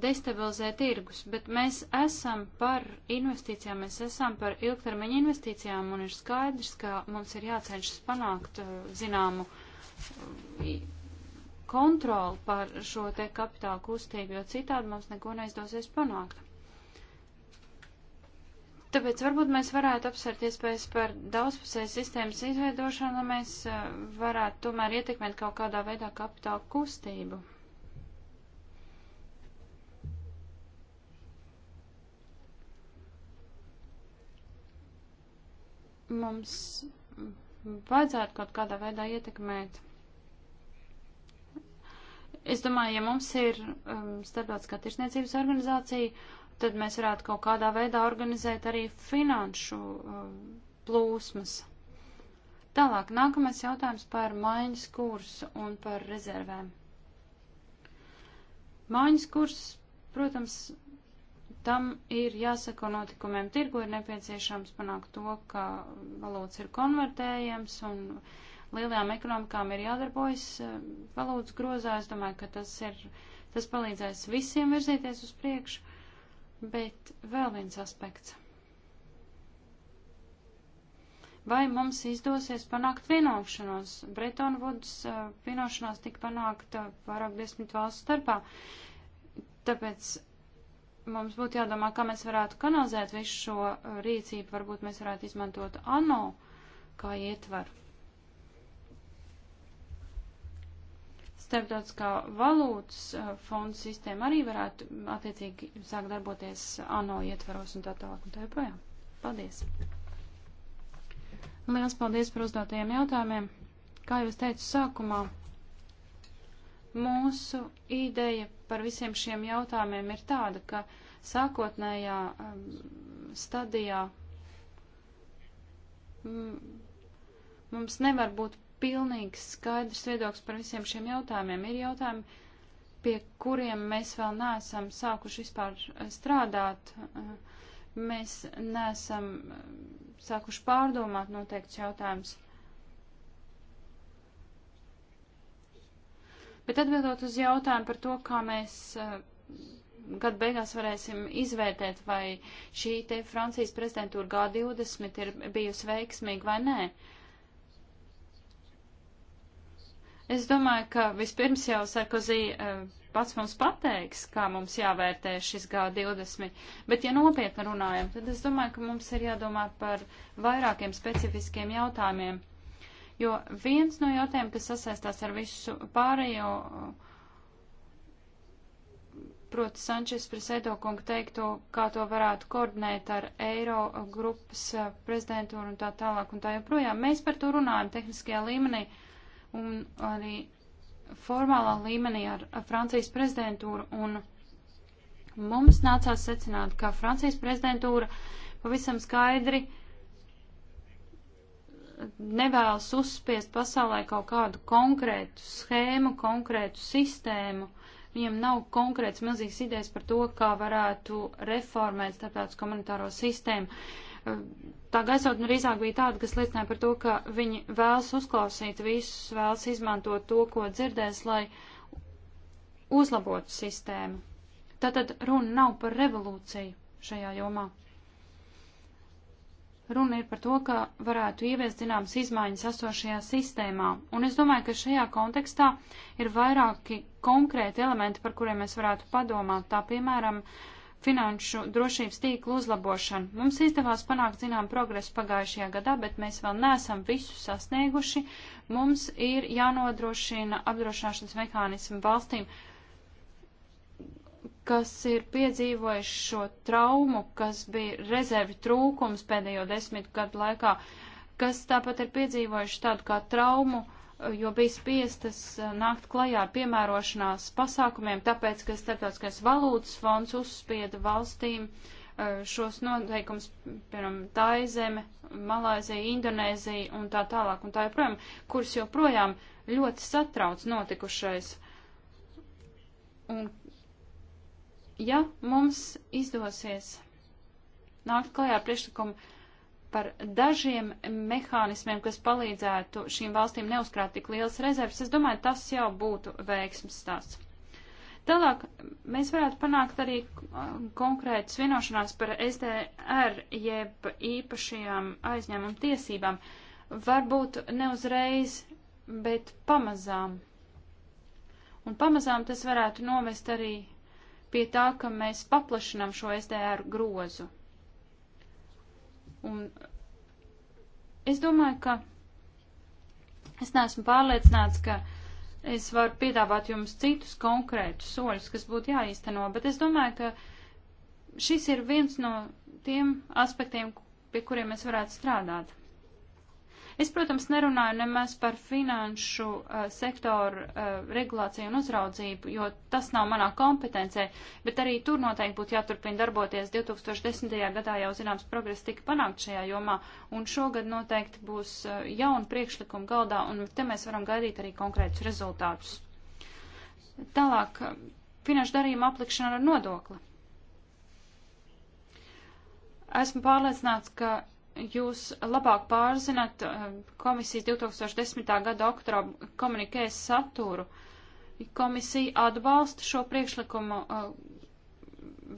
destabilizē tirgus, bet mēs esam par investīcijām, mēs esam par ilgtermiņa investīcijām, un ir skaidrs, ka mums ir jācenšas panākt uh, zināmu uh, kontroli par šo te kapitāla kustību, jo citādi mums neko neizdosies panākt. Tāpēc varbūt mēs varētu apsvērt iespējas par daudzpusēju sistēmas izveidošanu, lai mēs eh, varētu tomēr ietekmēt kaut kādā veidā kapitāla kustību. Mums vajadzētu kaut kādā veidā ietekmēt Es domāju, ja mums ir um, starptautiskā tirsniecības organizācija, tad mēs varētu kaut kādā veidā organizēt arī finanšu um, plūsmas. Tālāk, nākamais jautājums par maiņas kursu un par rezervēm. Maiņas kurs, protams, tam ir jāsako notikumiem tirgu, ir nepieciešams panākt to, ka valūts ir konvertējams un uh, lielajām ekonomikām ir jādarbojas, eh, valūtas grozā, es domāju, ka tas ir, tas palīdzēs visiem virzīties uz priekšu, bet vēl viens aspekts. Vai mums izdosies panākt vienošanos? Bretona Vuds eh, vienošanās tika panākta vairāk desmit valstu starpā, tāpēc mums būtu jādomā, kā mēs varētu kanalizēt visu šo rīcību, varbūt mēs varētu izmantot ANO kā ietvaru. starptautiskā valūtas eh, fonda sistēma arī varētu mm, attiecīgi sākt darboties ANO ietvaros un tā tālāk un tā joprojām. Paldies! Liels paldies par uzdotajiem jautājumiem. Kā jau es teicu sākumā, mūsu ideja par visiem šiem jautājumiem ir tāda, ka sākotnējā um, stadijā mm, mums nevar būt pilnīgs skaidrs viedoklis par visiem šiem jautājumiem. Ir jautājumi, pie kuriem mēs vēl neesam sākuši vispār eh, strādāt. Eh, mēs neesam eh, sākuši pārdomāt noteikts jautājums. Bet atbildot uz jautājumu par to, kā mēs uh, gadu beigās varēsim izvērtēt, vai šī te Francijas prezidentūra G20 ir bijusi veiksmīga vai nē, Es domāju, ka vispirms jau Sarkozī eh, pats mums pateiks, kā mums jāvērtē šis G20, bet ja nopietni runājam, tad es domāju, ka mums ir jādomā par vairākiem specifiskiem jautājumiem. Jo viens no jautājumiem, kas sasaistās ar visu pārējo, proti Sančes Presedo kungu teikto, kā to varētu koordinēt ar Eiro grupas eh, prezidentūru un tā tālāk un tā joprojām. Mēs par to runājam tehniskajā līmenī. Uh, un arī formālā līmenī ar, ar Francijas prezidentūru. Un mums nācās secināt, ka Francijas prezidentūra pavisam skaidri nevēlas uzspiest pasaulē kaut kādu konkrētu schēmu, konkrētu sistēmu. Viņam nav konkrēts milzīgs idejas par to, kā varētu reformēt starptautisko monetāro sistēmu. Uh, tā gaisotne nu drīzāk bija tāda, kas liecināja par to, ka viņi vēlas uzklausīt visus, vēlas izmantot to, ko dzirdēs, lai uzlabotu sistēmu. Tātad runa nav par revolūciju šajā jomā. Runa ir par to, ka varētu ieviest zināmas izmaiņas esošajā sistēmā, un es domāju, ka šajā kontekstā ir vairāki konkrēti elementi, par kuriem mēs varētu padomāt. Tā piemēram, uh, finanšu drošības tīklu uzlabošanu. Mums izdevās panākt zinām progresu pagājušajā gadā, bet mēs vēl neesam visu sasnieguši. Mums ir jānodrošina apdrošināšanas mehānismu valstīm, kas ir piedzīvojuši šo traumu, kas bija rezervi trūkums pēdējo desmit gadu laikā, kas tāpat ir piedzīvojuši tādu kā traumu uh, jo bija spiestas eh, nākt klajā ar piemērošanās pasākumiem, tāpēc, ka Startautiskais valūtas fonds uzspieda valstīm eh, šos noteikumus, piemēram, Taizeme, Malaizija, Indonēzija un tā tālāk un tā joprojām, kuras joprojām ļoti satrauc notikušais. Un ja mums izdosies nākt klajā ar priekšlikumu, par dažiem mehānismiem, kas palīdzētu šīm valstīm neuzkrāt tik liels rezerves, es domāju, tas jau būtu veiksmes stāsts. Tālāk mēs varētu panākt arī konkrētas vienošanās par SDR jeb īpašajām aizņēmuma tiesībām. Varbūt ne uzreiz, bet pamazām. Un pamazām tas varētu novest arī pie tā, ka mēs paplašinām šo SDR grozu. Un es domāju, ka es neesmu pārliecināts, ka es varu piedāvāt jums citus konkrētus soļus, kas būtu jāīsteno, bet es domāju, ka šis ir viens no tiem aspektiem, pie kuriem mēs varētu strādāt. Es, protams, nerunāju nemaz par finanšu uh, sektoru uh, regulāciju un uzraudzību, jo tas nav manā kompetencē, bet arī tur noteikti būtu jāturpina darboties. 2010. gadā jau zināms progress tika panākt šajā jomā, un šogad noteikti būs uh, eh, jauni priekšlikumi galdā, un te mēs varam gaidīt arī konkrētus rezultātus. Tālāk, finanšu darījuma aplikšana ar nodokli. Esmu pārliecināts, ka jūs labāk pārzināt eh, komisijas 2010. gada oktobra komunikēs saturu. Komisija atbalsta šo priekšlikumu eh,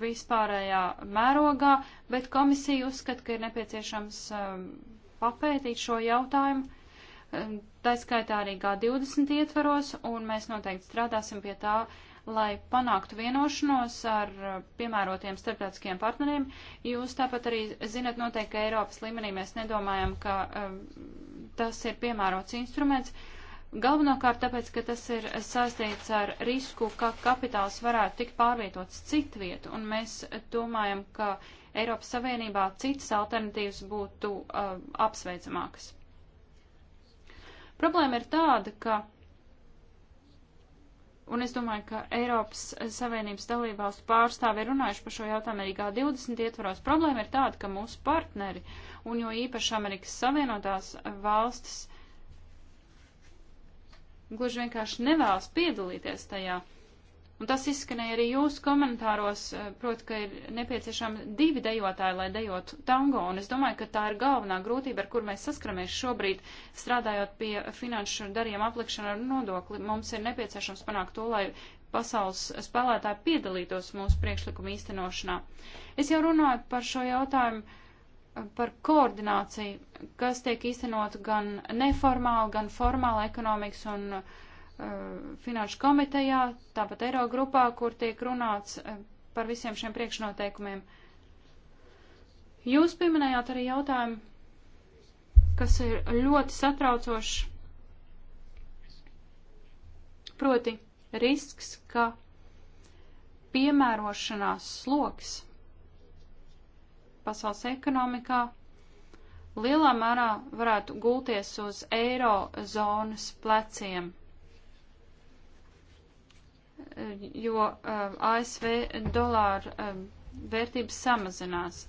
vispārējā mērogā, bet komisija uzskata, ka ir nepieciešams eh, papētīt šo jautājumu. Tā skaitā arī G20 ietvaros, un mēs noteikti strādāsim pie tā, uh, lai panāktu vienošanos ar eh, piemērotiem starptautiskiem partneriem. Jūs tāpat arī zinat noteikti, ka Eiropas līmenī mēs nedomājam, ka eh, tas ir piemērots instruments. Galvenokārt tāpēc, ka tas ir saistīts ar risku, ka kapitāls varētu tikt pārvietots citvietu, un mēs domājam, ka Eiropas Savienībā citas alternatīvas būtu uh, apsveicamākas. Problēma ir tāda, ka Un es domāju, ka Eiropas Savienības dalībvalstu pārstāvi ir runājuši par šo jautājumu arī G20 ietvaros. Problēma ir tāda, ka mūsu partneri, un jo īpaši Amerikas Savienotās valstis, gluži vienkārši nevēlas piedalīties tajā. Uh, Un tas izskanēja arī jūsu komentāros, eh, proti, ka ir nepieciešami divi dejotāji, lai dejotu tango, un es domāju, ka tā ir galvenā grūtība, ar kur mēs saskaramies šobrīd, strādājot pie finanšu darījuma aplikšana ar nodokli. Mums ir nepieciešams panākt to, lai pasaules spēlētāji piedalītos mūsu priekšlikuma īstenošanā. Es jau runāju par šo jautājumu eh, par koordināciju, kas tiek īstenot gan neformāli, gan formāli ekonomikas un uh, Eh, finanšu komitejā, tāpat Eirogrupā, kur tiek runāts eh, par visiem šiem priekšnoteikumiem. Jūs pieminējāt arī jautājumu, kas ir ļoti satraucošs, proti risks, ka piemērošanās sloks pasaules ekonomikā lielā mērā varētu gulties uz eiro zonas pleciem jo uh, eh, ASV dolāru uh, vērtības samazinās.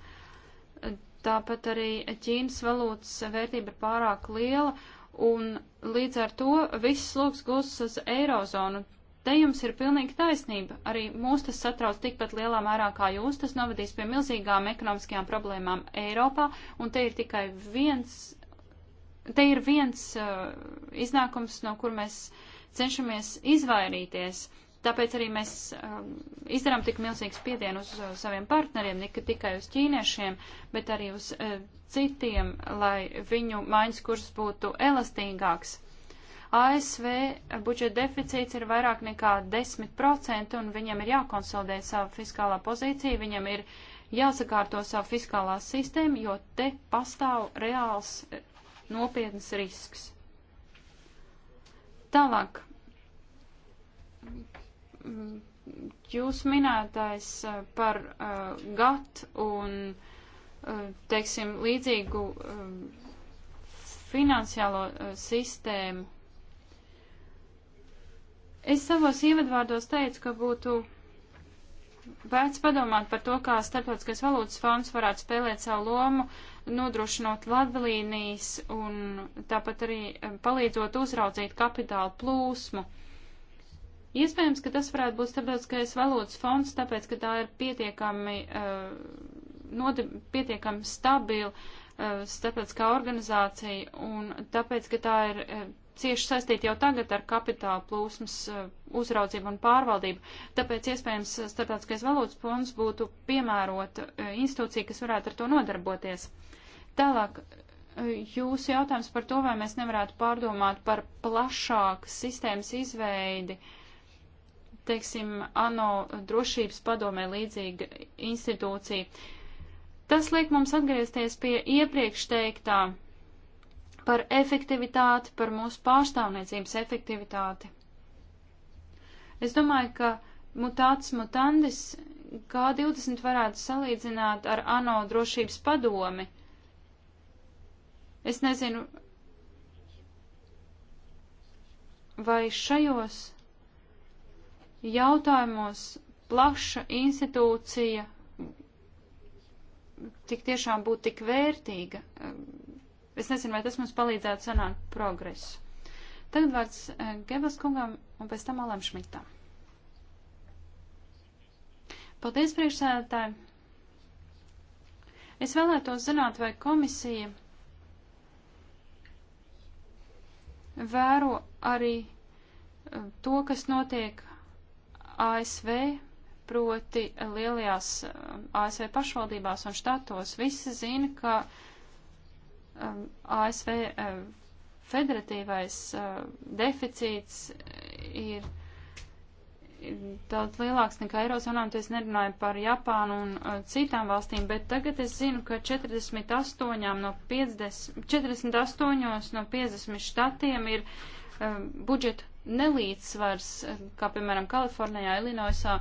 Tāpat arī Ķīnas valūtas vērtība ir pārāk liela, un līdz ar to viss sloks gūstas uz eirozonu. Te jums ir pilnīgi taisnība. Arī mūs tas satrauc tikpat lielā mērā kā jūs. Tas novadīs pie milzīgām ekonomiskajām problēmām Eiropā, un te ir tikai viens, te ir viens uh, iznākums, no kur mēs cenšamies izvairīties. Uh, Tāpēc arī mēs um, izdarām tik milzīgu spiedienu uz uh, saviem partneriem, ne tikai uz ķīniešiem, bet arī uz uh, citiem, lai viņu maiņas kurs būtu elastīgāks. ASV budžeta deficīts ir vairāk nekā 10%, un viņiem ir jākonsolidē savu fiskālā pozīciju, viņiem ir jāsakārto savu fiskālā sistēmu, jo te pastāv reāls eh, nopietnas risks. Tālāk Mm, jūs minētais eh, par uh, eh, GATT un, uh, teiksim, līdzīgu uh, finansiālo uh, sistēmu. Es savos ievadvārdos teicu, ka būtu vērts padomāt par to, kā Startautiskais valūtas fonds varētu spēlēt savu lomu, nodrošinot vadlīnijas un tāpat arī palīdzot uzraudzīt kapitāla plūsmu. Uh, Iespējams, ka tas varētu būt starptautiskais valodas fonds, tāpēc, ka tā ir pietiekami, uh, nodi, pietiekami stabila uh, starptautiskā organizācija un tāpēc, ka tā ir uh, cieši saistīta jau tagad ar kapitāla plūsmas uzraudzību un pārvaldību. Tāpēc iespējams starptautiskais valodas fonds būtu piemērota institūcija, kas varētu ar to nodarboties. Tālāk jūsu jautājums par to, vai mēs nevarētu pārdomāt par plašāku sistēmas izveidi uh, teiksim, ANO drošības padomē līdzīga institūcija. Tas liek mums atgriezties pie iepriekš teiktā par efektivitāti, par mūsu pārstāvniecības efektivitāti. Es domāju, ka mutāts mutandis G20 varētu salīdzināt ar ANO drošības padomi. Es nezinu, vai šajos jautājumos plaša institūcija tik tiešām būtu tik vērtīga. Es nezinu, vai tas mums palīdzētu sanākt progresu. Tagad vārds eh, Gebels kungam un pēc tam Olam Šmitam. Paldies, priekšsēdētāji! Es vēlētos zināt, vai komisija vēro arī eh, to, kas notiek ASV, proti lielajās um, ASV pašvaldībās un štatos. Visi zina, ka um, ASV um, federatīvais deficīts ir daudz lielāks nekā Eirozonā, un es nerunāju par Japānu un uh, citām valstīm, bet tagad es zinu, ka 48 no 50, 48 no 50 štatiem ir uh, budžeta nelīdzsvars, eh, kā piemēram Kalifornijā, Ilinoisā,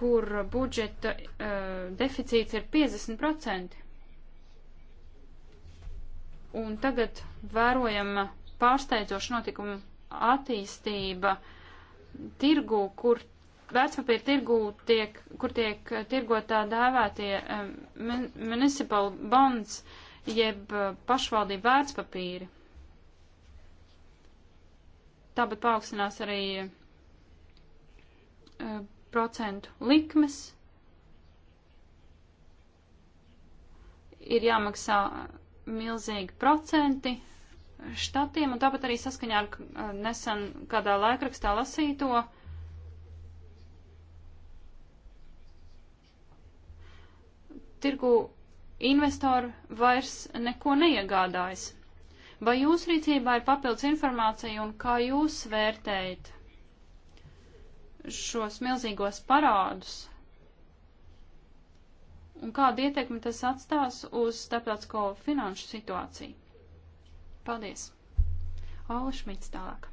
kur budžeta uh, deficīts ir 50%. Un tagad vērojama pārsteidzoša notikuma attīstība tirgū, kur vērtspapīra tirgū tiek, kur tiek tirgotā dēvētie um, municipal bonds jeb pašvaldību vērtspapīri. Tāpat paaugstinās arī uh, procentu likmes. Ir jāmaksā milzīgi procenti štatiem, un tāpat arī saskaņā ar uh, nesen kādā laikrakstā lasīto. Tirgu investori vairs neko neiegādājas. Vai jūsu rīcībā ir papildus informācija un kā jūs vērtējat šos milzīgos parādus? Un kādu ietekmi tas atstās uz starptautisko finanšu situāciju? Paldies! Ola Šmits tālāk.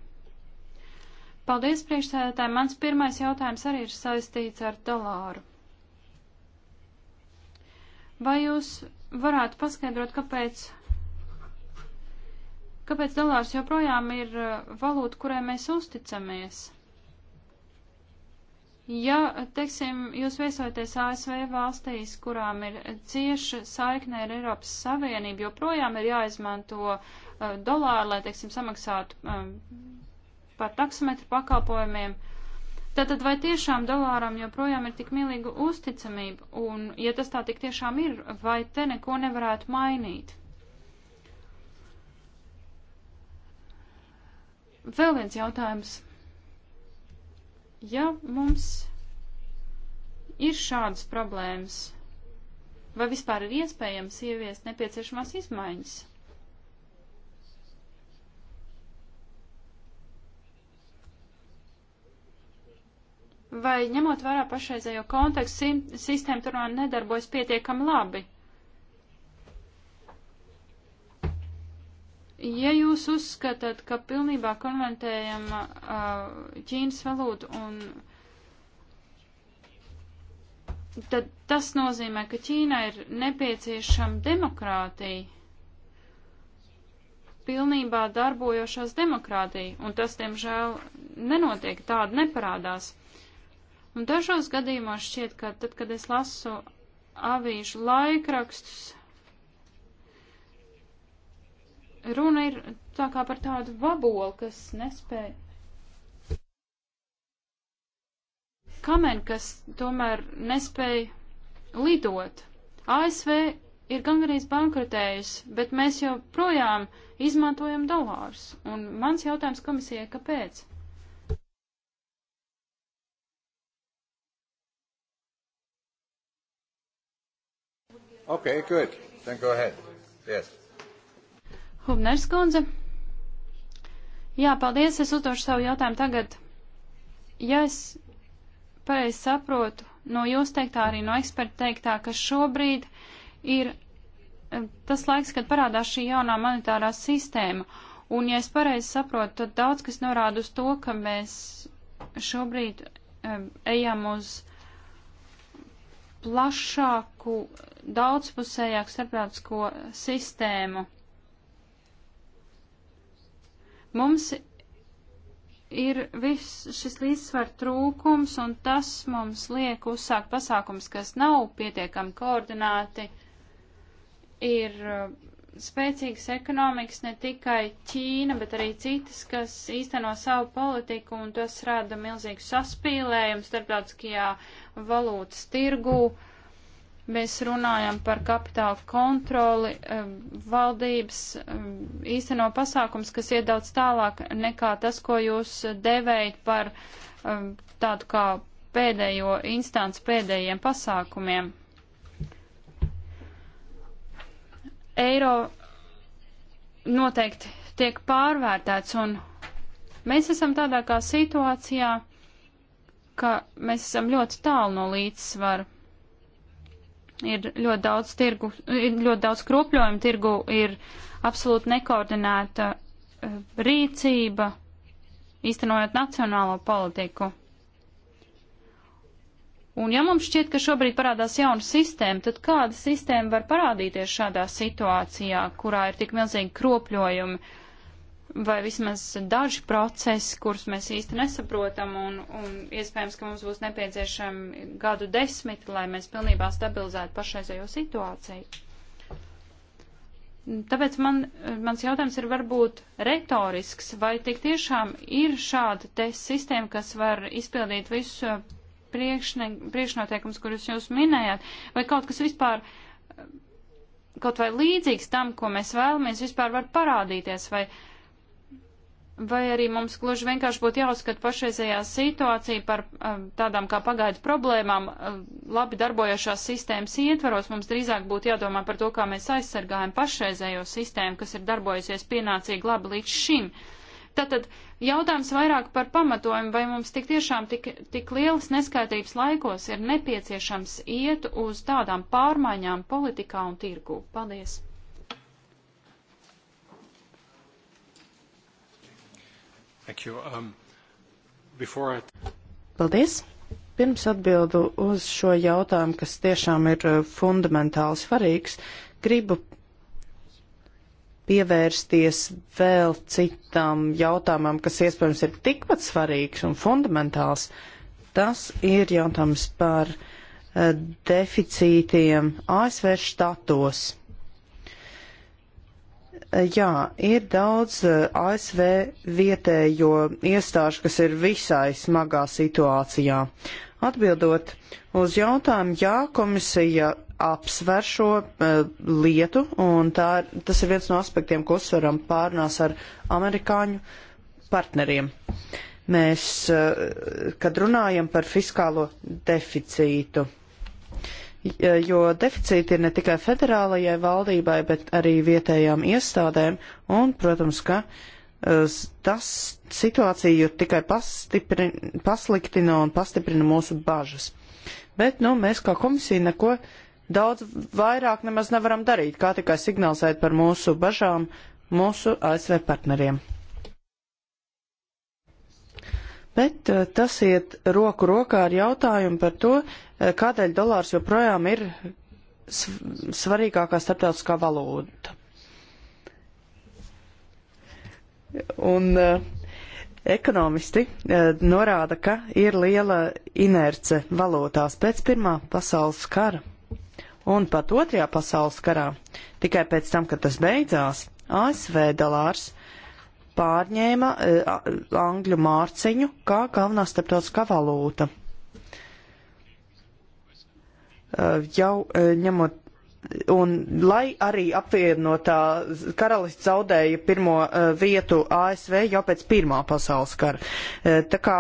Paldies, priekšsēdētāji. Mans pirmais jautājums arī ir saistīts ar dolāru. Vai jūs varētu paskaidrot, kāpēc Kāpēc dolārs joprojām ir eh, valūta, kurai mēs uzticamies? Ja, teiksim, jūs viesojaties ASV valstīs, kurām ir cieša saikne ar Eiropas Savienību, joprojām ir jāizmanto uh, eh, dolāru, lai, teiksim, samaksātu um, par taksometru pakalpojumiem. Tātad vai tiešām dolāram joprojām ir tik milīga uzticamība? Un, ja tas tā tik tiešām ir, vai te neko nevarētu mainīt? Vēl viens jautājums. Ja mums ir šādas problēmas, vai vispār ir iespējams ieviest nepieciešamās izmaiņas? vai ņemot vērā pašreizējo kontekstu, sistēma tur vēl nedarbojas pietiekami labi. Ja jūs uzskatāt, ka pilnībā konventējam uh, Ķīnas valūtu un tad tas nozīmē, ka Ķīnā ir nepieciešama demokrātija, pilnībā darbojošās demokrātija, un tas, diemžēl, nenotiek, tāda neparādās. Un dažos gadījumos šķiet, ka tad, kad es lasu avīžu laikrakstus, Runa ir tā kā par tādu vaboli, kas nespēja. Kamēr, kas tomēr nespēja lidot. ASV ir gan arī bankrotējusi, bet mēs joprojām izmantojam dolārus. Un mans jautājums komisijai, kāpēc? Okay, good. Then go ahead. Yes. Hubners kundze. Jā, paldies, es uzdošu savu jautājumu tagad. Ja es pareizi saprotu no jūs teiktā, arī no eksperta teiktā, ka šobrīd ir eh, tas laiks, kad parādās šī jaunā monetārā sistēma. Un, ja es pareizi saprotu, tad daudz kas norāda uz to, ka mēs šobrīd um, ejam uz plašāku, daudzpusējāku starptautisko sistēmu. Mums ir viss šis līdzsvar trūkums, un tas mums liek uzsākt pasākums, kas nav pietiekami koordināti. Ir uh, spēcīgas ekonomikas ne tikai Ķīna, bet arī citas, kas īsteno savu politiku, un tas rada milzīgu saspīlējumu starptautiskajā valūtas tirgū. Uh, Mēs runājam par kapitāla kontroli, valdības īsteno pasākums, kas iet daudz tālāk nekā tas, ko jūs devējat par tādu kā pēdējo instants pēdējiem pasākumiem. Eiro noteikti tiek pārvērtēts un mēs esam tādā kā situācijā, ka mēs esam ļoti tālu no līdzsvaru ir ļoti daudz tirgu, ir ļoti daudz kropļojumu tirgu, ir absolūti nekoordinēta eh, rīcība, īstenojot nacionālo politiku. Un ja mums šķiet, ka šobrīd parādās jauna sistēma, tad kāda sistēma var parādīties šādā situācijā, kurā ir tik milzīgi kropļojumi? Uh, vai vismaz daži procesi, kurus mēs īsti nesaprotam, un, un iespējams, ka mums būs nepieciešami gadu desmit, lai mēs pilnībā stabilizētu pašreizējo situāciju. Tāpēc man, mans jautājums ir varbūt retorisks, vai tik tiešām ir šāda te sistēma, kas var izpildīt visu uh, priekšne, priekšnoteikums, kurus jūs minējāt, vai kaut kas vispār uh, kaut vai līdzīgs tam, ko mēs vēlamies, vispār var parādīties, vai uh, vai arī mums gluži vienkārši būtu jāuzskata pašreizējā situācija par eh, tādām kā pagaidu problēmām eh, labi darbojošās sistēmas ietvaros. Mums drīzāk būtu jādomā par to, kā mēs aizsargājam pašreizējo sistēmu, kas ir darbojusies pienācīgi labi līdz šim. Tātad jautājums vairāk par pamatojumu, vai mums tik tiešām tik, tik lielas neskaidrības laikos ir nepieciešams iet uz tādām pārmaiņām politikā un tirgū. Paldies! Thank you. Um, before I... Paldies! Pirms atbildu uz šo jautājumu, kas tiešām ir uh, fundamentāli svarīgs, gribu pievērsties vēl citam jautājumam, kas iespējams ir tikpat svarīgs un fundamentāls. Tas ir jautājums par uh, deficītiem ASV štatos. Jā, ir daudz eh, ASV vietējo iestāžu, kas ir visai smagā situācijā. Atbildot uz jautājumu, jā, komisija apsver šo uh, lietu, un tā, tas ir viens no aspektiem, ko uzsveram pārnās ar amerikāņu partneriem. Mēs, uh, kad runājam par fiskālo deficītu, uh, jo deficīti ir ne tikai federālajai valdībai, bet arī vietējām iestādēm, un, protams, ka eh, tas situāciju tikai pasliktina un pastiprina mūsu bažas. Bet, nu, mēs kā komisija neko daudz vairāk nemaz nevaram darīt, kā tikai signalizēt par mūsu bažām mūsu ASV partneriem. Bet eh, tas iet roku rokā ar jautājumu par to, uh, Eh, kādēļ dolārs joprojām ir svarīgākā starptautiskā valūta. Un uh, ekonomisti uh, norāda, ka ir liela inerce valūtās pēc Pirmā pasaules kara un pat Otrajā pasaules karā. Tikai pēc tam, kad tas beidzās, ASV dolārs pārņēma uh, angļu mārciņu kā galvenā starptautiskā valūta. Eh, jau eh, ņemot un lai arī apvienotā karalists zaudēja pirmo uh, vietu ASV jau pēc pirmā pasaules kara. Uh, tā kā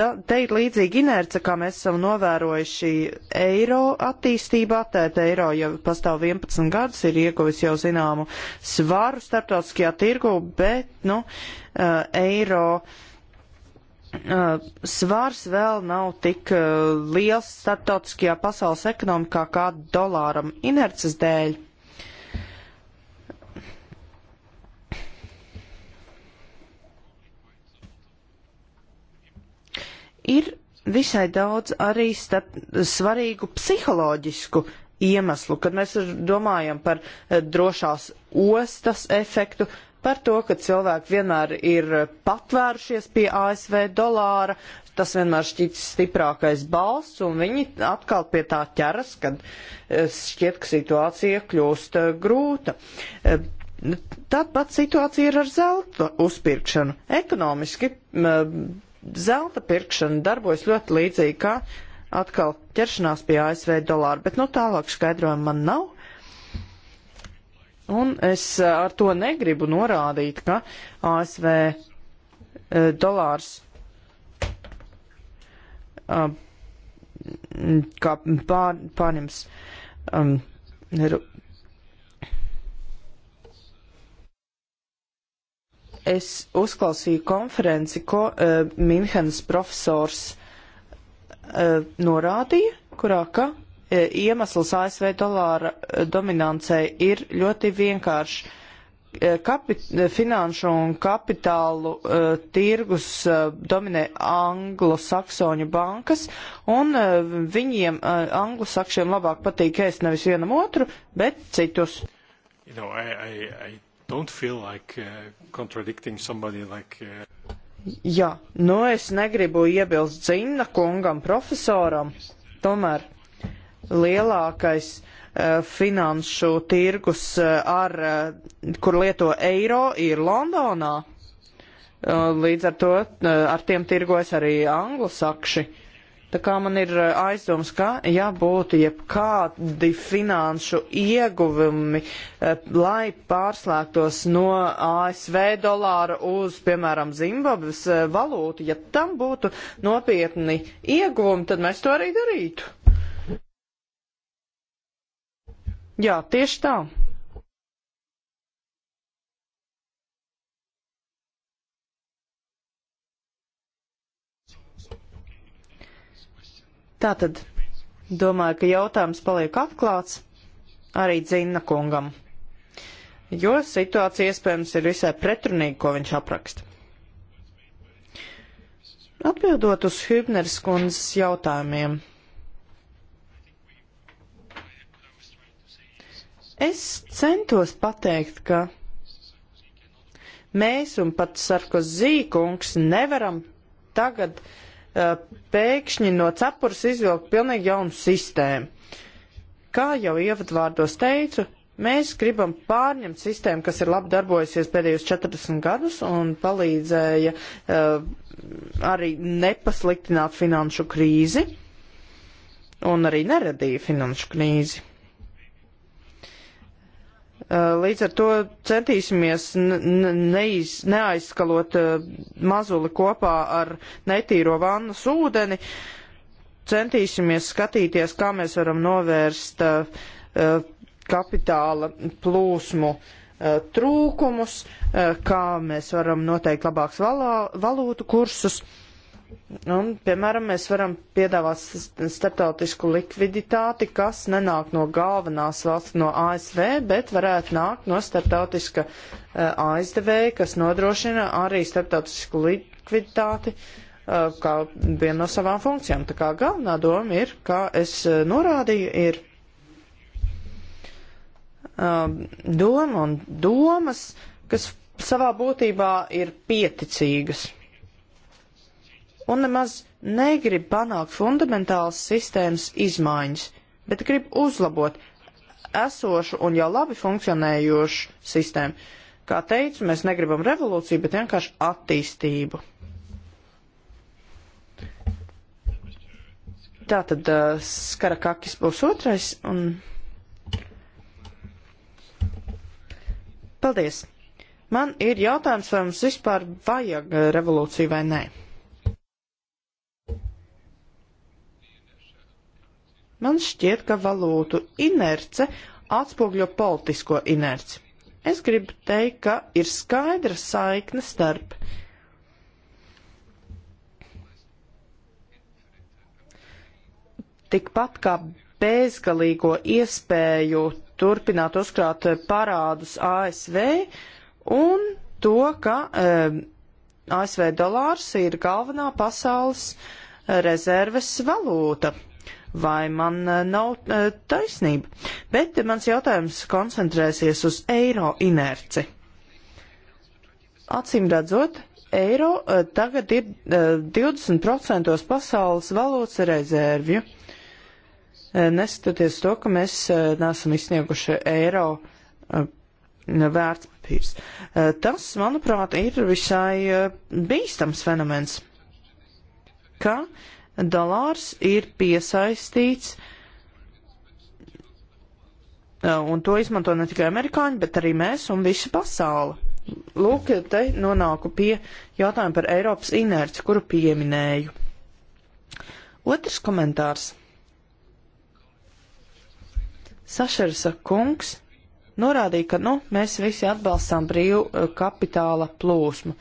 ta, te ir līdzīga inerce, kā mēs esam novērojuši eiro attīstībā, tēt eiro jau pastāv 11 gadus, ir ieguvis jau zināmu svaru starptautiskajā tirgu, bet, nu, uh, eiro. Uh, Uh, svars vēl nav tik uh, liels starptautiskajā pasaules ekonomikā kā dolāram inerces dēļ. Ir visai daudz arī starp, svarīgu psiholoģisku iemeslu, kad mēs domājam par uh, drošās ostas efektu, par to, ka cilvēki vienmēr ir patvērušies pie ASV dolāra, tas vienmēr šķiet stiprākais balsts, un viņi atkal pie tā ķeras, kad eh, šķiet, ka situācija kļūst eh, grūta. Eh, tāpat situācija ir ar zelta uzpirkšanu. Ekonomiski zelta pirkšana darbojas ļoti līdzīgi kā atkal ķeršanās pie ASV dolāra, bet nu tālāk skaidrojumu man nav. Un es eh, ar to negribu norādīt, ka ASV eh, dolārs eh, kā pār, pārņems um, Es uzklausīju konferenci, ko uh, Minhenes profesors uh, norādīja, kurā ka E, iemesls ASV dolāra e, dominancei ir ļoti vienkāršs. E, Kapit, finanšu un kapitālu uh, tirgus uh, dominē anglo-saksoņu bankas, un uh, viņiem, uh, anglo-sakšiem, labāk patīk ēst nevis vienam otru, bet citus. You know, I, I, I don't feel like uh, contradicting somebody like. Uh... Jā, nu es negribu iebilst Zina kungam, profesoram, tomēr lielākais uh, finanšu tirgus, uh, ar, uh, kur lieto eiro, ir Londonā. Līdz ar to ar tiem tirgojas arī anglosakši. Tā kā man ir aizdoms, ka jābūt ja jebkādi finanšu ieguvumi, lai pārslēgtos no ASV dolāra uz, piemēram, Zimbabves valūtu, ja tam būtu nopietni ieguvumi, tad mēs to arī darītu. Jā, tieši tā. Tātad, domāju, ka jautājums paliek atklāts arī Dzina kungam, jo situācija iespējams ir visai pretrunīga, ko viņš apraksta. Atbildot uz Hübners kundzes jautājumiem. Es centos pateikt, ka mēs un pat Sarkozī kungs nevaram tagad uh, pēkšņi no cepures izvilkt pilnīgi jaunu sistēmu. Kā jau ievadvārdos teicu, mēs gribam pārņemt sistēmu, kas ir labi darbojusies pēdējos 40 gadus un palīdzēja uh, arī nepasliktināt finanšu krīzi un arī neradīja finanšu krīzi. Eh, līdz ar to centīsimies neiz, neaizskalot eh, mazuli kopā ar netīro vannas ūdeni. Centīsimies skatīties, kā mēs varam novērst eh, kapitāla plūsmu trūkumus, kā mēs varam noteikt labāks valā, valūtu kursus. Un, piemēram, mēs varam piedāvāt starptautisku likviditāti, kas nenāk no galvenās valsts, no ASV, bet varētu nākt no starptautiska uh, eh, aizdevēja, kas nodrošina arī starptautisku likviditāti uh, kā vienu no savām funkcijām. Tā kā galvenā doma ir, kā es uh, norādīju, ir doma un domas, kas savā būtībā ir pieticīgas un nemaz negrib panākt fundamentālas sistēmas izmaiņas, bet grib uzlabot esošu un jau labi funkcionējošu sistēmu. Kā teicu, mēs negribam revolūciju, bet vienkārši attīstību. Tā tad uh, Skarakakis būs otrais un. Paldies! Man ir jautājums, vai mums vispār vajag uh, revolūciju vai nē. Man šķiet, ka valūtu inerce atspogļo politisko inerci. Es gribu teikt, ka ir skaidra saikne starp tikpat kā bezgalīgo iespēju turpināt uzkrāt parādus ASV un to, ka e, ehm, ASV dolārs ir galvenā pasaules rezerves valūta vai man eh, nav eh, taisnība. Bet mans jautājums koncentrēsies uz eiro inerci. Acīm redzot, eiro eh, tagad ir 20% pasaules valūtas rezervju. Neskatoties to, ka mēs neesam izsnieguši eiro vērtspapīrs. Tas, manuprāt, ir visai bīstams fenomens, ka uh, dolārs ir piesaistīts, uh, un to izmanto ne tikai amerikāņi, bet arī mēs un visa pasaule. Lūk, te nonāku pie jautājuma par Eiropas inerci, kuru pieminēju. Otrs komentārs. Sašersa kungs norādīja, ka nu, mēs visi atbalstām brīvu uh, kapitāla plūsmu.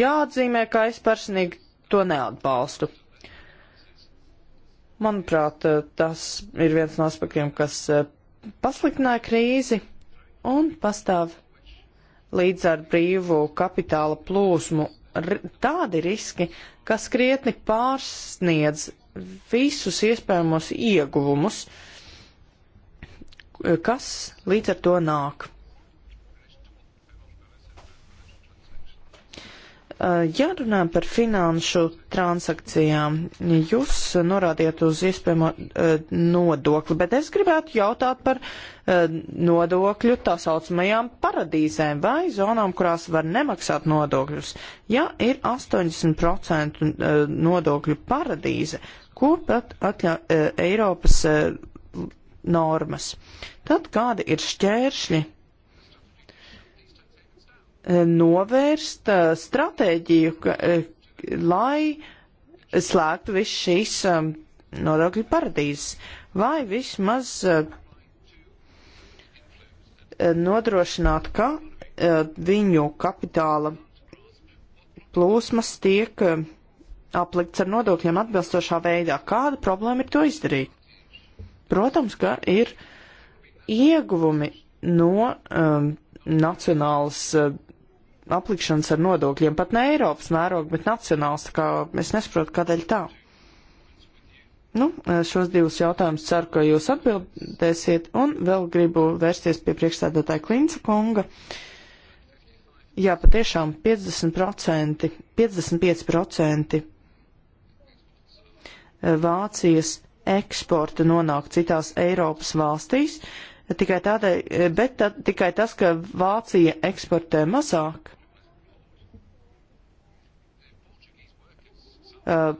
Jāatzīmē, ka es personīgi to neatbalstu. Manuprāt, eh, tas ir viens no aspektiem, kas eh, pasliktināja krīzi un pastāv līdz ar brīvu kapitāla plūsmu tādi riski, kas krietni pārsniedz visus iespējamos ieguvumus, eh, kas līdz ar to nāk. Eh, ja runājam par finanšu transakcijām, jūs norādījat uz iespējamo eh, nodokli, bet es gribētu jautāt par eh, nodokļu tā saucamajām paradīzēm vai zonām, kurās var nemaksāt nodokļus. Ja ir 80% nodokļu paradīze, ko pat atļauj Eiropas normas, tad kādi ir šķēršļi novērst eh, stratēģiju, ka, eh, lai slēgtu viss šīs eh, nodokļu paradīzes, vai vismaz nodrošināt, ka viņu kapitāla plūsmas tiek aplikts ar nodokļiem atbilstošā veidā. Kāda problēma ir to izdarīt? Protams, ka ir ieguvumi no um, nacionālas uh, aplikšanas ar nodokļiem, pat ne Eiropas mēroga, bet nacionāls, tā kā es nesaprotu, kādēļ tā. Nu, šos divus jautājumus ceru, ka jūs atbildēsiet, un vēl gribu vērsties pie priekšstādātāja Klinca kunga. Jā, patiešām 50%, 55% eh, Vācijas eksporta nonāk citās Eiropas valstīs, tikai tādēļ, eh, bet tā, tikai tas, ka Vācija eksportē mazāk, Uh,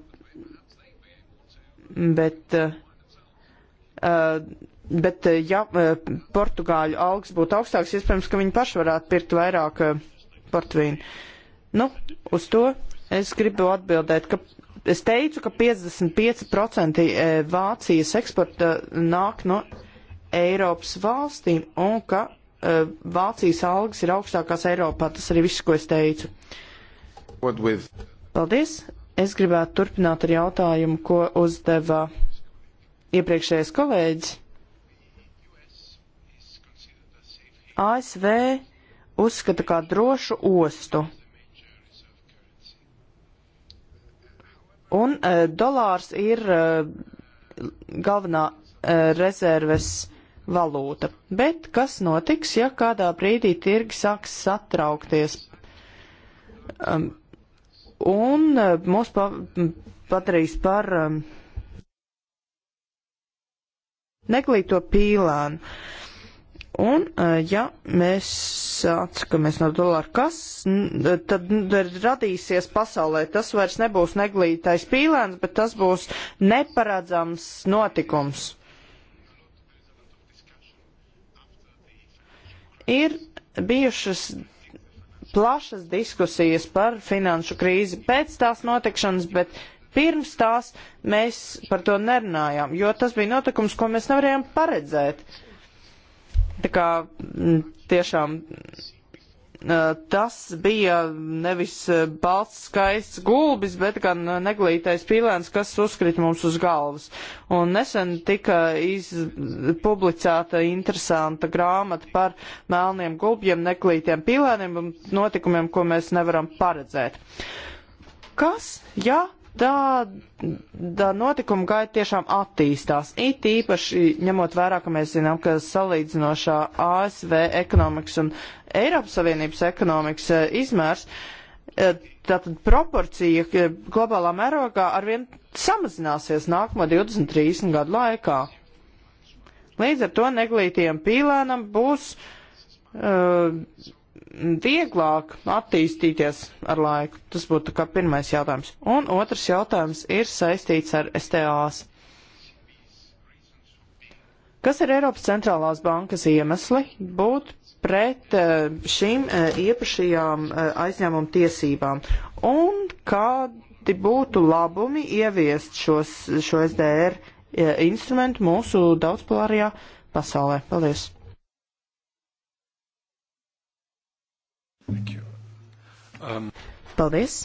bet, uh, uh, bet ja portugāļu algas būtu augstāks, iespējams, ka viņi paši varētu pirkt vairāk portvīnu. Nu, uz to es gribu atbildēt, ka es teicu, ka 55% e, Vācijas eksporta nāk no Eiropas valstīm un ka e, Vācijas algas ir augstākās Eiropā. Tas arī viss, ko es teicu. Paldies. Es gribētu turpināt ar jautājumu, ko uzdeva iepriekšējais kolēģis. ASV uzskata kā drošu ostu. Un uh, dolārs ir uh, galvenā uh, rezerves valūta. Bet kas notiks, ja kādā brīdī tirgi sāks satraukties? Um, un e, mūs pa, padarīs par um, neglīto pīlānu. Un, e, ja mēs atsakamies no dolāra, kas tad radīsies pasaulē, tas vairs nebūs neglītais pīlēns, bet tas būs neparedzams notikums. Ir bijušas plašas diskusijas par finanšu krīzi pēc tās notikšanas, bet pirms tās mēs par to nerunājām, jo tas bija notikums, ko mēs nevarējām paredzēt. Tā kā tiešām tas bija nevis balts skaists gulbis, bet gan neglītais pīlēns, kas uzkrīt mums uz galvas. Un nesen tika publicēta interesanta grāmata par melniem gulbjiem, neglītiem pīlēniem un notikumiem, ko mēs nevaram paredzēt. Kas, ja tāda notikuma gaita tiešām attīstās. It īpaši ņemot vērā, ka mēs zinām, ka salīdzinošā ASV ekonomikas un Eiropas Savienības ekonomikas eh, izmērs, eh, tātad proporcija eh, globālā mērogā arvien samazināsies nākamo 20-30 gadu laikā. Līdz ar to neglītiem pīlēnam būs uh, vieglāk attīstīties ar laiku? Tas būtu kā pirmais jautājums. Un otrs jautājums ir saistīts ar STAs. Kas ir Eiropas centrālās bankas iemesli būt pret eh, šīm eh, iepašajām eh, aizņēmuma tiesībām? Un kādi būtu labumi ieviest šos, šo SDR instrumentu mūsu daudzpolārajā pasaulē? Paldies! Um... Paldies!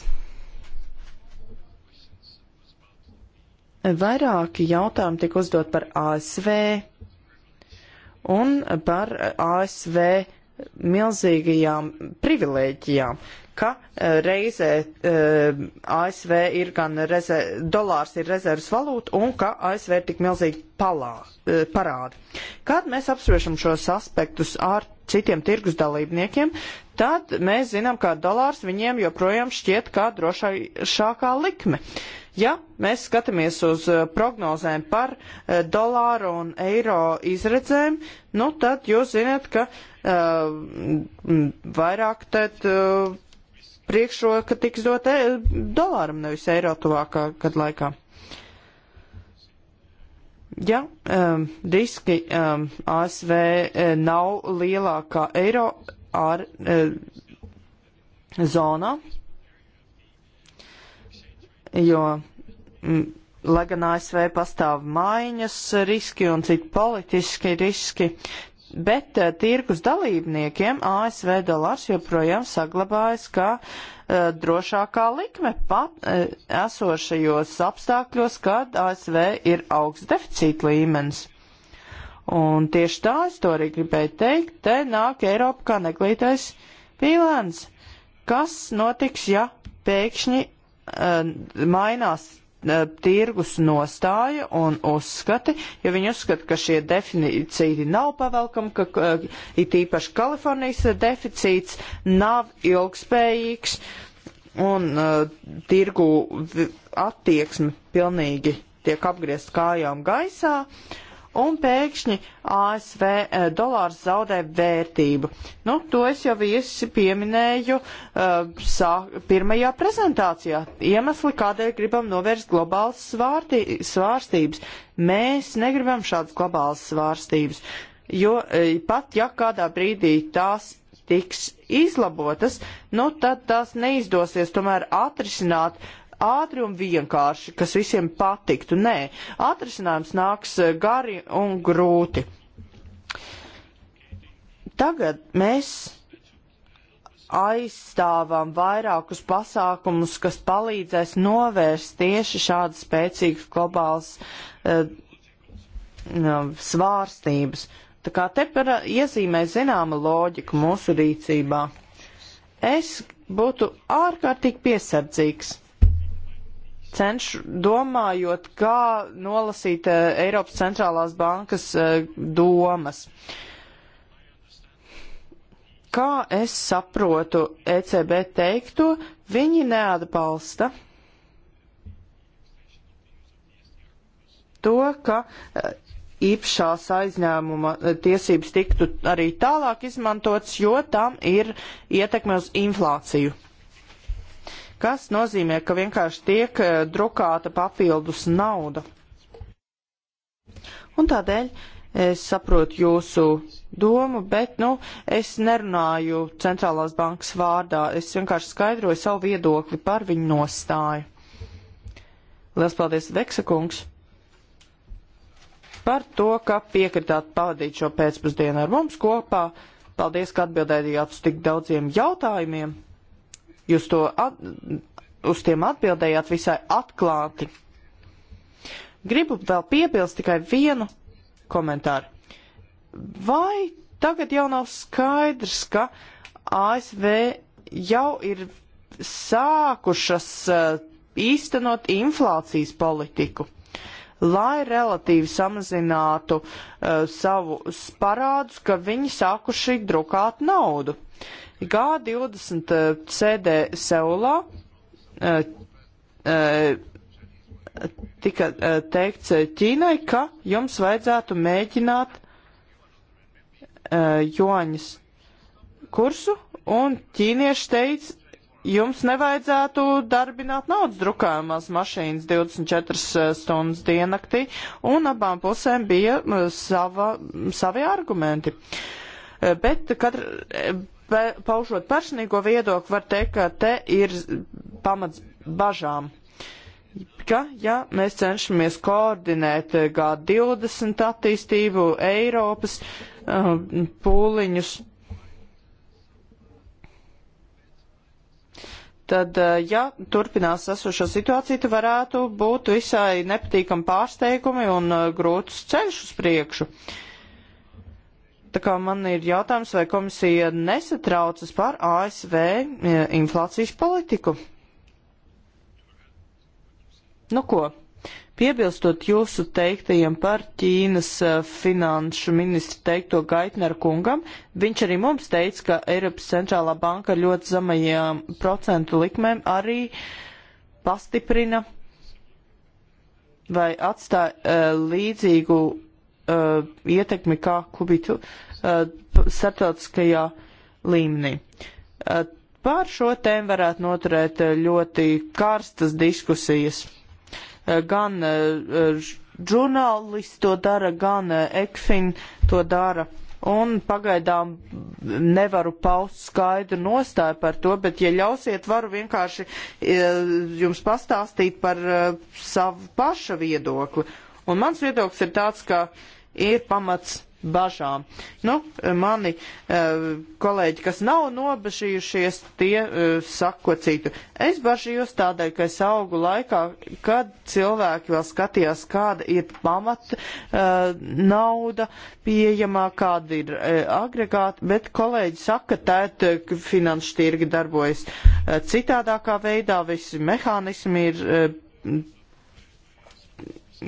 Vairāki jautājumi tika uzdot par ASV un par ASV milzīgajām privilēģijām, ka e, reizē uh, e, ASV ir gan reze, dolārs ir rezerves valūta un ka ASV ir tik milzīgi palā, uh, parādi. Kad mēs apspriešam šos aspektus ar citiem tirgus dalībniekiem, tad mēs zinām, ka dolārs viņiem joprojām šķiet kā drošākā likme. Ja mēs skatāmies uz eh, prognozēm par eh, dolāru un eiro izredzēm, nu tad jūs zināt, ka uh, vairāk tad uh, priekšroka tiks dot e dolāram, nevis eiro tuvākā gadu laikā. Ja um, riski um, ASV uh, nav lielākā eiro ar uh, zonā, jo, mm, lai gan ASV pastāv maiņas riski un citi politiski riski, bet uh, eh, tirkus dalībniekiem ASV dolārs joprojām saglabājas kā uh, drošākā likme pat uh, esošajos apstākļos, kad ASV ir augsts deficīta līmenis. Un tieši tā es to arī gribēju teikt, te nāk Eiropa kā neglītais pīlēns. Kas notiks, ja pēkšņi uh, mainās Eh, tirgus nostāja un uzskati, jo viņi uzskata, ka šie deficīti nav pavelkami, ka it īpaši Kalifornijas deficīts nav ilgspējīgs un uh, tirgu attieksme pilnīgi tiek apgriezt kājām gaisā. Uh, un pēkšņi ASV e, dolārs zaudē vērtību. Nu, to es jau viesi pieminēju uh, sā, pirmajā prezentācijā. Iemesli, kādēļ gribam novērst globālas svārtī, svārstības. Mēs negribam šādas globālas svārstības, jo uh, pat ja kādā brīdī tās tiks izlabotas, nu tad tās neizdosies tomēr atrisināt uh, ātri un vienkārši, kas visiem patiktu. Nē, atrisinājums nāks eh, gari un grūti. Tagad mēs aizstāvam vairākus pasākumus, kas palīdzēs novērst tieši šādas spēcīgas globālas uh, svārstības. Tā kā te par eh, iezīmē zināma loģika mūsu rīcībā. Es būtu ārkārtīgi piesardzīgs cenšu, domājot, kā nolasīt eh, Eiropas centrālās bankas eh, domas. Kā es saprotu ECB teikto, viņi neatbalsta to, ka eh, īpašās aizņēmuma tiesības tiktu arī tālāk izmantots, jo tam ir ietekme uz inflāciju kas nozīmē, ka vienkārši tiek eh, drukāta papildus nauda. Un tādēļ es saprotu jūsu domu, bet, nu, es nerunāju centrālās bankas vārdā, es vienkārši skaidroju savu viedokli par viņu nostāju. Lielas paldies, Veksakungs, par to, ka piekritāt pavadīt šo pēcpusdienu ar mums kopā. Paldies, ka atbildējāt uz tik daudziem jautājumiem. Jūs to at, uz tiem atbildējāt visai atklāti. Gribu vēl piebilst tikai vienu komentāru. Vai tagad jau nav skaidrs, ka ASV jau ir sākušas uh, īstenot inflācijas politiku, lai relatīvi samazinātu uh, eh, savus parādus, ka viņi sākuši drukāt naudu. G20 eh, sēdē Seulā eh, eh, tika teikts Ķīnai, ka jums vajadzētu mēģināt joņas kursu, un ķīnieši teica, jums nevajadzētu darbināt naudas drukājumās mašīnas 24 stundas diennaktī, un abām pusēm bija sava, savi argumenti. Bet katra paušot personīgo viedokli, var teikt, ka te ir pamats bažām ka, ja mēs cenšamies koordinēt eh, G20 attīstību, Eiropas uh, pūliņus, tad, uh, ja turpinās esošo situāciju, tad varētu būt visai nepatīkam pārsteigumi un uh, grūts ceļš uz priekšu. Uh, Tā kā man ir jautājums, vai komisija nesatraucas par ASV e, inflācijas politiku? Nu ko, piebilstot jūsu teiktajiem par Ķīnas e, finanšu ministru teikto Gaitneru kungam, viņš arī mums teica, ka Eiropas centrālā banka ļoti zamajām procentu likmēm arī pastiprina vai atstāja uh, līdzīgu uh, ietekmi kā kubitu uh, starptautiskajā līmenī. Uh, pār šo tēmu varētu noturēt uh, ļoti karstas diskusijas. Uh, gan uh, žurnālisti to dara, gan uh, ekfin to dara. Un pagaidām nevaru paust skaidru nostāju par to, bet, ja ļausiet, varu vienkārši uh, jums pastāstīt par uh, savu paša viedokli. Un mans viedoklis ir tāds, ka uh, ir pamats bažām. Nu, mani eh, kolēģi, kas nav nobežījušies, tie eh, saka ko citu. Es bažījos tādēļ, ka es augu laikā, kad cilvēki vēl skatījās, kāda ir pamata eh, nauda pieejamā, kāda ir agregāta, bet kolēģi saka, tēt, ka finanšu tirgi darbojas citādākā veidā, visi mehānismi ir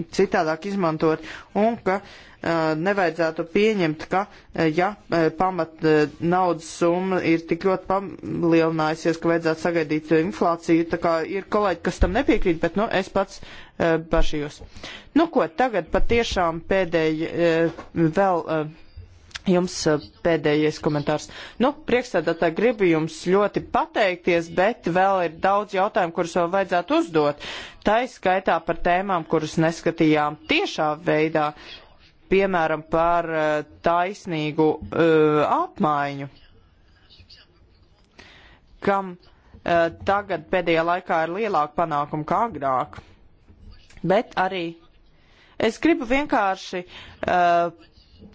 citādāk izmantot un ka uh, Eh, nevajadzētu pieņemt, ka, eh, ja eh, pamat naudas summa ir tik ļoti palielinājusies, ka vajadzētu sagaidīt inflāciju. Tā kā ir kolēģi, kas tam nepiekrīt, bet, nu, es pats bažījos. Nu, ko, tagad patiešām pēdēji vēl. Jums pēdējais komentārs. Nu, priekšstādātāji, gribu jums ļoti pateikties, bet vēl ir daudz jautājumu, kurus vēl vajadzētu uzdot. Tā izskaitā par tēmām, kuras neskatījām tiešā veidā. Uh, piemēram, par eh, taisnīgu uh, apmaiņu, kam uh, tagad pēdējā laikā ir lielāka panākuma kā agrāk. Bet arī es gribu vienkārši uh,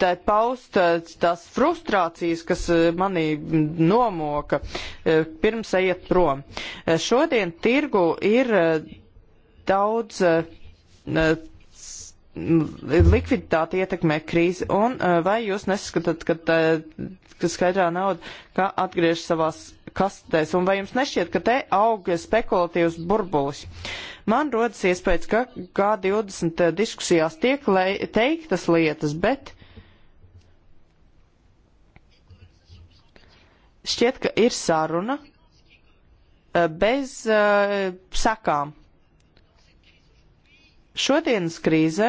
tā paust tās frustrācijas, kas manī nomoka pirms ejiet prom. Šodien tirgu ir daudz likviditāti ietekmē krīze, un eh, vai jūs neskatāt, ka, tā, ka skaidrā nauda, kā atgriež savās kastēs, un vai jums nešķiet, ka te aug spekulatīvs burbulis? Man rodas iespējas, ka G20 diskusijās tiek teiktas lietas, bet šķiet, ka ir saruna eh, bez uh, eh, sakām. Šodienas krīzē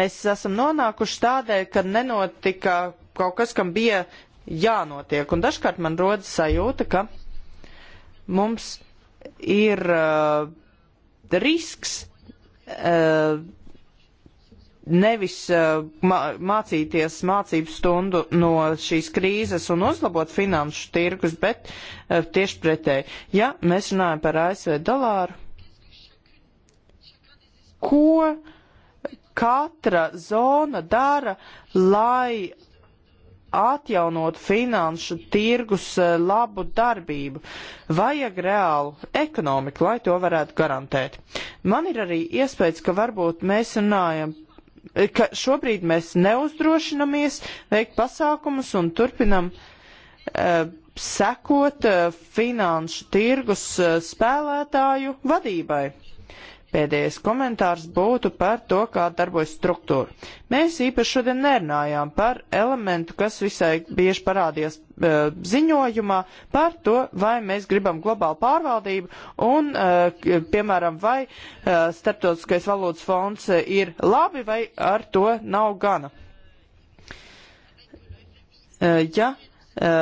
mēs esam nonākuši tādēļ, ka nenotika kaut kas, kam bija jānotiek. Un dažkārt man rodas sajūta, ka mums ir uh, risks uh, nevis uh, mācīties mācību stundu no šīs krīzes un uzlabot finanšu tirgus, bet uh, tieši pretēji. Ja mēs runājam par ASV dolāru, ko katra zona dara, lai atjaunot finanšu tirgus eh, labu darbību. Vajag reālu ekonomiku, lai to varētu garantēt. Man ir arī iespējas, ka varbūt mēs runājam, eh, ka šobrīd mēs neuzdrošinamies veikt pasākumus un turpinam uh, sekot uh, finanšu tirgus uh, spēlētāju vadībai. Pēdējais komentārs būtu par to, kā darbojas struktūra. Mēs īpaši šodien nerunājām par elementu, kas visai bieži parādījās e, ziņojumā, par to, vai mēs gribam globālu pārvaldību un, e, piemēram, vai e, starptautiskais valūtas fonds ir labi vai ar to nav gana. E, ja, e,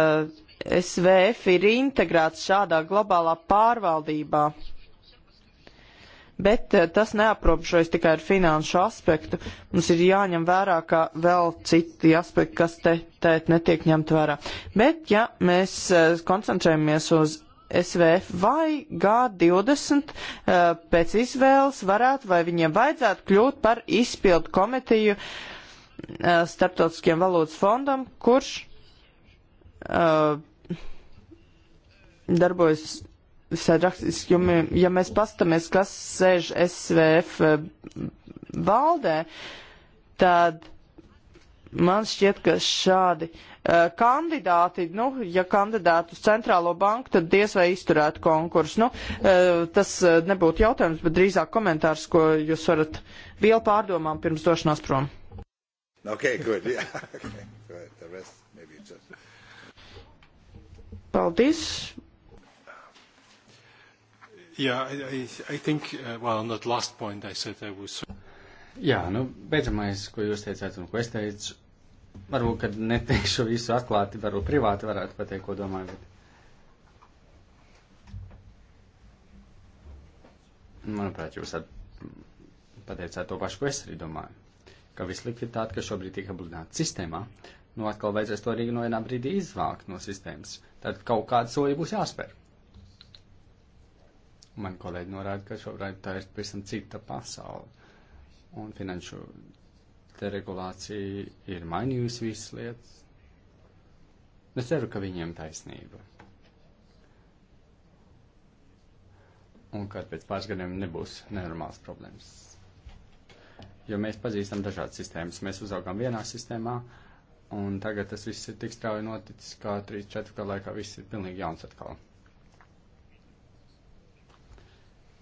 SVF ir integrēts šādā globālā pārvaldībā bet eh, tas neaprobežojas tikai ar finanšu aspektu. Mums ir jāņem vērā, ka vēl citi aspekti, kas te, te netiek ņemt vērā. Bet, ja mēs eh, koncentrējamies uz SVF vai G20 eh, pēc izvēles varētu vai viņiem vajadzētu kļūt par izpildu komiteju starptautiskiem valodas fondam, kurš darbojas sarakstīs, jo mē, ja mēs pastamies, kas sēž SVF eh, valdē, tad man šķiet, ka šādi eh, kandidāti, nu, ja kandidātu uz centrālo banku, tad diez vai izturētu konkursu. Nu, eh, tas nebūtu jautājums, bet drīzāk komentārs, ko jūs varat vielu pārdomām pirms došanās prom. Okay, good. Yeah. Okay. Good. The rest maybe just... Paldies. Yeah, I, I think, uh, well, on that last point I said I was... Jā, nu, beidzamais, ko jūs teicāt un ko es teicu, varbūt, kad neteikšu visu atklāti, varbūt privāti varētu pateikt, ko domāju, bet... Manuprāt, jūs at... pateicāt to pašu, ko es arī domāju, ka vislikviditāte, kas šobrīd tiek apbludināta sistēmā, nu atkal vajadzēs to arī no vienā brīdī izvākt no sistēmas. Tad kaut kāda soļa būs jāspēr man kolēģi norāda, ka šobrīd tā ir pavisam cita pasaule. Un finanšu deregulācija ir mainījusi visas lietas. Es ceru, ka viņiem taisnība. Un ka pēc pāris gadiem nebūs nenormāls problēmas. Jo mēs pazīstam dažādas sistēmas. Mēs uzaugām vienā sistēmā, un tagad tas viss ir tik strauji noticis, ka 3-4 gadu laikā viss ir pilnīgi jauns atkal.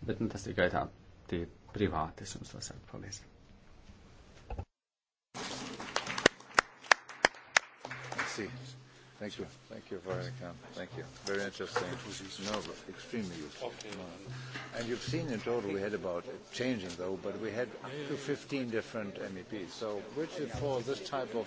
Bet nu, tas tikai tā, tie privāti, es jums to saku. Paldies! see. Thank you. Thank you, Veronica. Thank you. Very interesting. It was useful. No, but extremely useful. Okay. No. And you've seen in total we had about uh, changing though, but we had up to 15 different MEPs. So which is for this type of